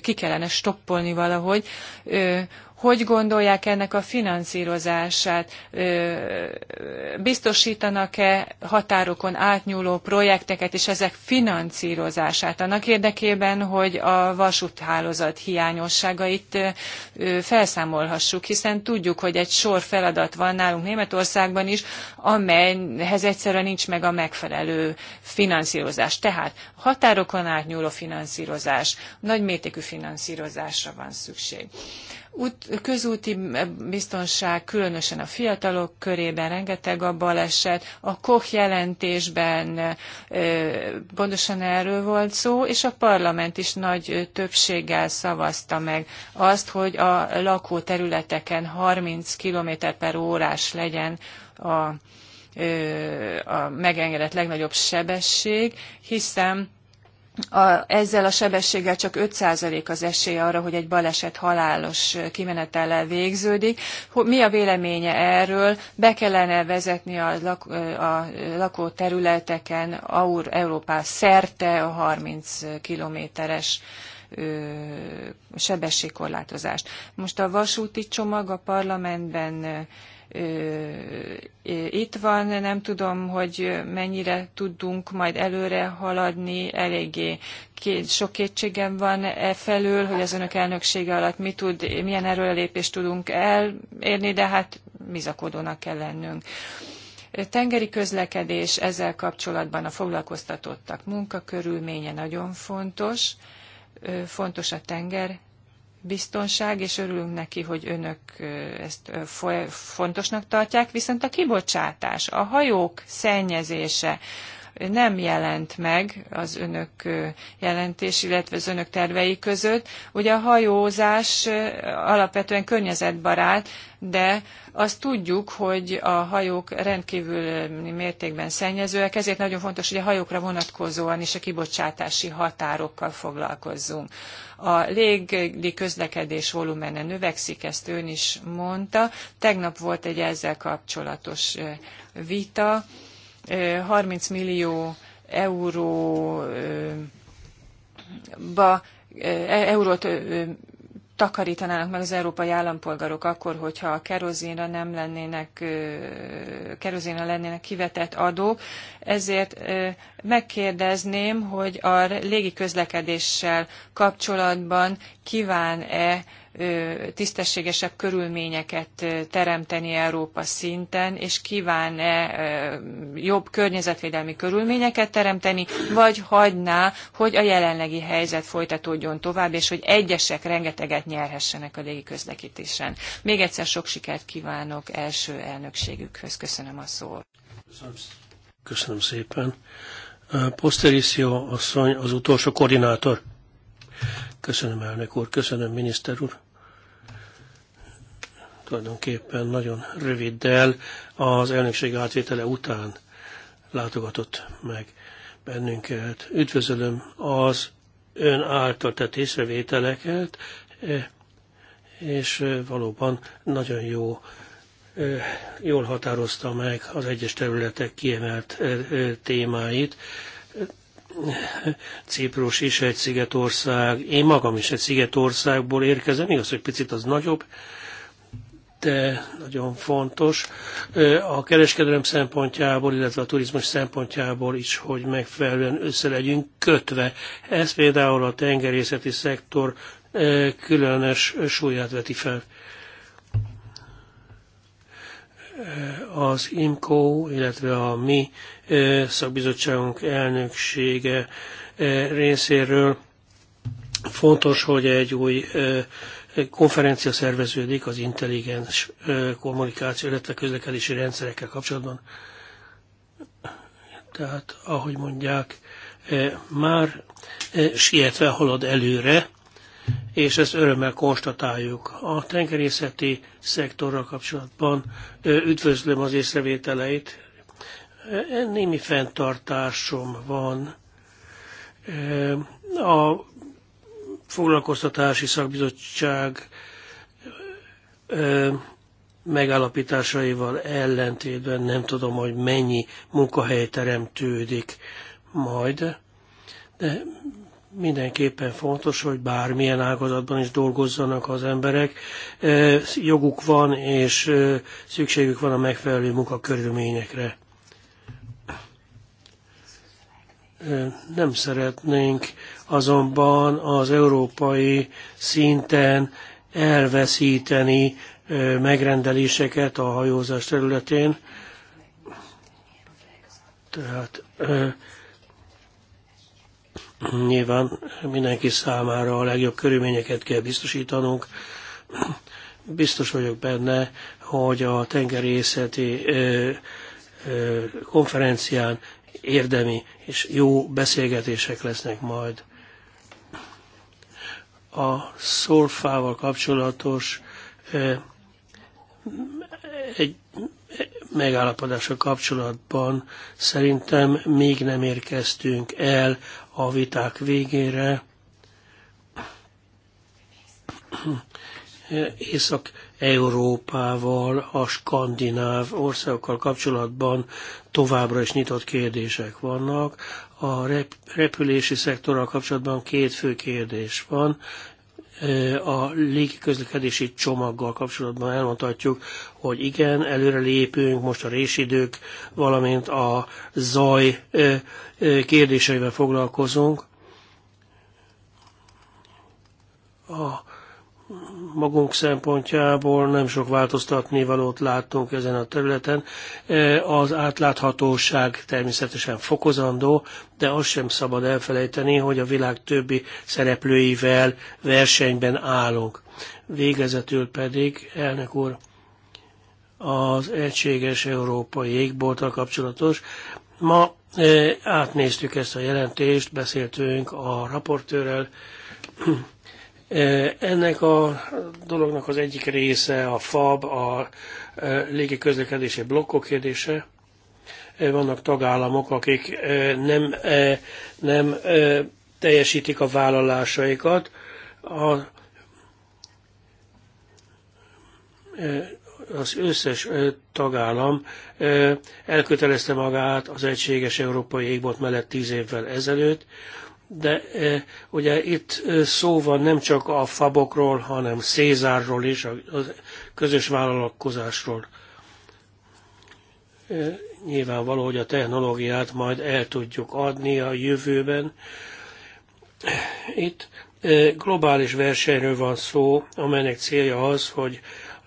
[SPEAKER 3] ki kellene stoppolni valahogy hogy gondolják ennek a finanszírozását? Biztosítanak-e határokon átnyúló projekteket és ezek finanszírozását annak érdekében, hogy a vasúthálózat hiányosságait felszámolhassuk, hiszen tudjuk, hogy egy sor feladat van nálunk Németországban is, amelyhez egyszerűen nincs meg a megfelelő finanszírozás. Tehát határokon átnyúló finanszírozás, nagymértékű finanszírozásra van szükség út, közúti biztonság, különösen a fiatalok körében rengeteg a baleset, a Koch jelentésben pontosan erről volt szó, és a parlament is nagy többséggel szavazta meg azt, hogy a lakóterületeken 30 km per órás legyen a, a megengedett legnagyobb sebesség, hiszen a, ezzel a sebességgel csak 5% az esély arra, hogy egy baleset halálos kimenetellel végződik. Mi a véleménye erről? Be kellene vezetni a, lak, a lakóterületeken Aur, Európá szerte a 30 kilométeres sebességkorlátozást. Most a vasúti csomag a parlamentben itt van, nem tudom, hogy mennyire tudunk majd előre haladni, eléggé két, sok kétségem van e felől, hogy az önök elnöksége alatt mi tud, milyen erőrelépést tudunk elérni, de hát bizakodónak kell lennünk. Tengeri közlekedés ezzel kapcsolatban a foglalkoztatottak munkakörülménye nagyon fontos, fontos a tenger biztonság, és örülünk neki, hogy önök ezt fontosnak tartják, viszont a kibocsátás, a hajók szennyezése, nem jelent meg az önök jelentés, illetve az önök tervei között. Ugye a hajózás alapvetően környezetbarát, de azt tudjuk, hogy a hajók rendkívül mértékben szennyezőek, ezért nagyon fontos, hogy a hajókra vonatkozóan is a kibocsátási határokkal foglalkozzunk. A légi közlekedés volumene növekszik, ezt ön is mondta. Tegnap volt egy ezzel kapcsolatos vita, 30 millió euróba, e, eurót takarítanának meg az európai állampolgárok akkor, hogyha a kerozénra nem lennének, kerozénra lennének kivetett adók. Ezért megkérdezném, hogy a légi közlekedéssel kapcsolatban kíván-e tisztességesebb körülményeket teremteni Európa szinten, és kíván-e jobb környezetvédelmi körülményeket teremteni, vagy hagyná, hogy a jelenlegi helyzet folytatódjon tovább, és hogy egyesek rengeteget nyerhessenek a légi közlekedésen. Még egyszer sok sikert kívánok első elnökségükhöz. Köszönöm a szót.
[SPEAKER 1] Köszönöm, szépen. Poszteriszio asszony az utolsó koordinátor. Köszönöm, elnök úr, köszönöm, miniszter úr. Tulajdonképpen nagyon röviddel az elnökség átvétele után látogatott meg bennünket. Üdvözölöm az ön által tett észrevételeket, és valóban nagyon jó, jól határozta meg az egyes területek kiemelt eh, eh, témáit. Ciprus is egy szigetország, én magam is egy szigetországból érkezem, igaz, hogy picit az nagyobb, de nagyon fontos a kereskedelem szempontjából, illetve a turizmus szempontjából is, hogy megfelelően össze legyünk kötve. Ez például a tengerészeti szektor különös súlyát veti fel. Az IMCO, illetve a mi szakbizottságunk elnöksége részéről fontos, hogy egy új konferencia szerveződik az intelligens kommunikáció, illetve közlekedési rendszerekkel kapcsolatban. Tehát, ahogy mondják, már sietve halad előre, és ezt örömmel konstatáljuk. A tengerészeti szektorral kapcsolatban üdvözlöm az észrevételeit, némi fenntartásom van a foglalkoztatási szakbizottság megállapításaival ellentétben nem tudom, hogy mennyi munkahely teremtődik majd, de mindenképpen fontos, hogy bármilyen ágazatban is dolgozzanak az emberek. Joguk van, és szükségük van a megfelelő munkakörülményekre. Nem szeretnénk azonban az európai szinten elveszíteni megrendeléseket a hajózás területén. Tehát nyilván mindenki számára a legjobb körülményeket kell biztosítanunk. Biztos vagyok benne, hogy a tengerészeti konferencián érdemi és jó beszélgetések lesznek majd. A szolfával kapcsolatos egy megállapodása kapcsolatban szerintem még nem érkeztünk el a viták végére. Észak Európával, a skandináv országokkal kapcsolatban továbbra is nyitott kérdések vannak. A repülési szektorral kapcsolatban két fő kérdés van. A légiközlekedési csomaggal kapcsolatban elmondhatjuk, hogy igen, előre lépünk, most a résidők, valamint a zaj kérdéseivel foglalkozunk. A magunk szempontjából nem sok változtatni valót láttunk ezen a területen. E, az átláthatóság természetesen fokozandó, de azt sem szabad elfelejteni, hogy a világ többi szereplőivel versenyben állunk. Végezetül pedig, elnök úr, az egységes európai égbolttal kapcsolatos. Ma e, átnéztük ezt a jelentést, beszéltünk a raportőrrel, ennek a dolognak az egyik része a FAB, a légi közlekedési blokkok kérdése. Vannak tagállamok, akik nem, nem teljesítik a vállalásaikat. A, az összes tagállam elkötelezte magát az egységes európai égbolt mellett tíz évvel ezelőtt, de eh, ugye itt eh, szó van nem csak a fabokról, hanem Szézárról is, a közös vállalkozásról. Eh, nyilvánvaló, hogy a technológiát majd el tudjuk adni a jövőben. Itt globális versenyről van szó, amelynek célja az, hogy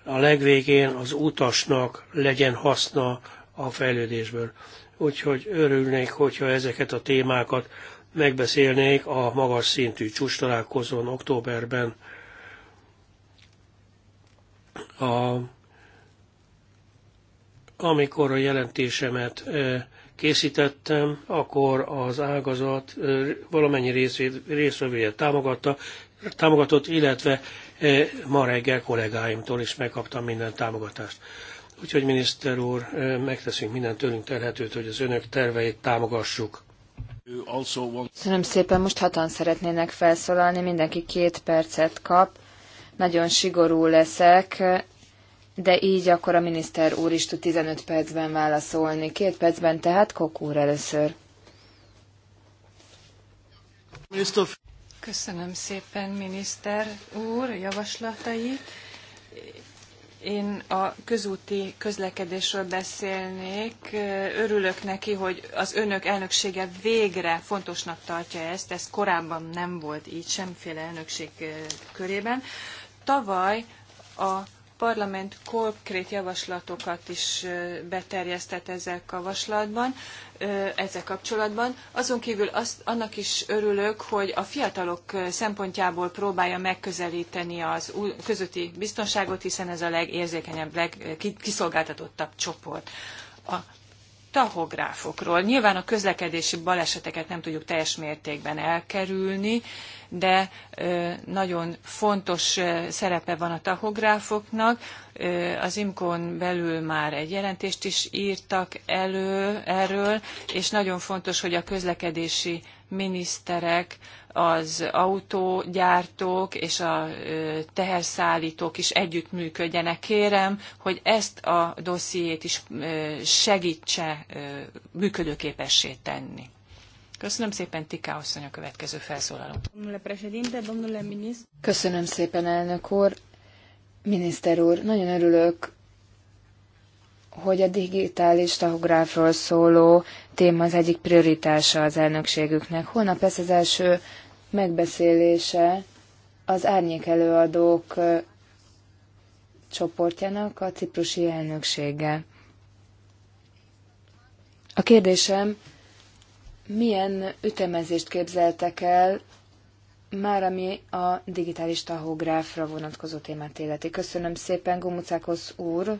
[SPEAKER 1] a legvégén az utasnak legyen haszna a fejlődésből. Úgyhogy örülnék, hogyha ezeket a témákat megbeszélnék a magas szintű csúcs találkozón októberben. A, amikor a jelentésemet készítettem, akkor az ágazat valamennyi részvevője támogatta, támogatott, illetve ma reggel kollégáimtól is megkaptam minden támogatást. Úgyhogy miniszter úr, megteszünk minden tőlünk telhetőt, hogy az önök terveit támogassuk.
[SPEAKER 2] Köszönöm szépen, most hatan szeretnének felszólalni, mindenki két percet kap. Nagyon sigorú leszek, de így akkor a miniszter úr is tud 15 percben válaszolni. Két percben tehát Kok úr először.
[SPEAKER 3] Köszönöm szépen, miniszter úr, javaslatait. Én a közúti közlekedésről beszélnék. Örülök neki, hogy az önök elnöksége végre fontosnak tartja ezt. Ez korábban nem volt így semmiféle elnökség eh, körében. Tavaly a parlament konkrét javaslatokat is beterjesztett ezzel kavaslatban, ezzel kapcsolatban. Azon kívül azt, annak is örülök, hogy a fiatalok szempontjából próbálja megközelíteni az közötti biztonságot, hiszen ez a legérzékenyebb, legkiszolgáltatottabb csoport. A tahográfokról. Nyilván a közlekedési baleseteket nem tudjuk teljes mértékben elkerülni, de nagyon fontos szerepe van a tahográfoknak. Az IMKON belül már egy jelentést is írtak elő erről, és nagyon fontos, hogy a közlekedési miniszterek, az autógyártók és a teherszállítók is együttműködjenek. Kérem, hogy ezt a dossziét is segítse működőképessé tenni. Köszönöm szépen, Tika asszony a következő felszólaló.
[SPEAKER 2] Köszönöm szépen, elnök úr. Miniszter úr, nagyon örülök, hogy a digitális tahográfról szóló téma az egyik prioritása az elnökségüknek. Holnap lesz az első megbeszélése az árnyék előadók csoportjának a ciprusi elnöksége. A kérdésem, milyen ütemezést képzeltek el már ami a digitális tahográfra vonatkozó témát életi Köszönöm szépen Gomucákos úr,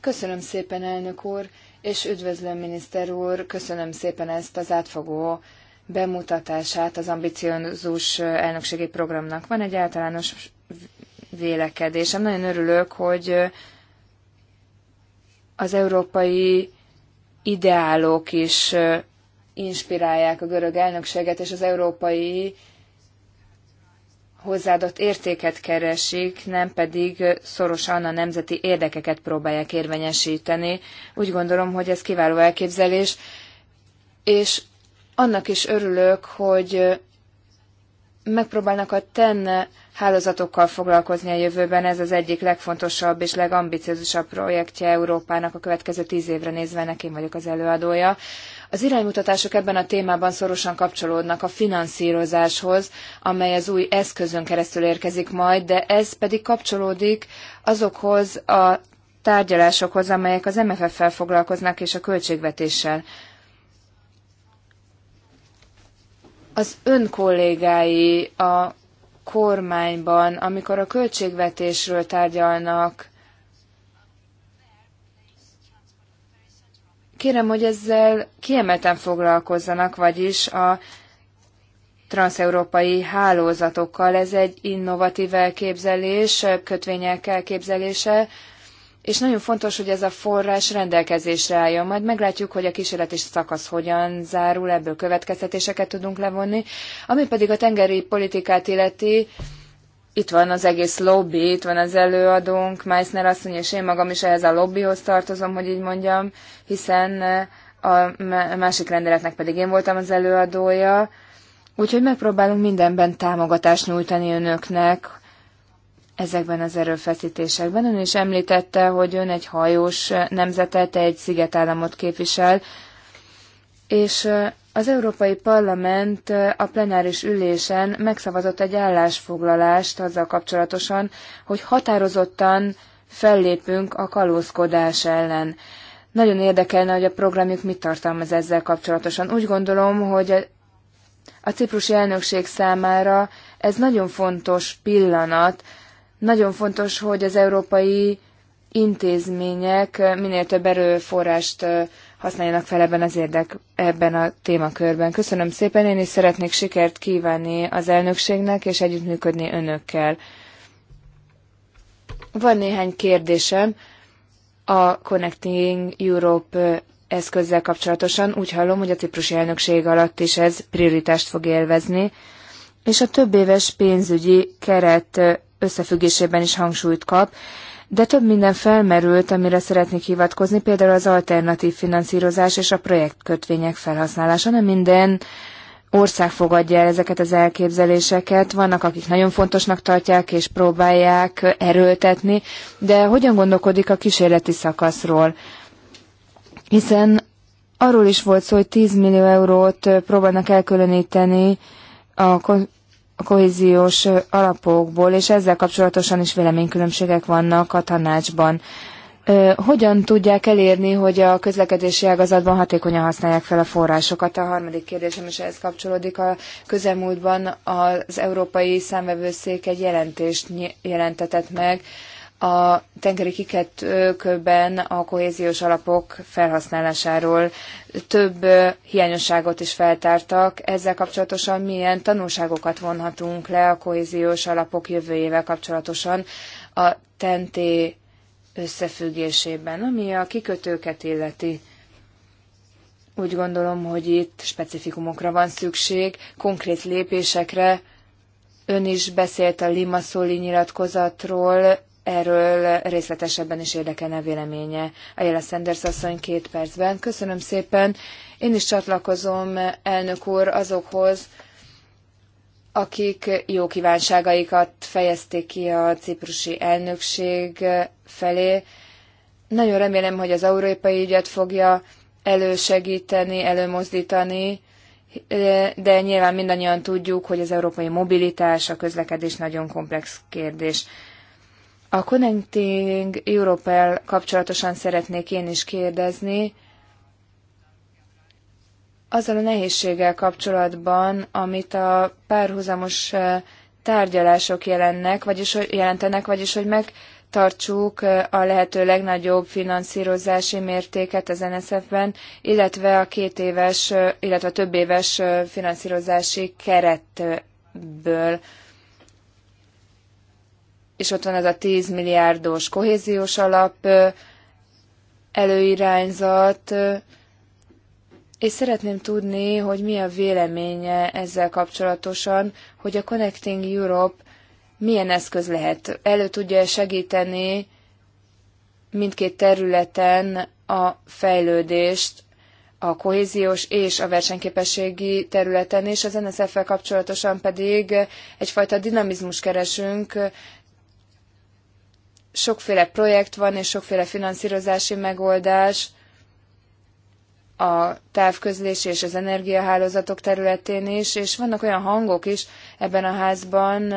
[SPEAKER 2] Köszönöm szépen, elnök úr, és üdvözlöm, miniszter úr, köszönöm szépen ezt az átfogó bemutatását az ambiciózus elnökségi programnak. Van egy általános vélekedésem. Nagyon örülök, hogy az európai ideálok is inspirálják a görög elnökséget, és az európai hozzáadott értéket keresik, nem pedig szorosan a nemzeti érdekeket próbálják érvényesíteni. Úgy gondolom, hogy ez kiváló elképzelés, és annak is örülök, hogy megpróbálnak a TEN hálózatokkal foglalkozni a jövőben, ez az egyik legfontosabb és legambiciózusabb projektje Európának a következő tíz évre nézve, ennek én vagyok az előadója. Az iránymutatások ebben a témában szorosan kapcsolódnak a finanszírozáshoz, amely az új eszközön keresztül érkezik majd, de ez pedig kapcsolódik azokhoz a tárgyalásokhoz, amelyek az MFF-fel foglalkoznak és a költségvetéssel. az ön kollégái a kormányban, amikor a költségvetésről tárgyalnak, kérem, hogy ezzel kiemelten foglalkozzanak, vagyis a transeurópai hálózatokkal. Ez egy innovatív elképzelés, kötvények elképzelése, és nagyon fontos, hogy ez a forrás rendelkezésre álljon. Majd meglátjuk, hogy a kísérleti szakasz hogyan zárul, ebből következtetéseket tudunk levonni. Ami pedig a tengeri politikát illeti, itt van az egész lobby, itt van az előadónk, Meissner asszony, és én magam is ehhez a lobbyhoz tartozom, hogy így mondjam, hiszen a másik rendeletnek pedig én voltam az előadója, úgyhogy megpróbálunk mindenben támogatást nyújtani önöknek, ezekben az erőfeszítésekben. Ön is említette, hogy ön egy hajós nemzetet, egy szigetállamot képvisel, és az Európai Parlament a plenáris ülésen megszavazott egy állásfoglalást azzal kapcsolatosan, hogy határozottan fellépünk a kalózkodás ellen. Nagyon érdekelne, hogy a programjuk mit tartalmaz ezzel kapcsolatosan. Úgy gondolom, hogy a ciprusi elnökség számára ez nagyon fontos pillanat, nagyon fontos, hogy az európai intézmények minél több erőforrást használjanak fel ebben az érdek, ebben a témakörben. Köszönöm szépen, én is szeretnék sikert kívánni az elnökségnek, és együttműködni önökkel. Van néhány kérdésem a Connecting Europe eszközzel kapcsolatosan. Úgy hallom, hogy a ciprusi elnökség alatt is ez prioritást fog élvezni, és a több éves pénzügyi keret összefüggésében is hangsúlyt kap, de több minden felmerült, amire szeretnék hivatkozni, például az alternatív finanszírozás és a projektkötvények felhasználása. Nem minden ország fogadja el ezeket az elképzeléseket, vannak, akik nagyon fontosnak tartják és próbálják erőltetni, de hogyan gondolkodik a kísérleti szakaszról? Hiszen arról is volt szó, hogy 10 millió eurót próbálnak elkülöníteni a a kohéziós alapokból, és ezzel kapcsolatosan is véleménykülönbségek vannak a tanácsban. Hogyan tudják elérni, hogy a közlekedési ágazatban hatékonyan használják fel a forrásokat? A harmadik kérdésem is ehhez kapcsolódik. A közelmúltban az Európai Számvevőszék egy jelentést jelentetett meg a tengeri kiketőkben a kohéziós alapok felhasználásáról több hiányosságot is feltártak. Ezzel kapcsolatosan milyen tanulságokat vonhatunk le a kohéziós alapok jövőjével kapcsolatosan a tenté összefüggésében, ami a kikötőket illeti. Úgy gondolom, hogy itt specifikumokra van szükség, konkrét lépésekre. Ön is beszélt a Limassoli nyilatkozatról, Erről részletesebben is érdekelne véleménye. A Jela Sanders asszony két percben. Köszönöm szépen. Én is csatlakozom, elnök úr, azokhoz, akik jó kívánságaikat fejezték ki a ciprusi elnökség felé. Nagyon remélem, hogy az európai ügyet fogja elősegíteni, előmozdítani, de nyilván mindannyian tudjuk, hogy az európai mobilitás, a közlekedés nagyon komplex kérdés. A Connecting europe kapcsolatosan szeretnék én is kérdezni, azzal a nehézséggel kapcsolatban, amit a párhuzamos eh, tárgyalások jelennek, vagyis, jelentenek, vagyis hogy megtartsuk eh, a lehető legnagyobb finanszírozási mértéket az nszf ben illetve a két éves, eh, illetve a több éves finanszírozási keretből és ott van ez a 10 milliárdos kohéziós alap előirányzat, és szeretném tudni, hogy mi a véleménye ezzel kapcsolatosan, hogy a Connecting Europe milyen eszköz lehet. Elő tudja segíteni mindkét területen a fejlődést, a kohéziós és a versenyképességi területen, és az NSF-fel kapcsolatosan pedig egyfajta dinamizmus keresünk, sokféle projekt van, és sokféle finanszírozási megoldás a távközlés és az energiahálózatok területén is, és vannak olyan hangok is ebben a házban,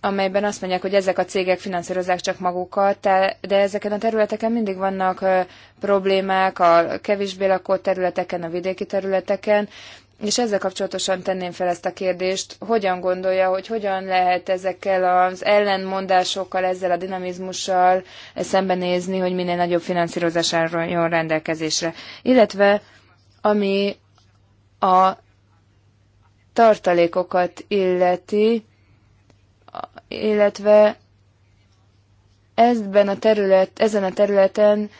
[SPEAKER 2] amelyben azt mondják, hogy ezek a cégek finanszírozzák csak magukat, de ezeken a területeken mindig vannak problémák, a kevésbé lakott területeken, a vidéki területeken, és ezzel kapcsolatosan tenném fel ezt a kérdést, hogyan gondolja, hogy hogyan lehet ezekkel az ellenmondásokkal, ezzel a dinamizmussal szembenézni, hogy minél nagyobb finanszírozás jön rendelkezésre. Illetve ami a tartalékokat illeti, illetve ezben a terület, ezen a területen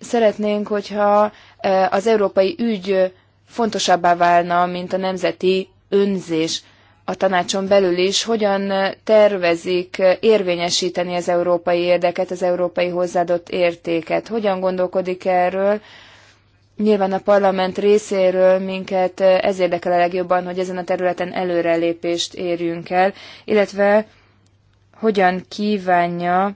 [SPEAKER 2] szeretnénk, hogyha eh, az európai ügy fontosabbá válna, mint a nemzeti önzés a tanácson belül is, hogyan tervezik érvényesíteni az európai érdeket, az európai hozzáadott értéket, hogyan gondolkodik erről, Nyilván a parlament részéről minket ez érdekel a legjobban, hogy ezen a területen előrelépést érjünk el, illetve hogyan kívánja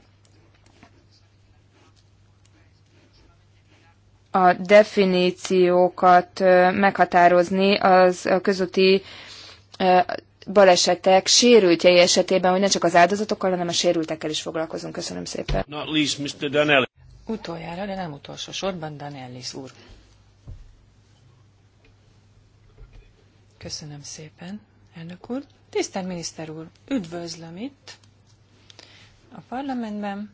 [SPEAKER 2] a definíciókat meghatározni az közúti balesetek sérültjei esetében, hogy ne csak az áldozatokkal, hanem a sérültekkel is foglalkozunk. Köszönöm szépen.
[SPEAKER 1] Not least Mr.
[SPEAKER 3] Utoljára, de nem utolsó sorban, Danellis úr. Köszönöm szépen, elnök úr. Tisztelt miniszter úr, üdvözlöm itt a parlamentben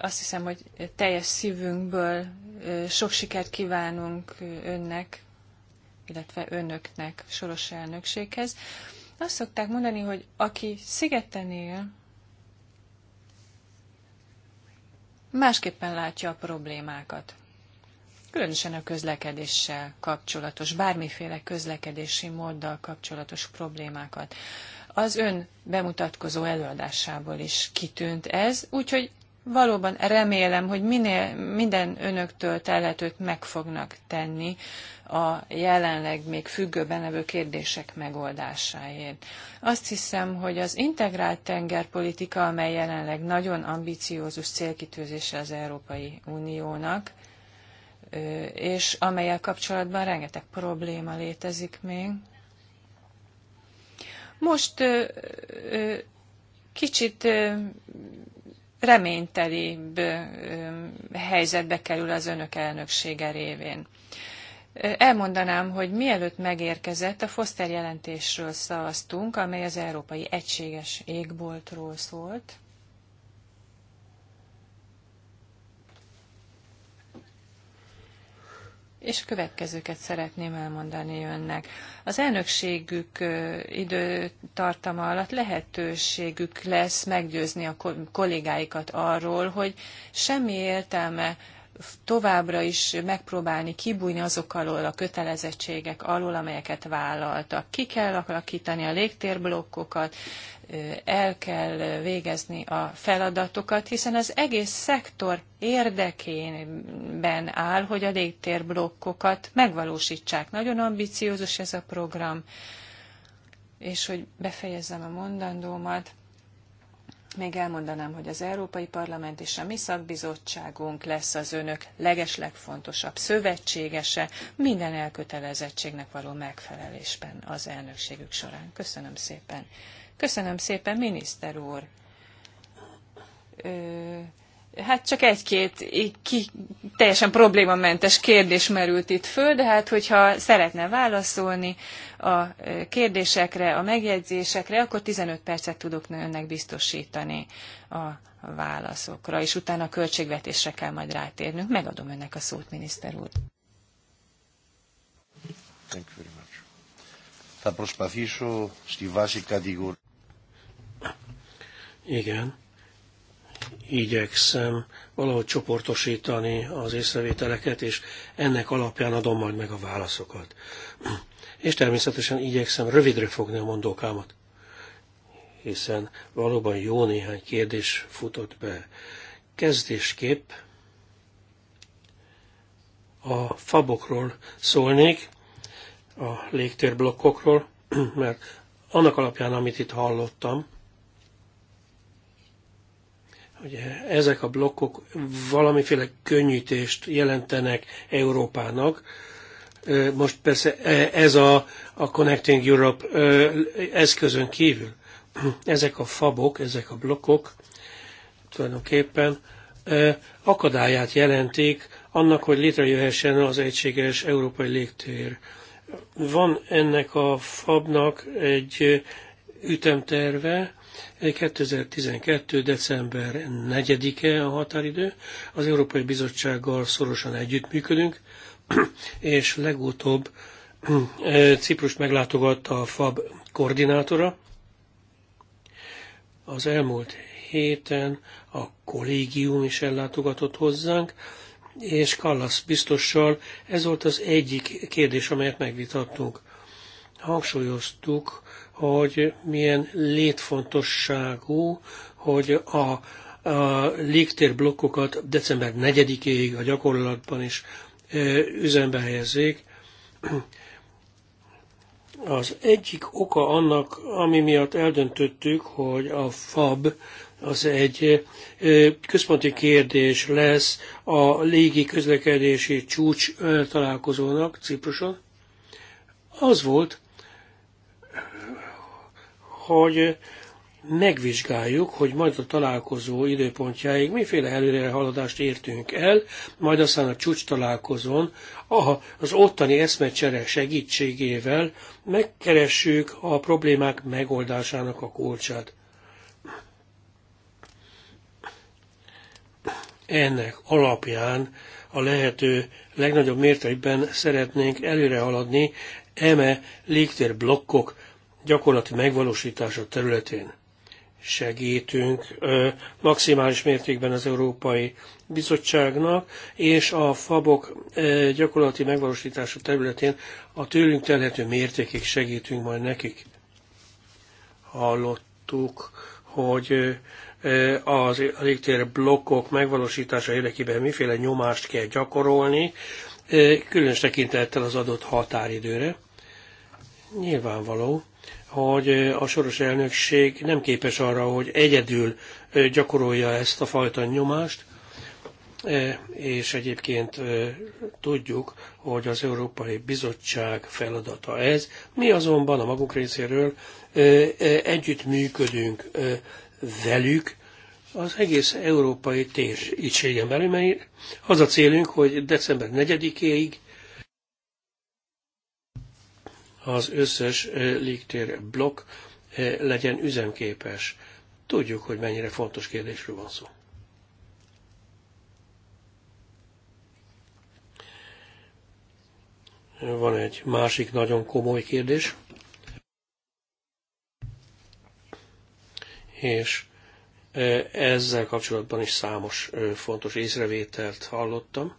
[SPEAKER 3] azt hiszem, hogy teljes szívünkből sok sikert kívánunk önnek, illetve önöknek, soros elnökséghez. Azt szokták mondani, hogy aki szigeten él, másképpen látja a problémákat. Különösen a közlekedéssel kapcsolatos, bármiféle közlekedési móddal kapcsolatos problémákat. Az ön bemutatkozó előadásából is kitűnt ez, úgyhogy valóban remélem, hogy minél, minden önöktől telhetőt meg fognak tenni a jelenleg még függőben levő kérdések megoldásáért. Azt hiszem, hogy az integrált tengerpolitika, amely jelenleg nagyon ambiciózus célkitűzése az Európai Uniónak, és amelyel kapcsolatban rengeteg probléma létezik még. Most kicsit reménytelibb helyzetbe kerül az önök elnöksége révén. Elmondanám, hogy mielőtt megérkezett, a Foster jelentésről szavaztunk, amely az Európai Egységes Égboltról szólt. és a következőket szeretném elmondani önnek. Az elnökségük időtartama alatt lehetőségük lesz meggyőzni a kollégáikat arról, hogy semmi értelme továbbra is megpróbálni kibújni azok alól a kötelezettségek alól, amelyeket vállaltak. Ki kell alakítani a légtérblokkokat, el kell végezni a feladatokat, hiszen az egész szektor érdekében áll, hogy a légtérblokkokat megvalósítsák. Nagyon ambiciózus ez a program, és hogy befejezzem a mondandómat még elmondanám, hogy az Európai Parlament és a mi szakbizottságunk lesz az önök legeslegfontosabb szövetségese minden elkötelezettségnek való megfelelésben az elnökségük során. Köszönöm szépen. Köszönöm szépen, miniszter úr. Ö- Hát csak egy-két ki, teljesen problémamentes kérdés merült itt föl, de hát hogyha szeretne válaszolni a e, kérdésekre, a megjegyzésekre, akkor 15 percet tudok önnek biztosítani a válaszokra, és utána a költségvetésre kell majd rátérnünk. Megadom önnek a szót, miniszter úr.
[SPEAKER 1] Thank you very much. Θα Igen igyekszem valahogy csoportosítani az észrevételeket, és ennek alapján adom majd meg a válaszokat. És természetesen igyekszem rövidre fogni a mondókámat, hiszen valóban jó néhány kérdés futott be. Kezdésképp a fabokról szólnék, a légtérblokkokról, mert annak alapján, amit itt hallottam, hogy ezek a blokkok valamiféle könnyítést jelentenek Európának. Most persze e, ez a, a Connecting Europe eszközön kívül. Ezek a fabok, ezek a blokkok tulajdonképpen akadályát jelentik annak, hogy létrejöhessen az egységes európai légtér. Van ennek a fabnak egy ütemterve, 2012. december 4-e a határidő. Az Európai Bizottsággal szorosan együttműködünk, és legutóbb Ciprus meglátogatta a FAB koordinátora. Az elmúlt héten a kollégium is ellátogatott hozzánk, és Kallasz biztossal ez volt az egyik kérdés, amelyet megvitattunk. Hangsúlyoztuk, hogy milyen létfontosságú, hogy a, a légtérblokkokat december 4-ig a gyakorlatban is üzembe helyezzék. Az egyik oka annak, ami miatt eldöntöttük, hogy a FAB az egy központi kérdés lesz a légi közlekedési csúcs találkozónak Cipruson, az volt, hogy megvizsgáljuk, hogy majd a találkozó időpontjáig miféle előre haladást értünk el, majd aztán a csúcs találkozón az ottani eszmecsere segítségével megkeressük a problémák megoldásának a kulcsát. Ennek alapján a lehető legnagyobb mértékben szeretnénk előre haladni, eme légtérblokkok gyakorlati megvalósítása területén segítünk maximális mértékben az Európai Bizottságnak, és a FABok gyakorlati megvalósítása területén a tőlünk telhető mértékig segítünk majd nekik. Hallottuk, hogy az légtér blokkok megvalósítása érdekében miféle nyomást kell gyakorolni, különös tekintettel az adott határidőre. Nyilvánvaló, hogy a soros elnökség nem képes arra, hogy egyedül gyakorolja ezt a fajta nyomást, és egyébként tudjuk, hogy az Európai Bizottság feladata ez. Mi azonban a magunk részéről együttműködünk velük az egész európai térségen belül, mert az a célunk, hogy december 4-éig az összes légtér blokk legyen üzemképes. Tudjuk, hogy mennyire fontos kérdésről van szó. Van egy másik nagyon komoly kérdés. És ezzel kapcsolatban is számos fontos észrevételt hallottam.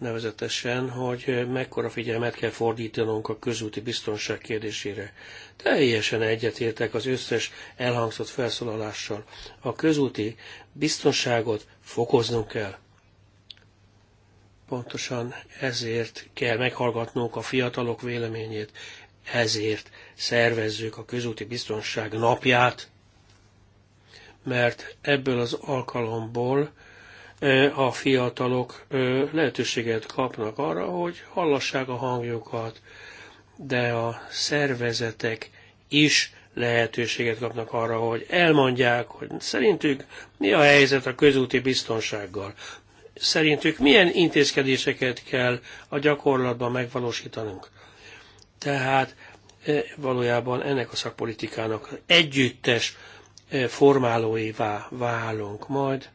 [SPEAKER 1] nevezetesen, hogy mekkora figyelmet kell fordítanunk a közúti biztonság kérdésére. Teljesen egyetértek az összes elhangzott felszólalással. A közúti biztonságot fokoznunk kell. Pontosan ezért kell meghallgatnunk a fiatalok véleményét, ezért szervezzük a közúti biztonság napját, mert ebből az alkalomból E, a fiatalok e, lehetőséget kapnak arra, hogy hallassák a hangjukat, de a szervezetek is lehetőséget kapnak arra, hogy elmondják, hogy szerintük mi a helyzet a közúti biztonsággal. Szerintük milyen intézkedéseket kell a gyakorlatban megvalósítanunk. Tehát e, valójában ennek a szakpolitikának együttes formálóivá válunk majd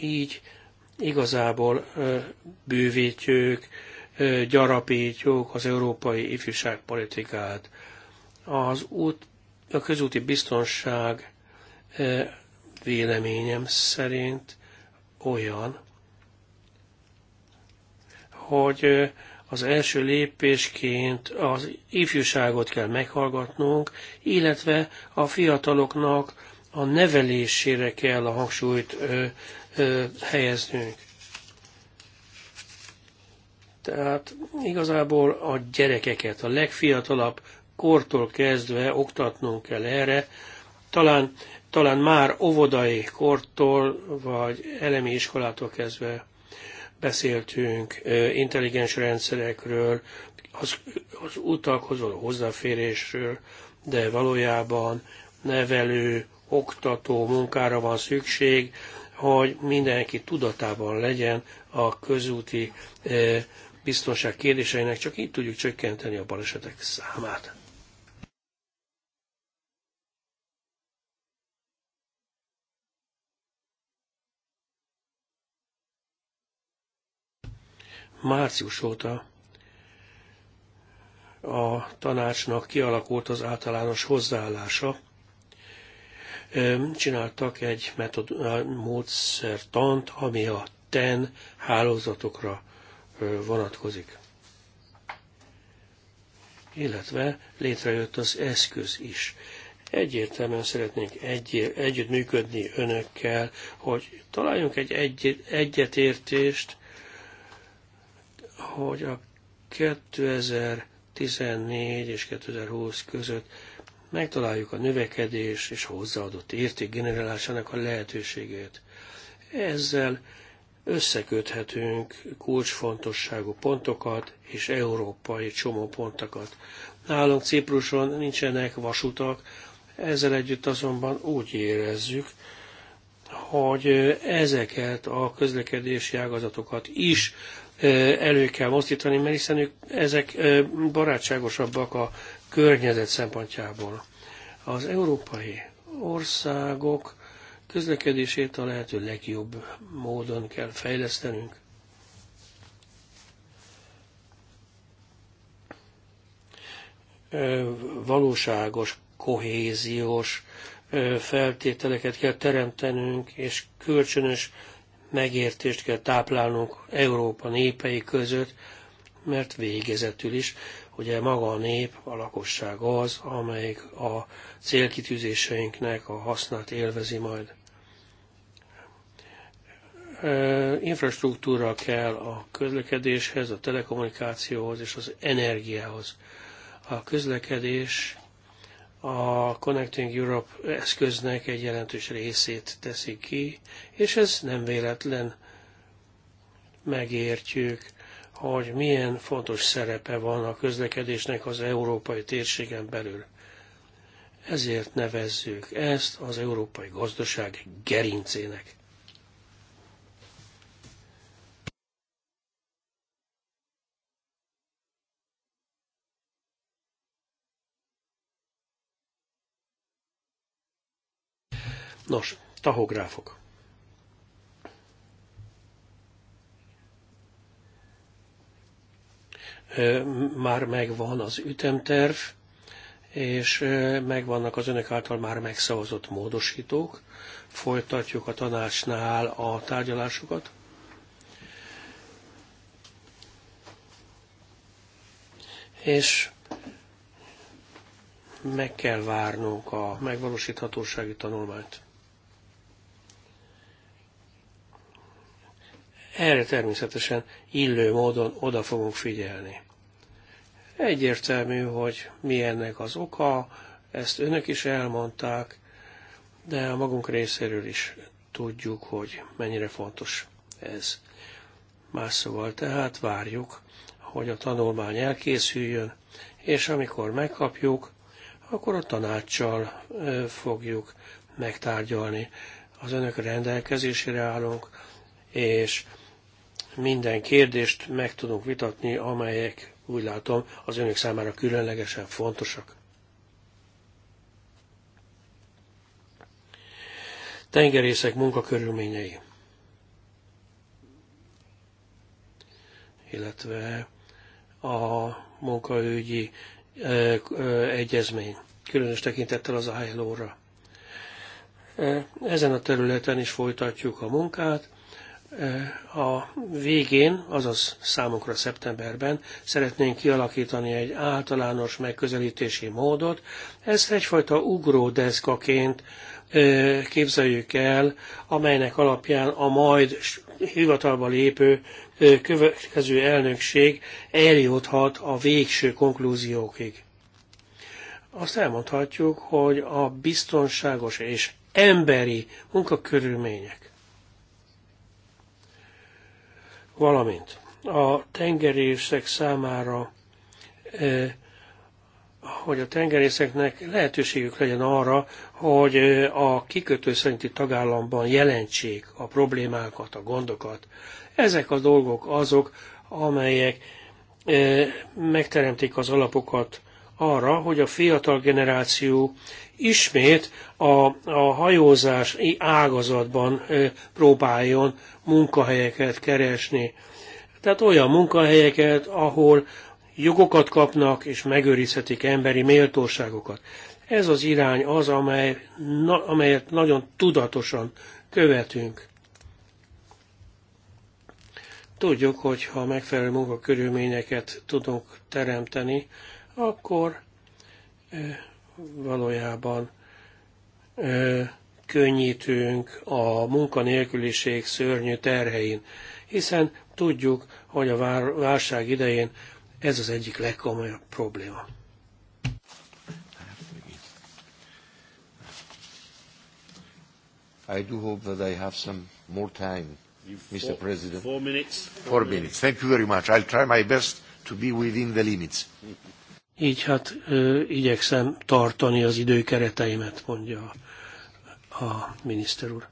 [SPEAKER 1] így igazából bővítjük, gyarapítjuk az európai ifjúságpolitikát. Az út, a közúti biztonság véleményem szerint olyan, hogy az első lépésként az ifjúságot kell meghallgatnunk, illetve a fiataloknak a nevelésére kell a hangsúlyt helyeznünk. Tehát igazából a gyerekeket a legfiatalabb kortól kezdve oktatnunk kell erre, talán, talán már óvodai kortól, vagy elemi iskolától kezdve beszéltünk intelligens rendszerekről, az, az utakhoz hozzáférésről, de valójában nevelő, oktató munkára van szükség, hogy mindenki tudatában legyen a közúti eh, biztonság kérdéseinek, csak így tudjuk csökkenteni a balesetek számát. Március óta a tanácsnak kialakult az általános hozzáállása csináltak egy metod, módszertant, ami a TEN hálózatokra vonatkozik. Illetve létrejött az eszköz is. Egyértelműen szeretnénk egy, együttműködni önökkel, hogy találjunk egy, egy egyetértést, hogy a 2014 és 2020 között megtaláljuk a növekedés és a hozzáadott érték generálásának a lehetőségét. Ezzel összeköthetünk kulcsfontosságú pontokat és európai csomópontokat. Nálunk Cipruson nincsenek vasutak, ezzel együtt azonban úgy érezzük, hogy ezeket a közlekedési ágazatokat is eh, elő kell mozdítani, mert hiszen ők, ezek eh, barátságosabbak a környezet szempontjából. Az európai országok közlekedését a lehető legjobb módon kell fejlesztenünk. Valóságos, kohéziós feltételeket kell teremtenünk, és kölcsönös megértést kell táplálnunk Európa népei között, mert végezetül is Ugye maga a nép, a lakosság az, amelyik a célkitűzéseinknek a hasznát élvezi majd. Infrastruktúra kell a közlekedéshez, a telekommunikációhoz és az energiához. A közlekedés a Connecting Europe eszköznek egy jelentős részét teszi ki, és ez nem véletlen megértjük hogy milyen fontos szerepe van a közlekedésnek az európai térségen belül. Ezért nevezzük ezt az európai gazdaság gerincének. Nos, tahográfok. már megvan az ütemterv, és megvannak az önök által már megszavazott módosítók. Folytatjuk a tanácsnál a tárgyalásokat. És meg kell várnunk a megvalósíthatósági tanulmányt. Erre természetesen illő módon oda fogunk figyelni. Egyértelmű, hogy mi ennek az oka, ezt önök is elmondták, de a magunk részéről is tudjuk, hogy mennyire fontos ez. Más szóval tehát várjuk, hogy a tanulmány elkészüljön, és amikor megkapjuk, akkor a tanácssal fogjuk megtárgyalni. Az önök rendelkezésére állunk, és minden kérdést meg tudunk vitatni, amelyek úgy látom az önök számára különlegesen fontosak. Tengerészek munkakörülményei. illetve a munkaügyi ö, ö, egyezmény, különös tekintettel az ILO-ra. Ezen a területen is folytatjuk a munkát, Eh, a végén, azaz számunkra szeptemberben szeretnénk kialakítani egy általános megközelítési módot. Ezt egyfajta ugródeszkaként eh, képzeljük el, amelynek alapján a majd hivatalba lépő eh, következő elnökség eljuthat a végső konklúziókig. Azt elmondhatjuk, hogy a biztonságos és emberi munkakörülmények valamint a tengerészek számára, eh, hogy a tengerészeknek lehetőségük legyen arra, hogy eh, a kikötő szerinti tagállamban jelentsék a problémákat, a gondokat. Ezek a dolgok azok, amelyek eh, megteremtik az alapokat arra, hogy a fiatal generáció ismét a, a hajózás ágazatban próbáljon munkahelyeket keresni. Tehát olyan munkahelyeket, ahol jogokat kapnak és megőrizhetik emberi méltóságokat. Ez az irány az, amely, na, amelyet nagyon tudatosan követünk. Tudjuk, hogy ha megfelelő munkakörülményeket tudunk teremteni, akkor valójában könnyítünk a munkanélküliség szörnyű terhein, hiszen tudjuk, hogy a válság idején ez az egyik legkomolyabb probléma. I do hope that I have some more time, Mr. President. Four minutes. Four minutes. Thank you very much. I'll try my best to be within the limits így hát ö, igyekszem tartani az időkereteimet, mondja a, a miniszter úr.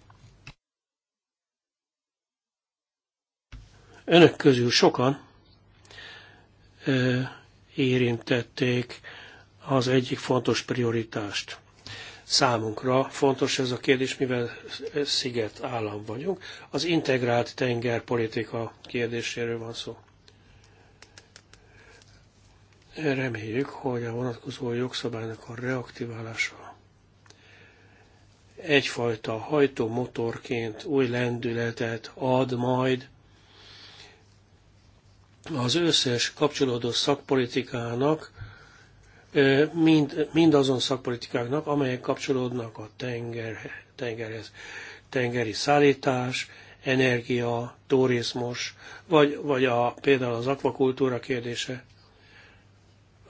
[SPEAKER 1] Önök közül sokan ö, érintették az egyik fontos prioritást. Számunkra fontos ez a kérdés, mivel sziget állam vagyunk. Az integrált tengerpolitika kérdéséről van szó. Reméljük, hogy a vonatkozó jogszabálynak a reaktiválása egyfajta hajtómotorként új lendületet ad majd az összes kapcsolódó szakpolitikának, mind, mind azon szakpolitikáknak, amelyek kapcsolódnak a tenger, tengerhez. Tengeri szállítás, energia, turizmus, vagy, vagy a, például az akvakultúra kérdése.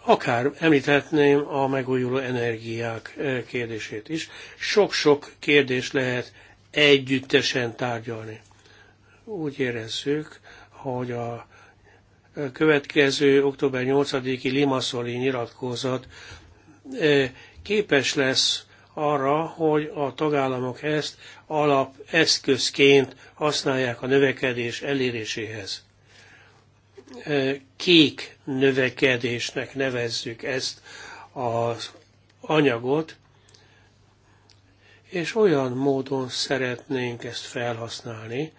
[SPEAKER 1] Akár említhetném a megújuló energiák eh, kérdését is. Sok-sok kérdés lehet együttesen tárgyalni. Úgy érezzük, hogy a eh, következő október 8-i Limaszoli nyilatkozat eh, képes lesz arra, hogy a tagállamok ezt alapeszközként használják a növekedés eléréséhez kék növekedésnek nevezzük ezt az anyagot, és olyan módon szeretnénk ezt felhasználni,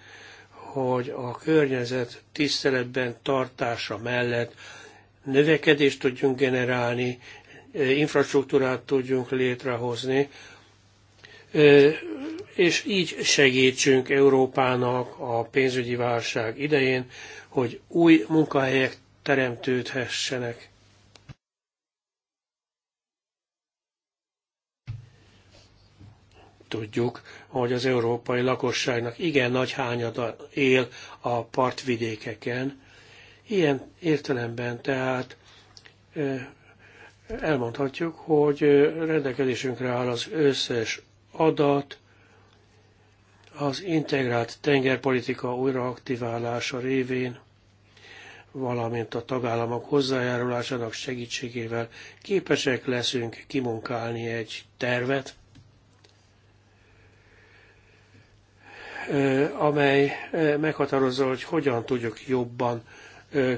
[SPEAKER 1] hogy a környezet tiszteletben tartása mellett növekedést tudjunk generálni, infrastruktúrát tudjunk létrehozni, és így segítsünk Európának a pénzügyi válság idején, hogy új munkahelyek teremtődhessenek. Tudjuk, hogy az európai lakosságnak igen nagy hányada él a partvidékeken. Ilyen értelemben tehát elmondhatjuk, hogy rendelkezésünkre áll az összes adat, az integrált tengerpolitika újraaktiválása révén, valamint a tagállamok hozzájárulásának segítségével képesek leszünk kimunkálni egy tervet, amely meghatározza, hogy hogyan tudjuk jobban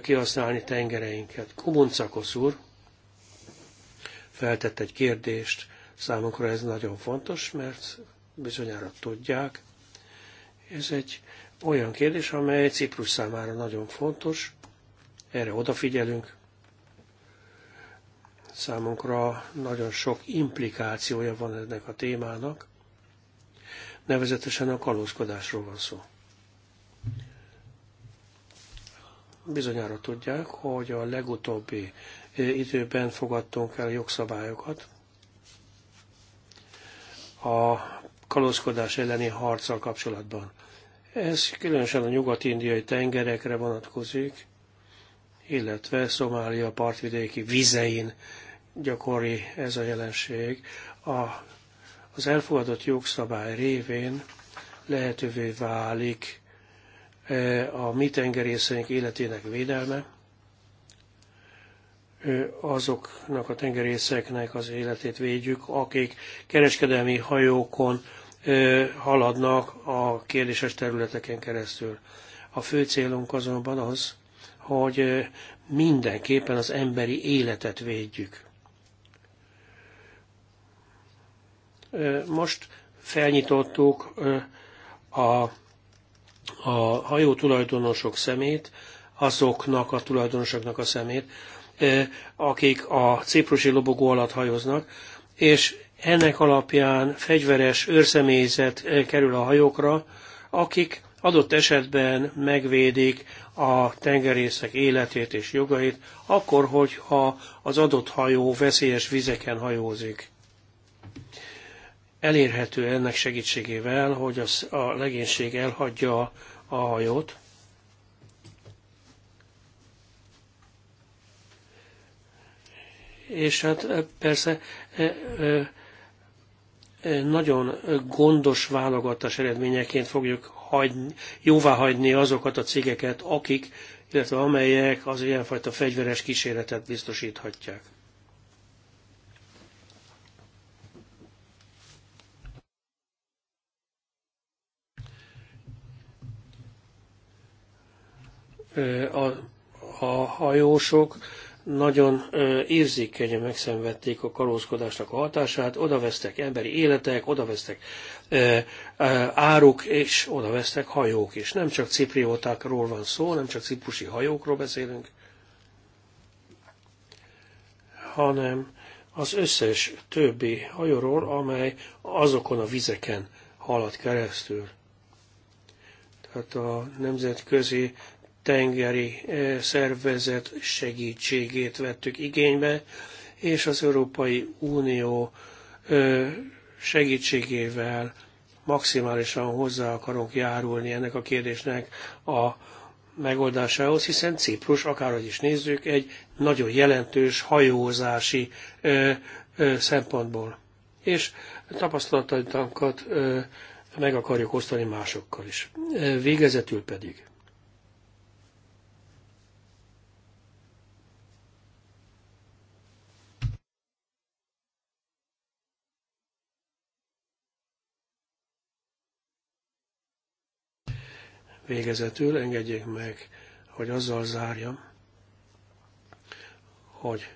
[SPEAKER 1] kihasználni tengereinket. Kumuncakosz úr feltett egy kérdést, számunkra ez nagyon fontos, mert bizonyára tudják, ez egy olyan kérdés, amely Ciprus számára nagyon fontos, erre odafigyelünk. Számunkra nagyon sok implikációja van ennek a témának, nevezetesen a kalózkodásról van szó. Bizonyára tudják, hogy a legutóbbi eh, időben fogadtunk el jogszabályokat a kalózkodás elleni harccal kapcsolatban. Ez különösen a nyugat-indiai tengerekre vonatkozik, illetve Szomália partvidéki vizein gyakori ez a jelenség. A, az elfogadott jogszabály révén lehetővé válik e, a mi tengerészeink életének védelme, e, azoknak a tengerészeknek az életét védjük, akik kereskedelmi hajókon haladnak a kérdéses területeken keresztül. A fő célunk azonban az, hogy mindenképpen az emberi életet védjük. Most felnyitottuk a, a hajó tulajdonosok szemét, azoknak a tulajdonosoknak a szemét, akik a ciprusi lobogó alatt hajóznak, és ennek alapján fegyveres őrszemélyzet eh, kerül a hajókra, akik adott esetben megvédik a tengerészek életét és jogait, akkor, hogyha az adott hajó veszélyes vizeken hajózik. Elérhető ennek segítségével, hogy az, a legénység elhagyja a hajót, és hát eh, persze eh, nagyon gondos válogatás eredményeként fogjuk hagyni, jóvá hagyni azokat a cégeket, akik, illetve amelyek az ilyenfajta fegyveres kísérletet biztosíthatják. A, a hajósok nagyon érzékenyen megszenvedték a kalózkodásnak a hatását, odavesztek emberi életek, odavesztek áruk, és odavesztek hajók is. Nem csak cipriótákról van szó, nem csak ciprusi hajókról beszélünk, hanem az összes többi hajóról, amely azokon a vizeken halad keresztül. Tehát a nemzetközi tengeri szervezet segítségét vettük igénybe, és az Európai Unió segítségével maximálisan hozzá akarunk járulni ennek a kérdésnek a megoldásához, hiszen Ciprus, akárhogy is nézzük, egy nagyon jelentős hajózási ö, ö, szempontból. És tapasztalatainkat meg akarjuk osztani másokkal is. Végezetül pedig Végezetül engedjék meg, hogy azzal zárjam, hogy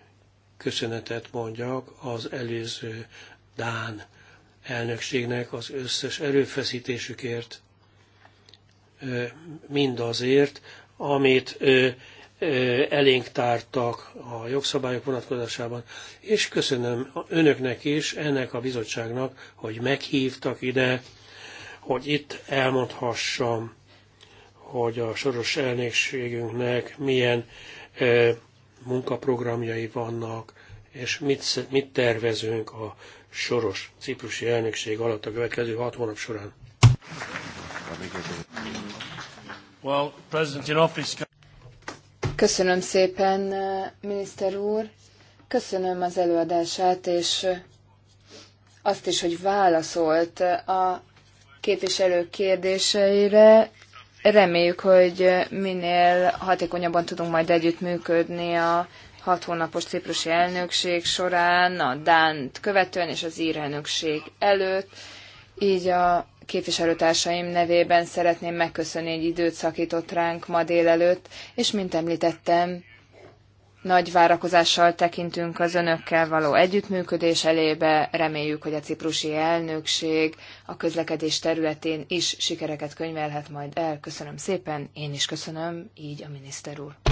[SPEAKER 1] köszönetet mondjak az előző Dán elnökségnek az összes erőfeszítésükért, mindazért, amit elénk tártak a jogszabályok vonatkozásában, és köszönöm önöknek is, ennek a bizottságnak, hogy meghívtak ide, hogy itt elmondhassam hogy a soros elnökségünknek milyen munkaprogramjai vannak, és mit, mit tervezünk a soros ciprusi elnökség alatt a következő hat hónap során.
[SPEAKER 2] Köszönöm szépen, miniszter úr. Köszönöm az előadását, és azt is, hogy válaszolt a képviselők kérdéseire. Reméljük, hogy minél hatékonyabban tudunk majd együttműködni a hat hónapos ciprusi elnökség során, a Dánt követően és az ír elnökség előtt. Így a képviselőtársaim nevében szeretném megköszönni, hogy időt szakított ránk ma délelőtt, és mint említettem, nagy várakozással tekintünk az önökkel való együttműködés elébe. Reméljük, hogy a ciprusi elnökség a közlekedés területén is sikereket könyvelhet majd el. Köszönöm szépen, én is köszönöm, így a miniszter úr.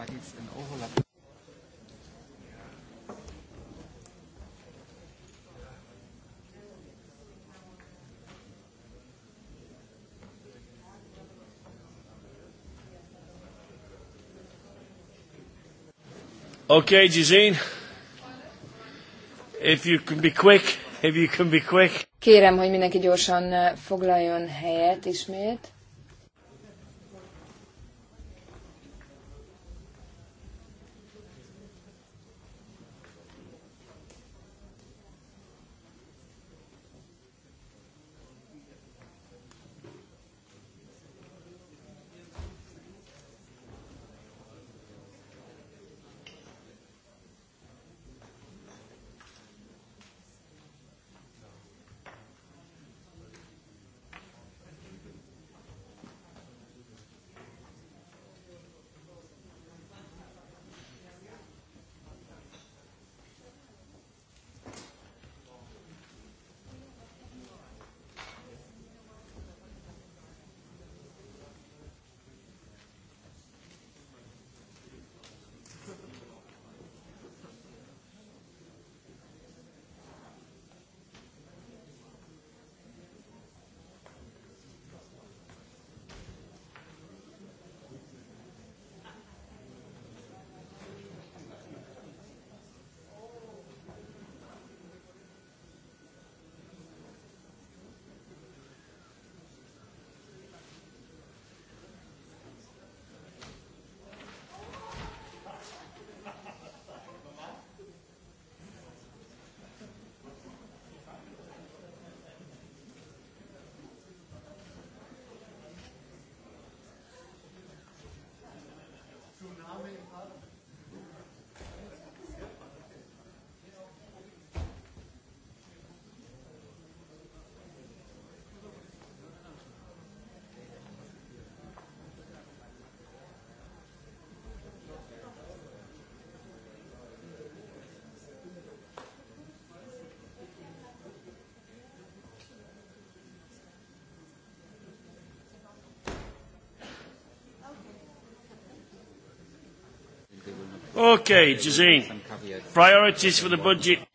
[SPEAKER 3] but it's an overlap.
[SPEAKER 1] Okay, Gisine. If you can be quick, if you can be quick.
[SPEAKER 2] Kérem, hogy mindenki gyorsan foglaljon helyet ismét.
[SPEAKER 1] Okay, Jazine. Priorities for the budget.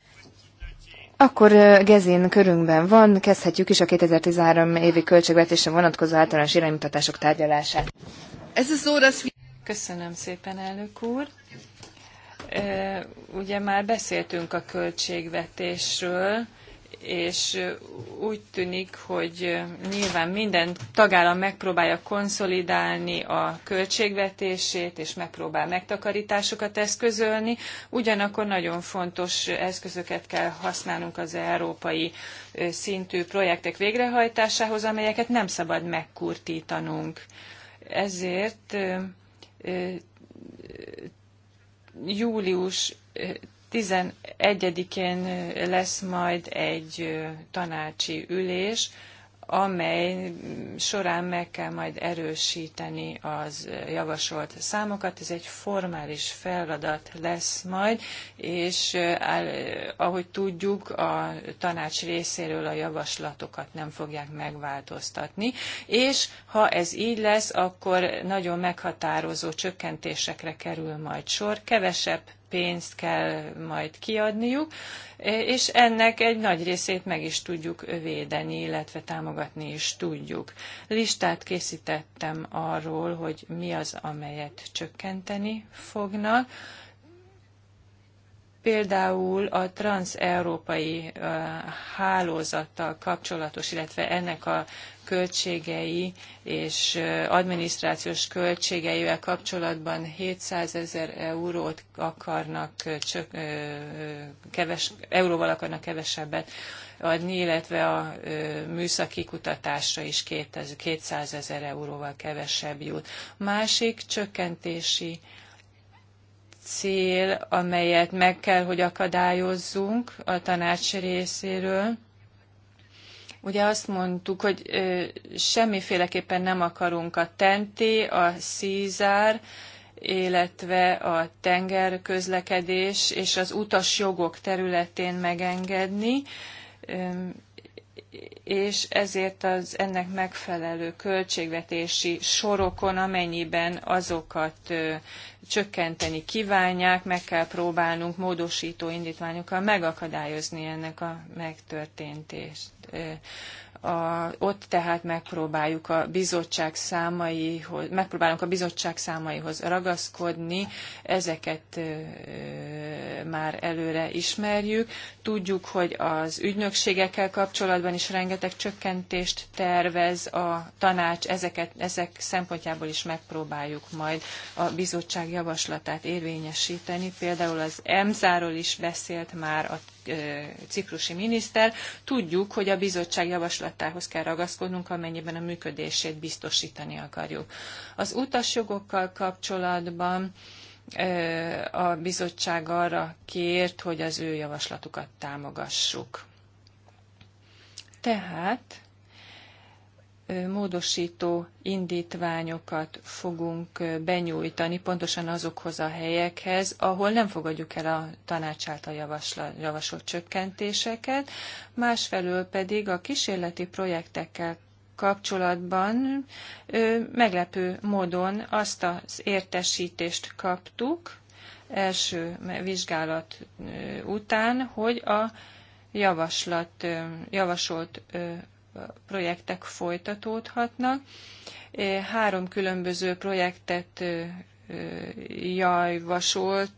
[SPEAKER 2] Akkor Gezin körünkben van, kezdhetjük is a 2013 évi költségvetésre vonatkozó általános iránymutatások tárgyalását.
[SPEAKER 3] Ez az, so, Köszönöm szépen, elnök úr. Ugye már beszéltünk a költségvetésről, és úgy tűnik, hogy nyilván minden tagállam megpróbálja konszolidálni a költségvetését, és megpróbál megtakarításokat eszközölni, ugyanakkor nagyon fontos eszközöket kell használnunk az európai szintű projektek végrehajtásához, amelyeket nem szabad megkurtítanunk. Ezért július 11-én lesz majd egy tanácsi ülés, amely során meg kell majd erősíteni az javasolt számokat. Ez egy formális feladat lesz majd, és ahogy tudjuk, a tanács részéről a javaslatokat nem fogják megváltoztatni, és ha ez így lesz, akkor nagyon meghatározó csökkentésekre kerül majd sor, kevesebb pénzt kell majd kiadniuk, és ennek egy nagy részét meg is tudjuk védeni, illetve támogatni is tudjuk. Listát készítettem arról, hogy mi az, amelyet csökkenteni fognak Például a transeurópai hálózattal kapcsolatos, illetve ennek a költségei és adminisztrációs költségeivel kapcsolatban 700 ezer eurót akarnak csak, keves, euróval akarnak kevesebbet adni, illetve a műszaki kutatásra is 200 ezer euróval kevesebb jut. Másik csökkentési cél, amelyet meg kell, hogy akadályozzunk a tanács részéről. Ugye azt mondtuk, hogy ö, semmiféleképpen nem akarunk a tenté, a szízár, illetve a tengerközlekedés és az utas jogok területén megengedni. Ö, és ezért az ennek megfelelő költségvetési sorokon, amennyiben azokat ö, csökkenteni kívánják, meg kell próbálnunk módosító indítványokkal megakadályozni ennek a megtörténtést. Ö, a, ott tehát megpróbáljuk a bizottság számaihoz, megpróbálunk a bizottság számaihoz ragaszkodni, ezeket ö, már előre ismerjük. Tudjuk, hogy az ügynökségekkel kapcsolatban is rengeteg csökkentést tervez a tanács, ezeket, ezek szempontjából is megpróbáljuk majd a bizottság javaslatát érvényesíteni. Például az EMSZ-ról is beszélt már a ciprusi miniszter. Tudjuk, hogy a bizottság javaslatához kell ragaszkodnunk, amennyiben a működését biztosítani akarjuk. Az utasjogokkal kapcsolatban a bizottság arra kért, hogy az ő javaslatukat támogassuk. Tehát módosító indítványokat fogunk benyújtani pontosan azokhoz a helyekhez, ahol nem fogadjuk el a tanács által javasolt csökkentéseket, másfelől pedig a kísérleti projektekkel kapcsolatban meglepő módon azt az értesítést kaptuk első vizsgálat után, hogy a javaslat, javasolt projektek folytatódhatnak. Három különböző projektet javasolt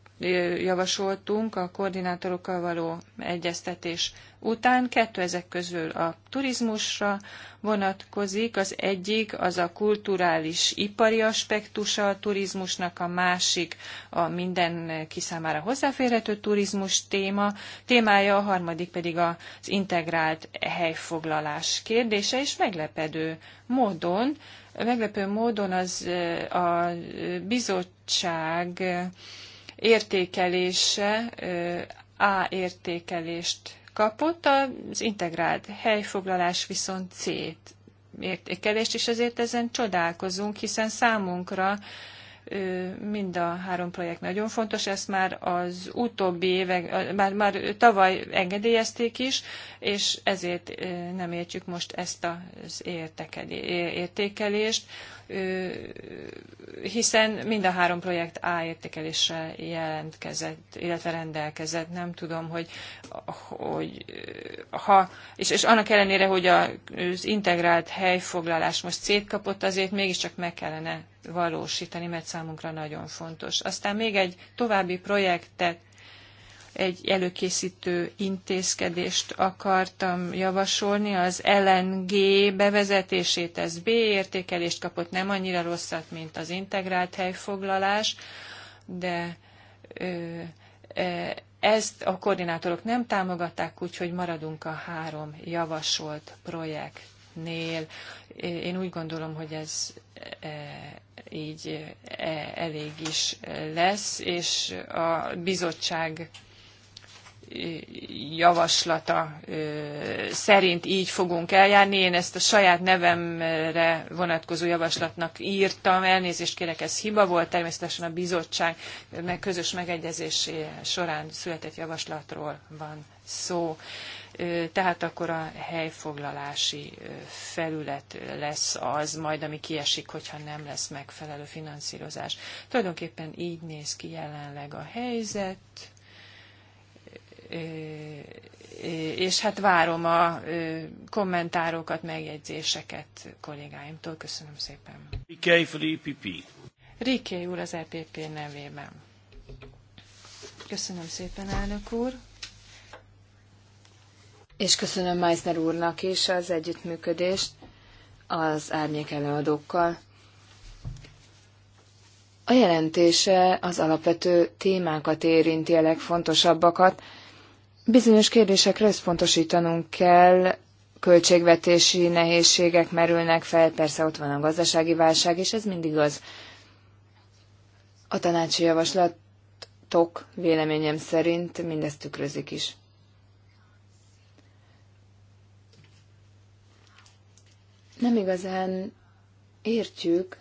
[SPEAKER 3] javasoltunk a koordinátorokkal való egyeztetés után. Kettő ezek közül a turizmusra vonatkozik, az egyik az a kulturális ipari aspektusa a turizmusnak, a másik a mindenki számára hozzáférhető turizmus téma, témája, a harmadik pedig az integrált helyfoglalás kérdése, és meglepedő módon, meglepő módon az a bizottság értékelése A értékelést kapott, az integrált helyfoglalás viszont C értékelést, és ezért ezen csodálkozunk, hiszen számunkra mind a három projekt nagyon fontos, ezt már az utóbbi évek, már, már tavaly engedélyezték is, és ezért nem értjük most ezt az értékelést hiszen mind a három projekt A értékelésre jelentkezett, illetve rendelkezett. Nem tudom, hogy, hogy ha, és, és annak ellenére, hogy az integrált helyfoglalás most kapott, azért mégiscsak meg kellene valósítani, mert számunkra nagyon fontos. Aztán még egy további projektet egy előkészítő intézkedést akartam javasolni, az LNG bevezetését, ez B értékelést kapott, nem annyira rosszat, mint az integrált helyfoglalás, de ezt a koordinátorok nem támogatták, úgyhogy maradunk a három javasolt projektnél. Én úgy gondolom, hogy ez e, így e, elég is lesz, és a bizottság javaslata szerint így fogunk eljárni. Én ezt a saját nevemre vonatkozó javaslatnak írtam, elnézést kérek, ez hiba volt, természetesen a bizottság meg közös megegyezés során született javaslatról van szó. Tehát akkor a helyfoglalási felület lesz az majd, ami kiesik, hogyha nem lesz megfelelő finanszírozás. Tulajdonképpen így néz ki jelenleg a helyzet és hát várom a kommentárokat, megjegyzéseket kollégáimtól. Köszönöm szépen.
[SPEAKER 1] Riké for the
[SPEAKER 3] EPP. úr az EPP nevében. Köszönöm szépen, elnök úr.
[SPEAKER 2] És köszönöm Meissner úrnak is az együttműködést az árnyék előadókkal. A jelentése az alapvető témákat érinti a legfontosabbakat, Bizonyos kérdésekre összpontosítanunk kell, költségvetési nehézségek merülnek fel, persze ott van a gazdasági válság, és ez mindig az. A tanácsi javaslatok véleményem szerint mindezt tükrözik is. Nem igazán értjük,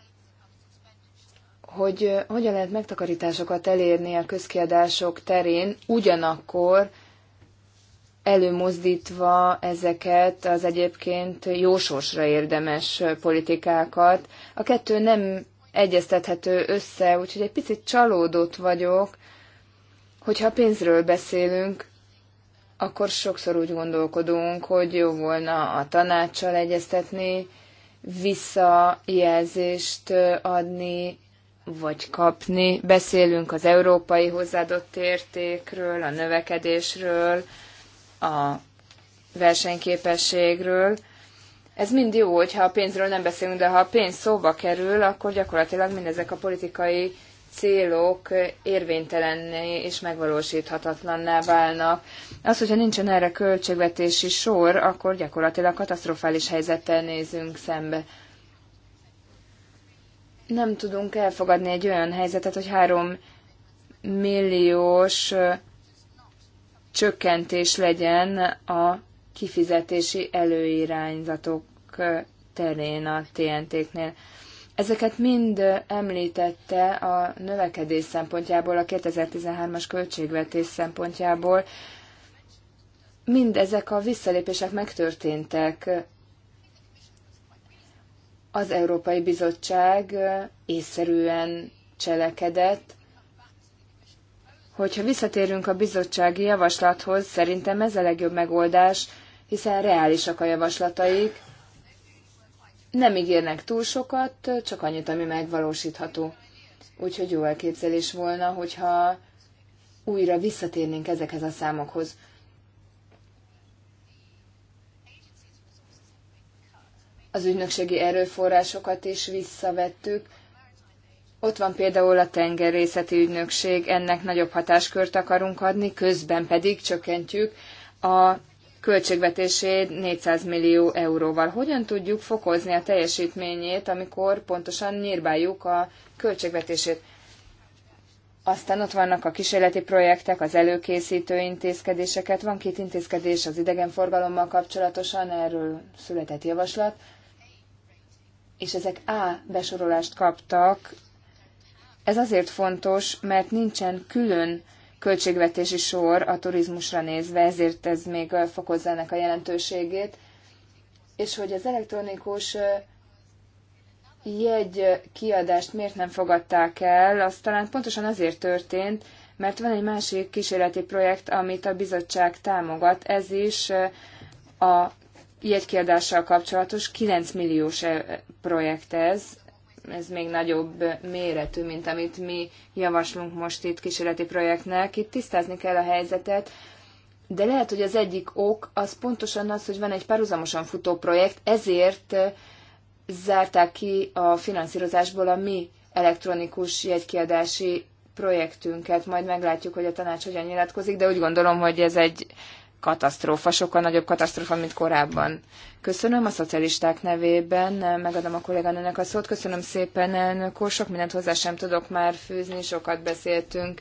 [SPEAKER 2] hogy hogyan lehet megtakarításokat elérni a közkiadások terén, ugyanakkor előmozdítva ezeket az egyébként jósósra érdemes politikákat. A kettő nem egyeztethető össze, úgyhogy egy picit csalódott vagyok, hogyha pénzről beszélünk, akkor sokszor úgy gondolkodunk, hogy jó volna a tanácssal egyeztetni, visszajelzést adni, vagy kapni. Beszélünk az európai hozzáadott értékről, a növekedésről, a versenyképességről. Ez mind jó, hogyha a pénzről nem beszélünk, de ha a pénz szóba kerül, akkor gyakorlatilag mindezek a politikai célok érvénytelenné és megvalósíthatatlanná válnak. Az, hogyha nincsen erre költségvetési sor, akkor gyakorlatilag katasztrofális helyzettel nézünk szembe. Nem tudunk elfogadni egy olyan helyzetet, hogy három milliós csökkentés legyen a kifizetési előirányzatok terén a TNT-knél. Ezeket mind említette a növekedés szempontjából, a 2013-as költségvetés szempontjából. Mind ezek a visszalépések megtörténtek. Az Európai Bizottság észszerűen cselekedett, Hogyha visszatérünk a bizottsági javaslathoz, szerintem ez a legjobb megoldás, hiszen reálisak a javaslataik, nem ígérnek túl sokat, csak annyit, ami megvalósítható. Úgyhogy jó elképzelés volna, hogyha újra visszatérnénk ezekhez a számokhoz. Az ügynökségi erőforrásokat is visszavettük, ott van például a tengerészeti ügynökség, ennek nagyobb hatáskört akarunk adni, közben pedig csökkentjük a költségvetését 400 millió euróval. Hogyan tudjuk fokozni a teljesítményét, amikor pontosan nyírbáljuk a költségvetését? Aztán ott vannak a kísérleti projektek, az előkészítő intézkedéseket. Van két intézkedés az idegenforgalommal kapcsolatosan, erről született javaslat, és ezek A besorolást kaptak ez azért fontos, mert nincsen külön költségvetési sor a turizmusra nézve, ezért ez még fokozza ennek a jelentőségét. És hogy az elektronikus jegy kiadást miért nem fogadták el, az talán pontosan azért történt, mert van egy másik kísérleti projekt, amit a bizottság támogat, ez is a jegykiadással kapcsolatos 9 milliós projekt ez, ez még nagyobb méretű, mint amit mi javaslunk most itt kísérleti projektnek. Itt tisztázni kell a helyzetet, de lehet, hogy az egyik ok az pontosan az, hogy van egy párhuzamosan futó projekt, ezért eh, zárták ki a finanszírozásból a mi elektronikus jegykiadási projektünket, majd meglátjuk, hogy a tanács hogyan nyilatkozik, de úgy gondolom, hogy ez egy katasztrófa, sokkal nagyobb katasztrófa, mint korábban. Köszönöm a szocialisták nevében, megadom a kolléganőnek a szót. Köszönöm szépen, elnök úr, sok mindent hozzá sem tudok már fűzni, sokat beszéltünk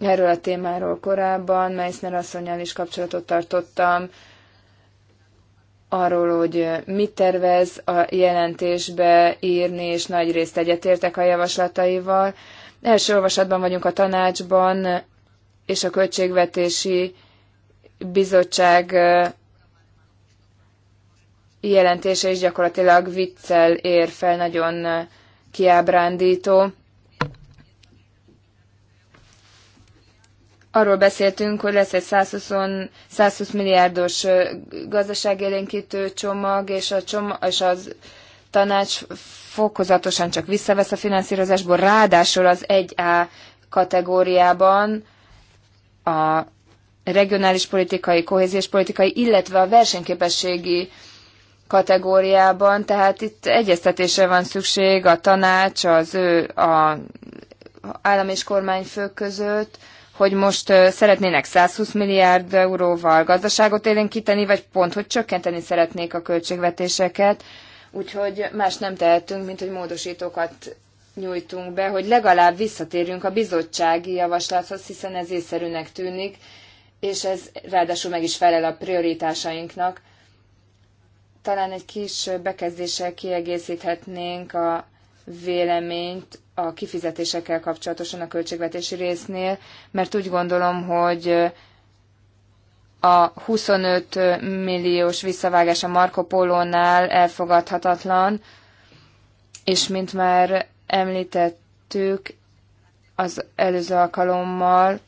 [SPEAKER 2] erről a témáról korábban, Meissner asszonyjal is kapcsolatot tartottam, arról, hogy mit tervez a jelentésbe írni, és nagy részt egyetértek a javaslataival. Első olvasatban vagyunk a tanácsban, és a költségvetési bizottság jelentése is gyakorlatilag viccel ér fel, nagyon kiábrándító. Arról beszéltünk, hogy lesz egy 120, 120 milliárdos gazdaságélénkítő csomag, és, a csomag, és az tanács fokozatosan csak visszavesz a finanszírozásból, ráadásul az 1A kategóriában a regionális politikai, kohéziós politikai, illetve a versenyképességi kategóriában, tehát itt egyeztetésre van szükség a tanács, az ő, a állam és kormányfők között, hogy most szeretnének 120 milliárd euróval gazdaságot élénkíteni, vagy pont, hogy csökkenteni szeretnék a költségvetéseket, úgyhogy más nem tehetünk, mint hogy módosítókat nyújtunk be, hogy legalább visszatérjünk a bizottsági javaslathoz, hiszen ez észszerűnek tűnik, és ez ráadásul meg is felel a prioritásainknak. Talán egy kis bekezdéssel kiegészíthetnénk a véleményt a kifizetésekkel kapcsolatosan a költségvetési résznél, mert úgy gondolom, hogy a 25 milliós visszavágás a Marco Polo-nál elfogadhatatlan, és mint már említettük az előző alkalommal,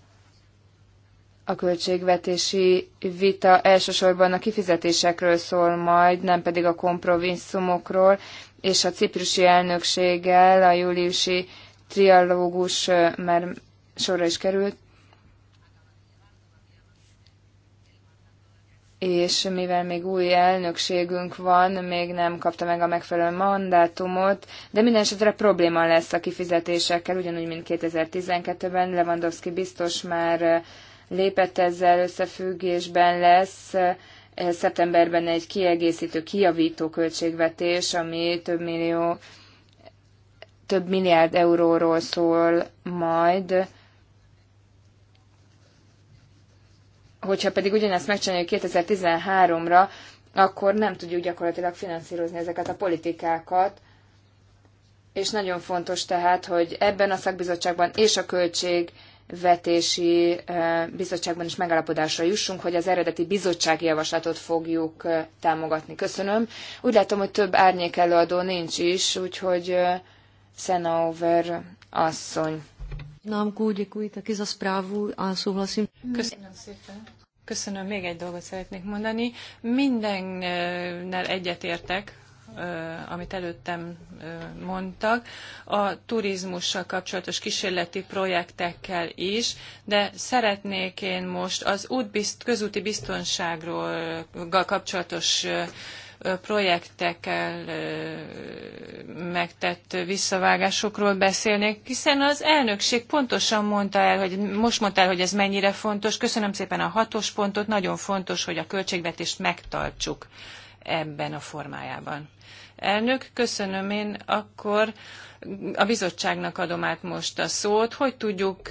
[SPEAKER 2] a költségvetési vita elsősorban a kifizetésekről szól majd, nem pedig a kompromisszumokról, és a ciprusi elnökséggel a júliusi trialógus már sorra is került. És mivel még új elnökségünk van, még nem kapta meg a megfelelő mandátumot, de minden esetre probléma lesz a kifizetésekkel, ugyanúgy, mint 2012-ben. Lewandowski biztos már lépett ezzel összefüggésben lesz eh, szeptemberben egy kiegészítő, kijavító költségvetés, ami több millió, több milliárd euróról szól majd. Hogyha pedig ugyanezt megcsináljuk 2013-ra, akkor nem tudjuk gyakorlatilag finanszírozni ezeket a politikákat, és nagyon fontos tehát, hogy ebben a szakbizottságban és a költség vetési eh, bizottságban is megállapodásra jussunk, hogy az eredeti bizottsági javaslatot fogjuk eh, támogatni. Köszönöm. Úgy látom, hogy több árnyék előadó nincs is, úgyhogy eh, Senauver
[SPEAKER 3] asszony. Námkó, děkuji taky za zprávu a souhlasím. Köszönöm szépen. Köszönöm, még egy dolgot szeretnék mondani. Mindennel egyetértek, amit előttem mondtak, a turizmussal kapcsolatos kísérleti projektekkel is, de szeretnék én most az útbizt, közúti biztonságról kapcsolatos projektekkel megtett visszavágásokról beszélnék, hiszen az elnökség pontosan mondta el, hogy most mondta el, hogy ez mennyire fontos. Köszönöm szépen a hatos pontot, nagyon fontos, hogy a költségvetést megtartsuk ebben a formájában. Elnök, köszönöm én akkor a bizottságnak adom át most a szót. Hogy tudjuk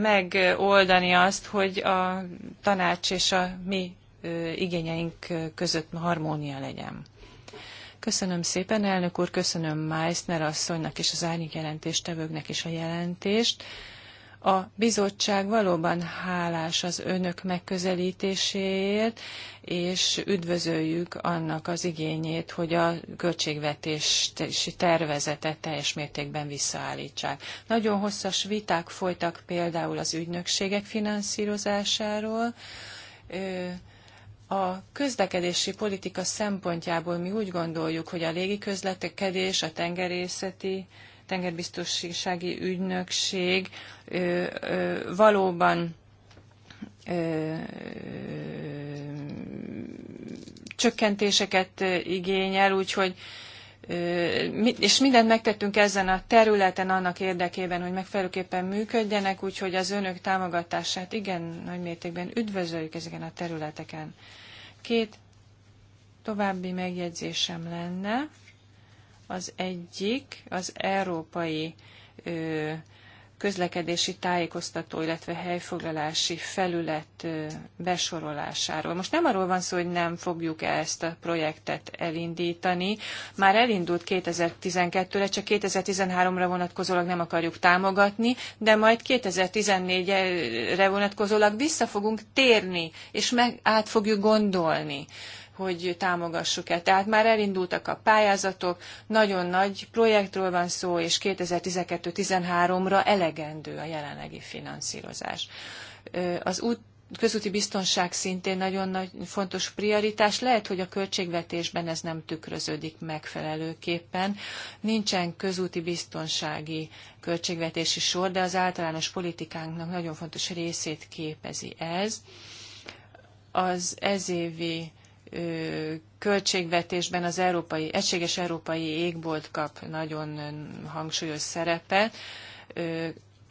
[SPEAKER 3] megoldani azt, hogy a tanács és a mi igényeink között harmónia legyen? Köszönöm szépen, elnök úr, köszönöm Meissner asszonynak és az árnyék jelentéstevőknek is a jelentést. A bizottság valóban hálás az önök megközelítéséért, és üdvözöljük annak az igényét, hogy a költségvetési tervezetet teljes mértékben visszaállítsák. Nagyon hosszas viták folytak például az ügynökségek finanszírozásáról, a közlekedési politika szempontjából mi úgy gondoljuk, hogy a légi közlekedés, a tengerészeti tengerbiztonsági ügynökség valóban csökkentéseket igényel, úgyhogy és mindent megtettünk ezen a területen annak érdekében, hogy megfelelőképpen működjenek, úgyhogy az önök támogatását igen nagy mértékben üdvözöljük ezeken a területeken. Két további megjegyzésem lenne. Az egyik az európai közlekedési tájékoztató, illetve helyfoglalási felület besorolásáról. Most nem arról van szó, hogy nem fogjuk -e ezt a projektet elindítani. Már elindult 2012-re, csak 2013-ra vonatkozólag nem akarjuk támogatni, de majd 2014-re vonatkozólag vissza fogunk térni, és meg át fogjuk gondolni hogy támogassuk-e. Tehát már elindultak a pályázatok, nagyon nagy projektről van szó, és 2012-13-ra elegendő a jelenlegi finanszírozás. Az út közúti biztonság szintén nagyon nagy, fontos prioritás. Lehet, hogy a költségvetésben ez nem tükröződik megfelelőképpen. Nincsen közúti biztonsági költségvetési sor, de az általános politikánknak nagyon fontos részét képezi ez. Az ezévi költségvetésben az európai, egységes európai égbolt kap nagyon hangsúlyos szerepet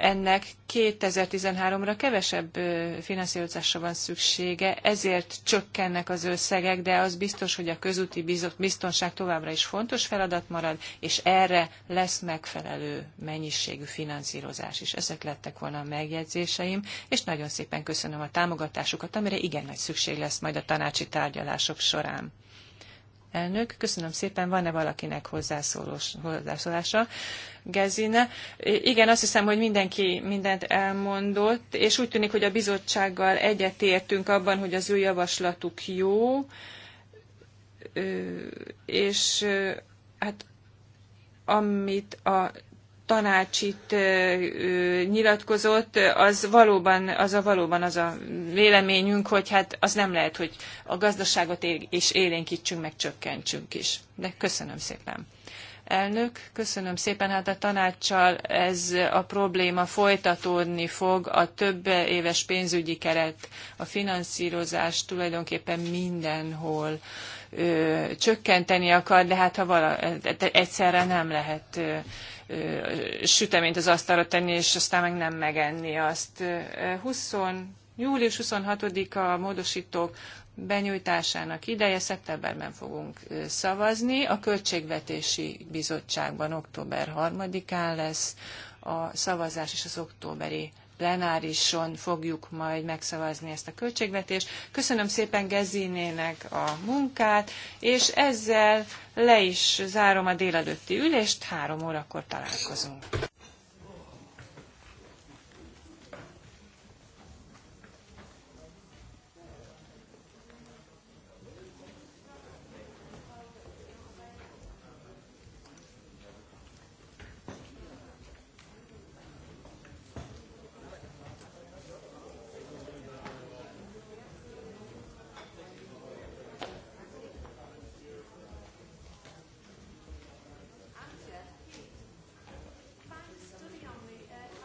[SPEAKER 3] ennek 2013-ra kevesebb finanszírozásra van szüksége, ezért csökkennek az összegek, de az biztos, hogy a közúti biztonság továbbra is fontos feladat marad, és erre lesz megfelelő mennyiségű finanszírozás is. Ezek lettek volna a megjegyzéseim, és nagyon szépen köszönöm a támogatásukat, amire igen nagy szükség lesz majd a tanácsi tárgyalások során. Elnök, köszönöm szépen. Van-e valakinek hozzászólása? Gezine. Igen, azt hiszem, hogy mindenki mindent elmondott, és úgy tűnik, hogy a bizottsággal egyetértünk abban, hogy az ő javaslatuk jó, és hát amit a tanács itt nyilatkozott, az valóban az a, valóban az a véleményünk, hogy hát az nem lehet, hogy a gazdaságot is élénkítsünk, meg csökkentsünk is. De köszönöm szépen. Elnök, köszönöm szépen. Hát a tanácssal ez a probléma folytatódni fog. A több éves pénzügyi keret, a finanszírozás tulajdonképpen mindenhol ö, csökkenteni akar, de hát ha vala, egyszerre nem lehet ö, süteményt az asztalra tenni, és aztán meg nem megenni azt. 20, július 26-a módosítók benyújtásának ideje, szeptemberben fogunk szavazni. A Költségvetési Bizottságban október 3-án lesz a szavazás és az októberi plenárison fogjuk majd megszavazni ezt a költségvetést. Köszönöm szépen Gezinének a munkát, és ezzel le is zárom a délelőtti ülést, három órakor találkozunk.